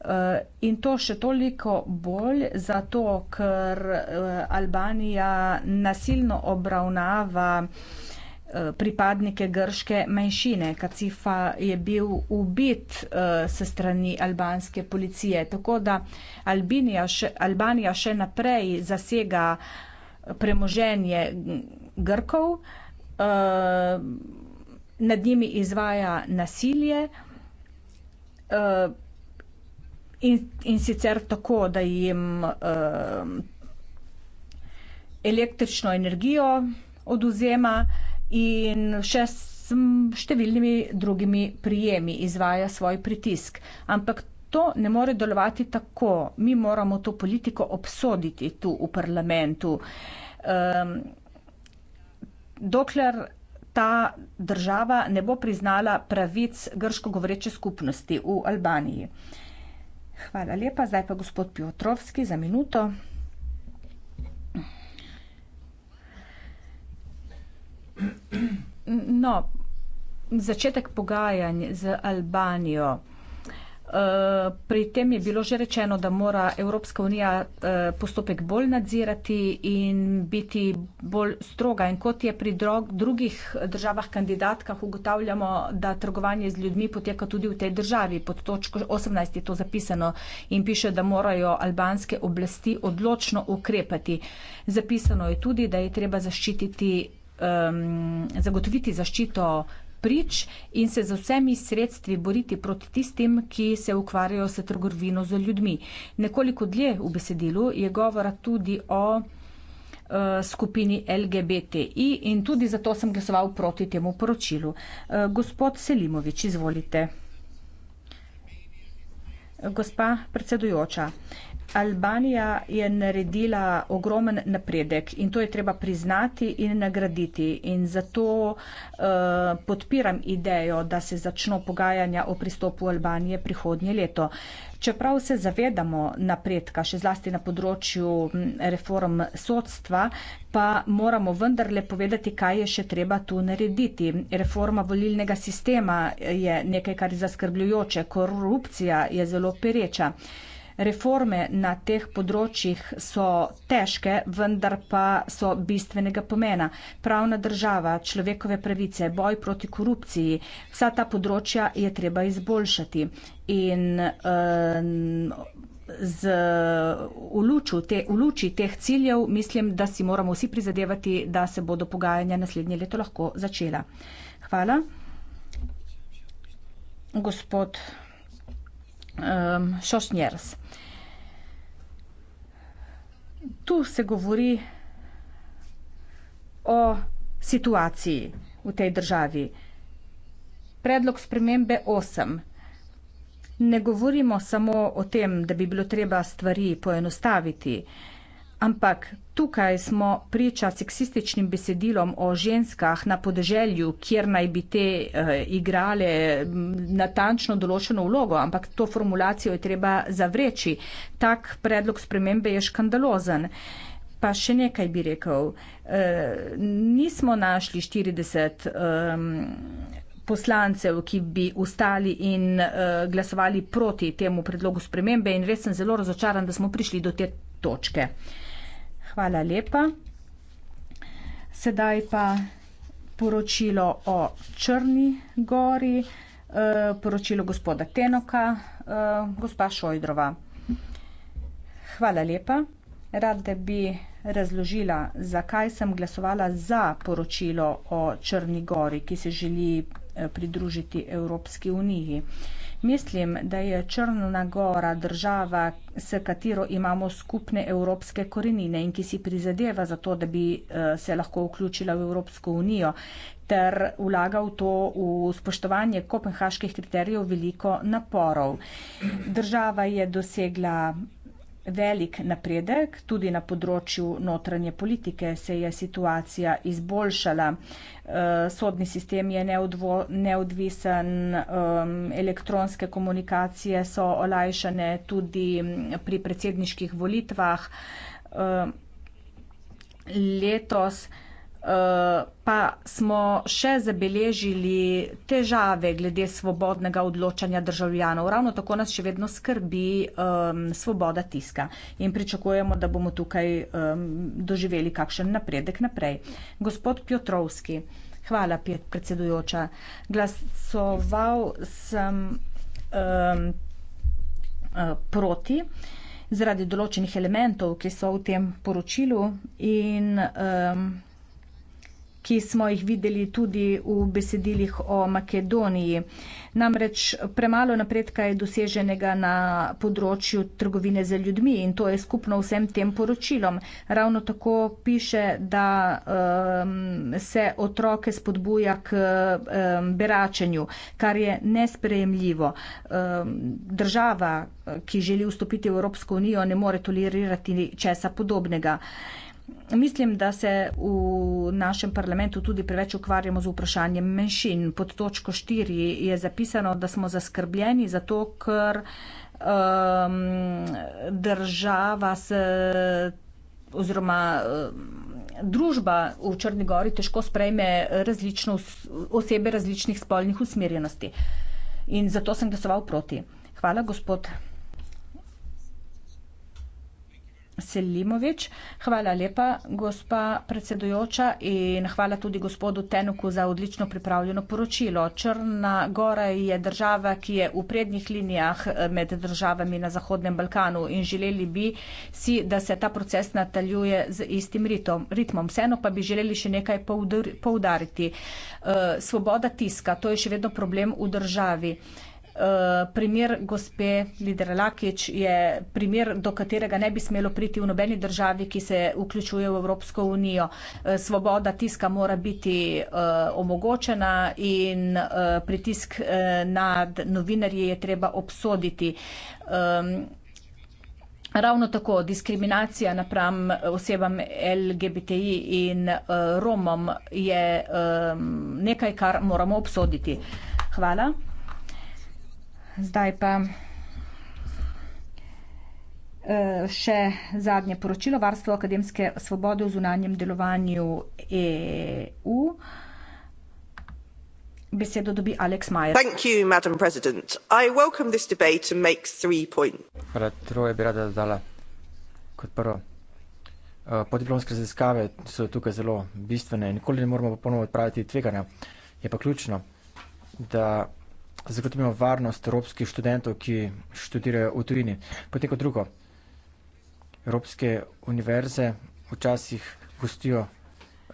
Eh, in to še toliko bolj zato, ker eh, Albanija nasilno obravnava eh, pripadnike grške manjšine. Kacifa je bil ubit se strani albanske policije. Tako da Albinija še, Albanija še naprej zasega premoženje Grkov uh, nad njimi izvaja nasilje uh, in, in sicer tako, da jim uh, električno energijo oduzema in še s številnimi drugimi prijemi izvaja svoj pritisk. Ampak to ne more delovati tako. Mi moramo to politiko obsoditi tu v parlamentu. Um, dokler ta država ne bo priznala pravic grško govoreče skupnosti v Albaniji. Hvala lepa, zdaj pa gospod Piotrovski za minuto. No, začetek pogajanj z Albanijo. Eh, pri tem je bilo že rečeno, da mora Evropska unija eh, postopek bolj nadzirati in biti bolj stroga. In kot je pri drugih državah kandidatkah, ugotavljamo, da trgovanje z ljudmi poteka tudi v tej državi. Pod točko 18 je to zapisano in piše, da morajo albanske oblasti odločno ukrepati. Zapisano je tudi, da je treba zaščititi, ehm, zagotoviti zaščito prič in se z vsemi sredstvi boriti proti tistim, ki se ukvarjajo s trgovino z ljudmi. Nekoliko dlje v besedilu je govora tudi o eh, skupini LGBTI in tudi zato sem glasoval proti temu poročilu. Eh, gospod Selimovič, izvolite. Gospa predsedujoča, Albanija je naredila ogromen napredek in to je treba priznati in nagraditi. In zato uh, podpiram idejo, da se začno pogajanja o pristopu Albanije prihodnje leto. Čeprav se zavedamo napredka, še zlasti na področju reform sodstva, pa moramo vendarle povedati, kaj je še treba tu narediti. Reforma volilnega sistema je nekaj, kar je zaskrbljujoče, korupcija je zelo pereča. Uh, Reforme na teh področjih so težke, vendar pa so bistvenega pomena. Pravna država, človekove pravice, boj proti korupciji, vsa ta področja je treba izboljšati. In z, te, v luči teh ciljev mislim, da si moramo vsi prizadevati, da se bodo pogajanja naslednje leto lahko začela. Hvala. Gospod um, Šošnjers tu se govori o situaciji v tej državi. Predlog spremembe 8. Ne govorimo samo o tem, da bi bilo treba stvari poenostaviti, Ampak tukaj smo priča seksističnim besedilom o ženskah na podeželju, kjer naj bi te uh, igrale natančno določeno vlogo, ampak to formulacijo je treba zavreči. Tak predlog spremembe je škandalozen. Pa še nekaj bi rekel. E, nismo našli 40 e, poslancev, ki bi ustali in e, glasovali proti temu predlogu spremembe in res sem zelo razočaran, da smo prišli do te točke. Hvala lepa. Sedaj pa poročilo o Črni gori, eh, poročilo gospoda Tenoka, eh, gospa Šojdrova. Hvala lepa. Rada bi razložila, zakaj sem glasovala za poročilo o Črni gori, ki se želi eh, pridružiti Evropski uniji. Mislim, da je Črna Gora država, s katero imamo skupne evropske korenine in ki si prizadeva za to, da bi eh, se lahko vključila v Evropsko unijo ter vlaga v to v spoštovanje kopenhaških kriterijev veliko naporov. Država je dosegla velik napredek, tudi na področju notranje politike se je situacija izboljšala. Eh, sodni sistem je neodvisen, ehm, elektronske komunikacije so olajšane tudi mm, pri predsedniških volitvah. Eh, letos Eh, pa smo še zabeležili težave glede svobodnega odločanja državljanov. Ravno tako nas še vedno skrbi um, svoboda tiska in pričakujemo, da bomo tukaj um, doživeli kakšen napredek naprej. Gospod Piotrovski, hvala, predsedujoča. Glasoval sem um, proti zaradi določenih elementov, ki so v tem poročilu in um, ki smo jih videli tudi v besedilih o Makedoniji. Namreč premalo napredka je doseženega na področju trgovine za ljudmi in to je skupno vsem tem poročilom. Ravno tako piše, da um, se otroke spodbuja k um, beračenju, kar je nesprejemljivo. Um, država, ki želi vstopiti v Evropsko unijo, ne more tolerirati česa podobnega. Mislim, da se v našem parlamentu tudi preveč ukvarjamo z vprašanjem menšin. Pod točko 4 je zapisano, da smo zaskrbljeni zato, ker um, država s, oziroma um, družba v Črni Gori težko sprejme različno, osebe različnih spolnih usmerjenosti. In zato sem glasoval proti. Hvala, gospod. Selimovič. Hvala lepa, gospa predsedujoča in hvala tudi gospodu Tenuku za odlično pripravljeno poročilo. Črna Gora je država, ki je v prednjih linijah med državami na Zahodnem Balkanu in želeli bi si, da se ta proces nataljuje z istim ritom, ritmom. Vseeno pa bi želeli še nekaj poudar, poudariti. Eh, svoboda tiska, to je še vedno problem v državi. Eh, primer gospe Lidre Lakič je primer, do katerega ne bi smelo priti v nobeni državi, ki se vključuje v Evropsko unijo. Eh, svoboda tiska mora biti eh, omogočena in pritisk nad novinarji je treba obsoditi. Ehm, ravno tako diskriminacija napram osebam LGBTI in Romom je ehm, nekaj, kar moramo obsoditi. Hvala zdaj pa e, še zadnje poročilo Varstvo akademske svobode v zunanjem delovanju EU. Besedo dobi Alex Majer. Thank you, Madam President. I welcome this debate and make three points. Hvala, torej, troje bi rada dodala kot prvo. E, Podiplomske raziskave so tukaj zelo bistvene, nikoli ne moremo popolnoma odpraviti tveganja. Je pa ključno, da zagotovimo varnost evropskih študentov, ki študirajo v tujini. Potem kot drugo, evropske univerze včasih gostijo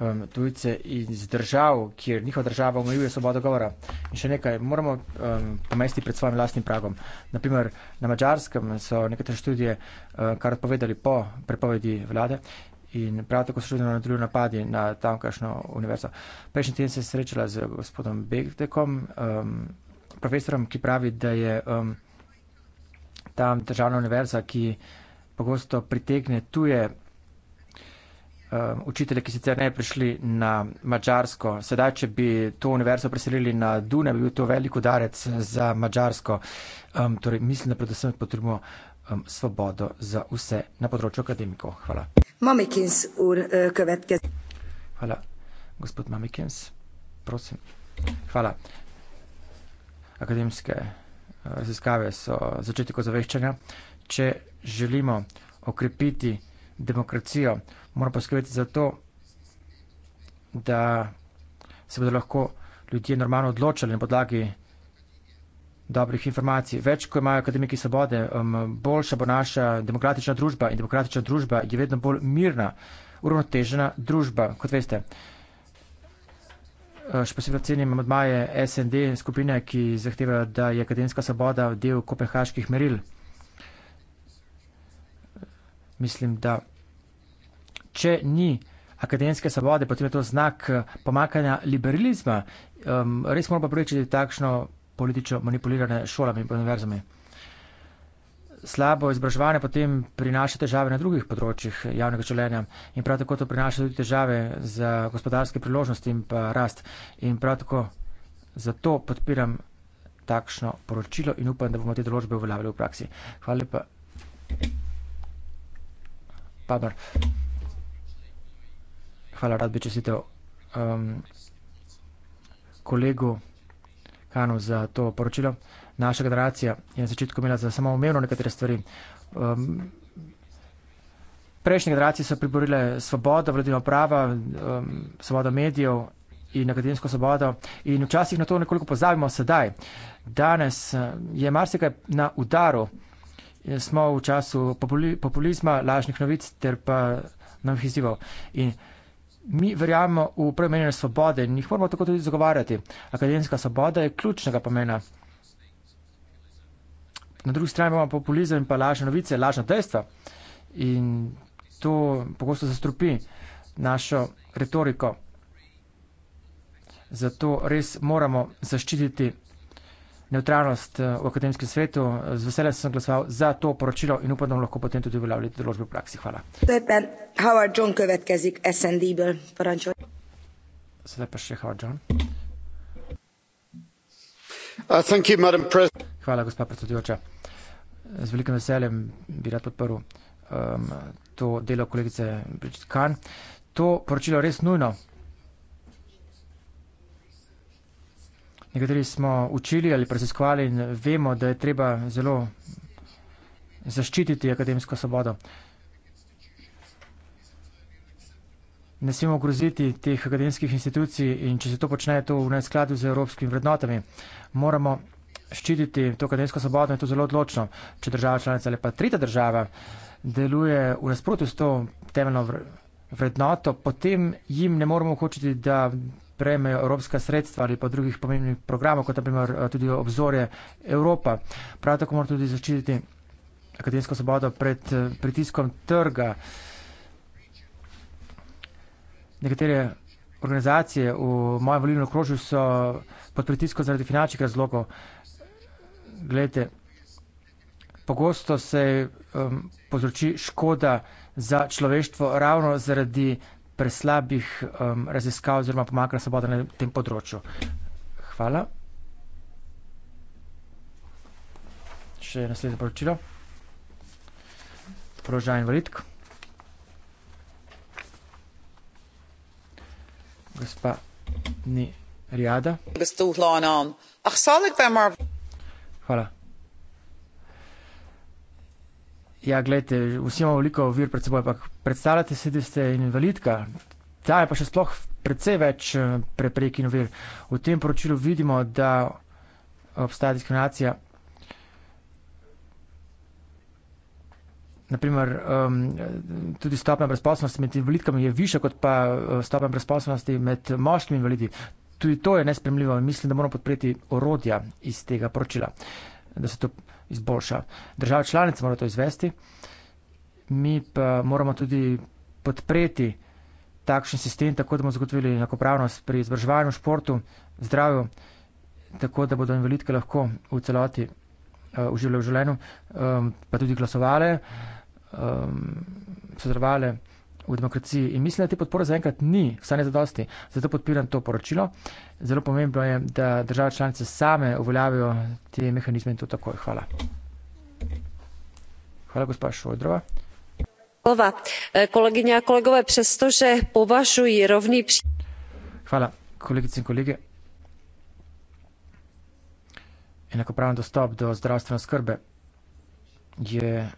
um, tujce iz držav, kjer njihova država omejuje svobodo govora. In še nekaj, moramo um, pomesti pred svojim lastnim pragom. Naprimer, na mačarskem so nekatere študije um, kar odpovedali po prepovedi vlade. In prav tako so še vedno nadaljujo napadi na tamkajšnjo univerzo. Prejšnji teden sem se srečala z gospodom Begdekom, um, profesorom, ki pravi, da je um, ta državna univerza, ki pogosto pritegne tuje um, učitelje, ki sicer ne prišli na Mačarsko. Sedaj, če bi to univerzo preselili na Dune, bi bil to velik udarec za Mačarsko. Um, torej, mislim, da predvsem potrebujemo um, svobodo za vse na področju akademikov. Hvala. Mamikins, ur, uh, Hvala, gospod Mamikins. Prosim. Hvala akademske eh, raziskave so začetek ozaveščanja. Če želimo okrepiti demokracijo, moramo poskrbeti za to, da se bodo lahko ljudje normalno odločali na podlagi dobrih informacij. Več, ko imajo akademiki svobode, um, boljša bo naša demokratična družba in demokratična družba je vedno bolj mirna, uravnotežena družba, kot veste. Eh, še posebej cenim odmaje SND skupine, ki zahtevajo, da je akademska svoboda del kopenhaških meril. Mislim, da če ni akademske svobode, potem je to znak eh, pomakanja liberalizma. Um, res moramo pa prečiti takšno politično manipulirane šolami in univerzami slabo izobraževanje potem prinaša težave na drugih področjih javnega življenja in prav tako to prinaša tudi težave za gospodarske priložnosti in pa rast. In prav tako zato podpiram takšno poročilo in upam, da bomo te določbe uveljavili v praksi. Hvala lepa. Pabar. Hvala, rad bi čestitev um, kolegu Kanu za to poročilo naša generacija je na začetku imela za samo umevno nekatere stvari. Um, prejšnje generacije so priborile svobodo, vladino prava, um, svobodo medijev in akademsko svobodo in včasih na to nekoliko pozabimo sedaj. Danes uh, je marsikaj na udaru. Smo v času populizma, lažnih novic ter pa novih izzivov. In mi verjamemo v premenjene svobode in jih moramo tako tudi zagovarjati. Akademska svoboda je ključnega pomena. Na drugi strani imamo populizem in pa lažne novice, lažna dejstva. In to pogosto zastrupi našo retoriko. Zato res moramo zaščititi neutralnost eh, v akademskem svetu. Z veseljem sem glasoval za to poročilo in upam, da lahko potem tudi uveljavljate določbe v praksi. Hvala. Sedaj pa še Howard John. Uh, Hvala, gospa predsedujoča. Z velikim veseljem bi rad podporil um, to delo kolegice Bridget Kahn. To poročilo je res nujno. Nekateri smo učili ali presiskovali in vemo, da je treba zelo zaščititi akademsko svobodo. Uh, ne smemo groziti teh akademskih institucij in če se to počne, to v neskladju z evropskimi vrednotami, moramo ščititi to akademsko svobodo in to zelo odločno, če država članica ali pa tretja država deluje v nasprotju s to temeljno vrednoto, potem jim ne moramo hočiti, da prejmejo evropska sredstva ali pa drugih pomembnih programov, kot naprimer eh, tudi obzorje Evropa. Prav tako moramo tudi zaščititi akademsko svobodo pred eh, pritiskom trga nekatere organizacije v mojem volilnem okrožju so pod pritiskom zaradi finančnih razlogov. Glejte, pogosto se um, povzroči škoda za človeštvo ravno zaradi preslabih um, raziskav oziroma pomakra svoboda na tem področju. Hvala. Še naslednje poročilo. Položaj invalidk. gospa ni Rijada. Hvala. Ja, gledajte, vsi imamo veliko vir pred seboj, ampak predstavljate si, da ste invalidka. Ta je pa še sploh precej več eh, preprek in ovir. V tem poročilu vidimo, da obstaja diskriminacija naprimer, um, tudi stopnja brezposobnosti med invalidkami je višja kot pa uh, stopnja brezposobnosti med moškimi invalidi. Tudi to je nespremljivo in mislim, da moramo podpreti orodja iz tega poročila, da se to izboljša. Države članice morajo to izvesti, mi pa moramo tudi podpreti takšen sistem, tako da bomo zagotovili enakopravnost pri izobraževanju, športu, zdravju, tako da bodo invalidke lahko v celoti uh, uživale v življenju, um, pa tudi glasovale, um, sodelovale v demokraciji in mislim, da te podpore zaenkrat ni, vsaj ne zadosti. Zato podpiram to poročilo. Zelo pomembno je, da države članice same uveljavijo te mehanizme in to takoj. Hvala. Hvala, gospa Šojdrova. Hvala. Eh, Kolegyňa, kolegove, přestože považuji rovný pří... Hvala, kolegice in kolege enakopraven dostop do zdravstvene skrbe je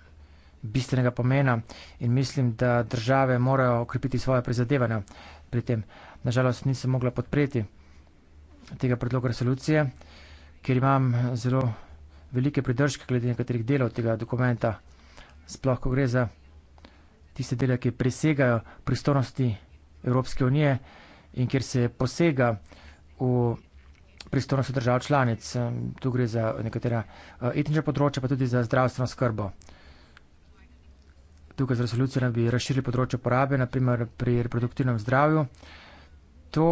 bistvenega pomena in mislim, da države morajo okrepiti svoje prizadevanja pri tem. Nažalost nisem mogla podpreti tega predloga resolucije, ker imam zelo velike pridržke glede nekaterih delov tega dokumenta, sploh ko gre za tiste dele, ki presegajo pristornosti Evropske unije in kjer se posega v pristojnost držav članic. Tu gre za nekatera eh, etnična področja, pa tudi za zdravstveno skrbo. Tukaj z resolucijo bi razširili področje porabe, naprimer pri reproduktivnem zdravju. To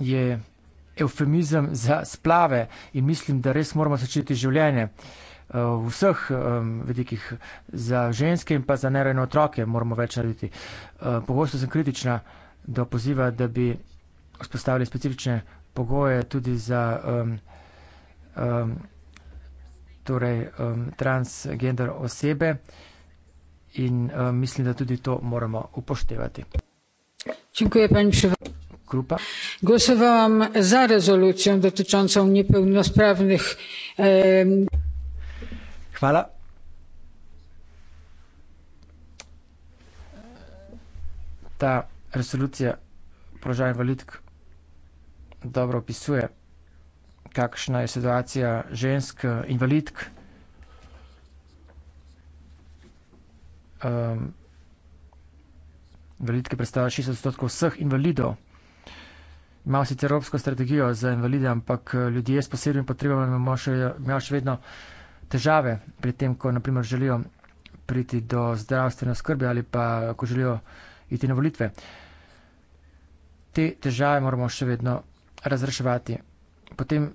je eufemizem za splave in mislim, da res moramo začeti življenje. V eh, vseh vedikih za ženske in pa za nerojene otroke moramo več narediti. Eh, pogosto sem kritična do poziva, da bi vzpostavili specifične pogoje tudi za um, um, torej, um, transgender osebe in um, mislim, da tudi to moramo upoštevati. Dziękuję Pani Grupa. Głosowałam za rezolucją dotyczącą niepełnosprawnych. E... Chwala. Ta rezolucja, proszę Państwa, dobro opisuje, kakšna je situacija žensk, invalidk. Um, invalidke predstavlja 60% vseh invalidov. Imajo sicer evropsko strategijo za invalide, ampak ljudje s posebnimi potrebami imajo še, imajo še vedno težave pri tem, ko naprimer želijo priti do zdravstvene skrbe ali pa ko želijo iti na volitve. Te težave moramo še vedno razreševati. Potem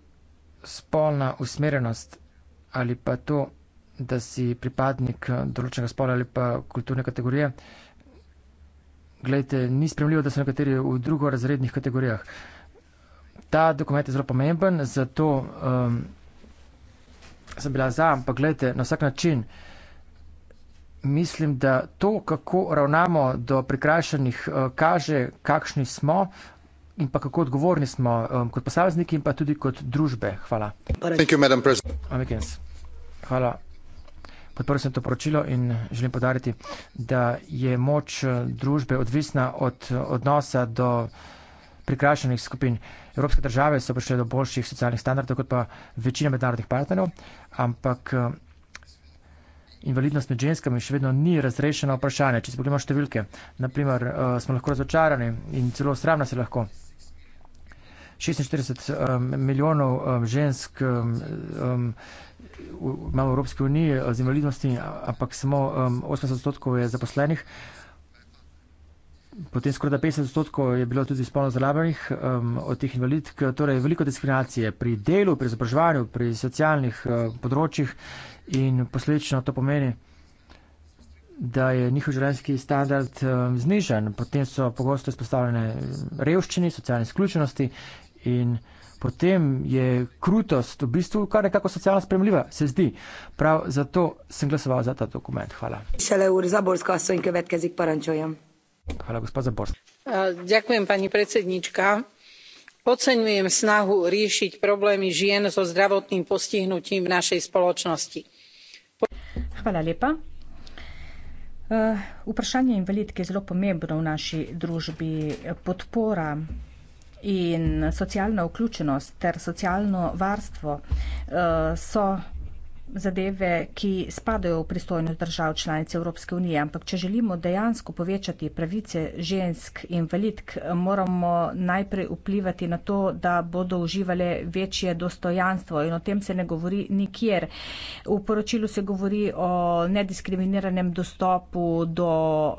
spolna usmerjenost ali pa to, da si pripadnik eh, določenega spola ali pa kulturne kategorije, gledajte, ni spremljivo, da so nekateri v drugorazrednih kategorijah. Ta dokument je zelo pomemben, zato um, sem bila za, ampak gledajte, na vsak način mislim, da to, kako ravnamo do prikrajšanih, eh, kaže, kakšni smo in pa kako odgovorni smo um, kot posamezniki in pa tudi kot družbe. Hvala. You, Hvala. Podprl sem to poročilo in želim podariti, da je moč uh, družbe odvisna od uh, odnosa do prikrašenih skupin. Evropske države so prišle do boljših socialnih standardov kot pa večina mednarodnih partnerjev, ampak. Um, invalidnost med ženskami še vedno ni razrešeno vprašanje, če se pogledamo številke. Naprimer, uh, eh, smo lahko razočarani in celo sramno se lahko. 46 um, milijonov um, žensk um, um, imamo v Evropski uniji eh, z invalidnosti, ampak samo um, 80 odstotkov je zaposlenih potem skoraj 50 odstotkov je bilo tudi spolno zlorabljenih um, od teh invalidk, torej veliko diskriminacije pri delu, pri izobraževanju, pri socialnih uh, področjih in posledično to pomeni, da je njihov življenjski standard um, znižen, potem so pogosto izpostavljene revščini, socialne izključenosti in potem je krutost v bistvu kar nekako socialno spremljiva, se zdi. Prav zato sem glasoval za ta dokument. Hvala. Šele ur za bolj skasov in kvetke zik parančujem pani predsedajúca oceňujem snahu riešiť problémy žien so zdravotným postihnutím v našej spoločnosti. E, vprašanje invalidke je zelo pomembno v naši družbi. podpora in socialna vključenost ter socialno varstvo e, so zadeve, ki spadajo v pristojnost držav članic Evropske unije, ampak če želimo dejansko povečati pravice žensk invalidk, moramo najprej vplivati na to, da bodo uživale večje dostojanstvo in o tem se ne govori nikjer. V poročilu se govori o nediskriminiranem dostopu do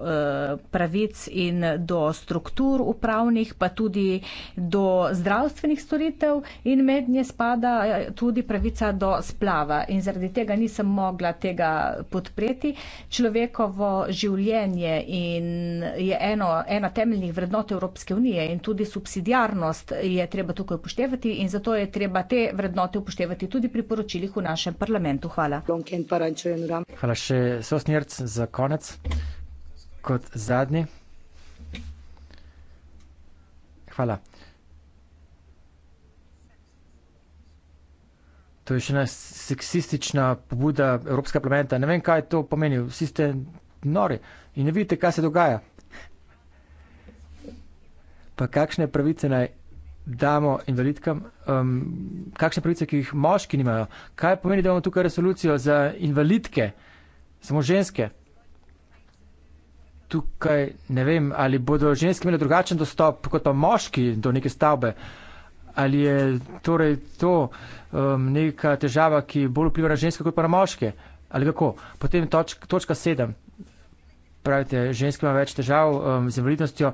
eh, pravic in do struktur upravnih, pa tudi do zdravstvenih storitev in med nje spada eh, tudi pravica do splava. In zaradi zaradi tega nisem mogla tega podpreti. Človekovo življenje je eno, ena temeljnih vrednot Evropske unije in tudi subsidijarnost je treba tukaj upoštevati in zato je treba te vrednote upoštevati tudi pri poročilih v našem parlamentu. Hvala. Hvala še Sosnjerc za konec. Kot zadnji. Hvala. to je še ena seksistična pobuda Evropska parlamenta. Ne vem, kaj to pomeni. Vsi ste nori in ne vidite, kaj se dogaja. Pa kakšne pravice naj damo invalidkam, um, kakšne pravice, ki jih moški nimajo. Kaj pomeni, da imamo tukaj resolucijo za invalidke, samo ženske? Tukaj ne vem, ali bodo ženske imeli drugačen dostop kot pa moški do neke stavbe. Uh, ali je torej to um, neka težava, ki bolj vpliva na ženske kot pa na moške? Ali kako? Potem toč, točka sedem. Pravite, ženske ima več težav um, z invalidnostjo,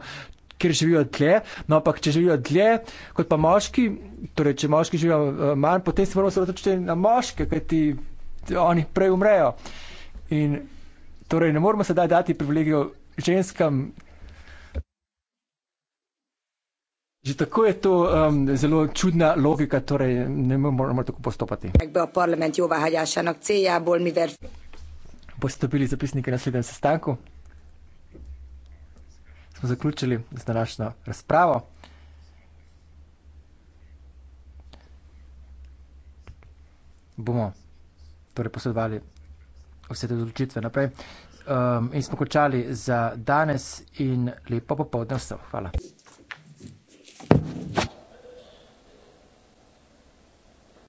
ker živijo dlje, no ampak če živijo dlje kot pa moški, torej če moški živijo uh, manj, potem se moramo sredotočiti na moške, ker ti oni prej umrejo. In torej ne moramo sedaj dati privilegijo ženskam, Že tako je to um, zelo čudna logika, torej ne moramo tako postopati. E Postopili zapisnike na sedem sestanku. Smo zaključili z današnjo razpravo. Bomo torej posodvali vse te odločitve naprej. Um, in smo končali za danes in lepo popovdne vse. Hvala.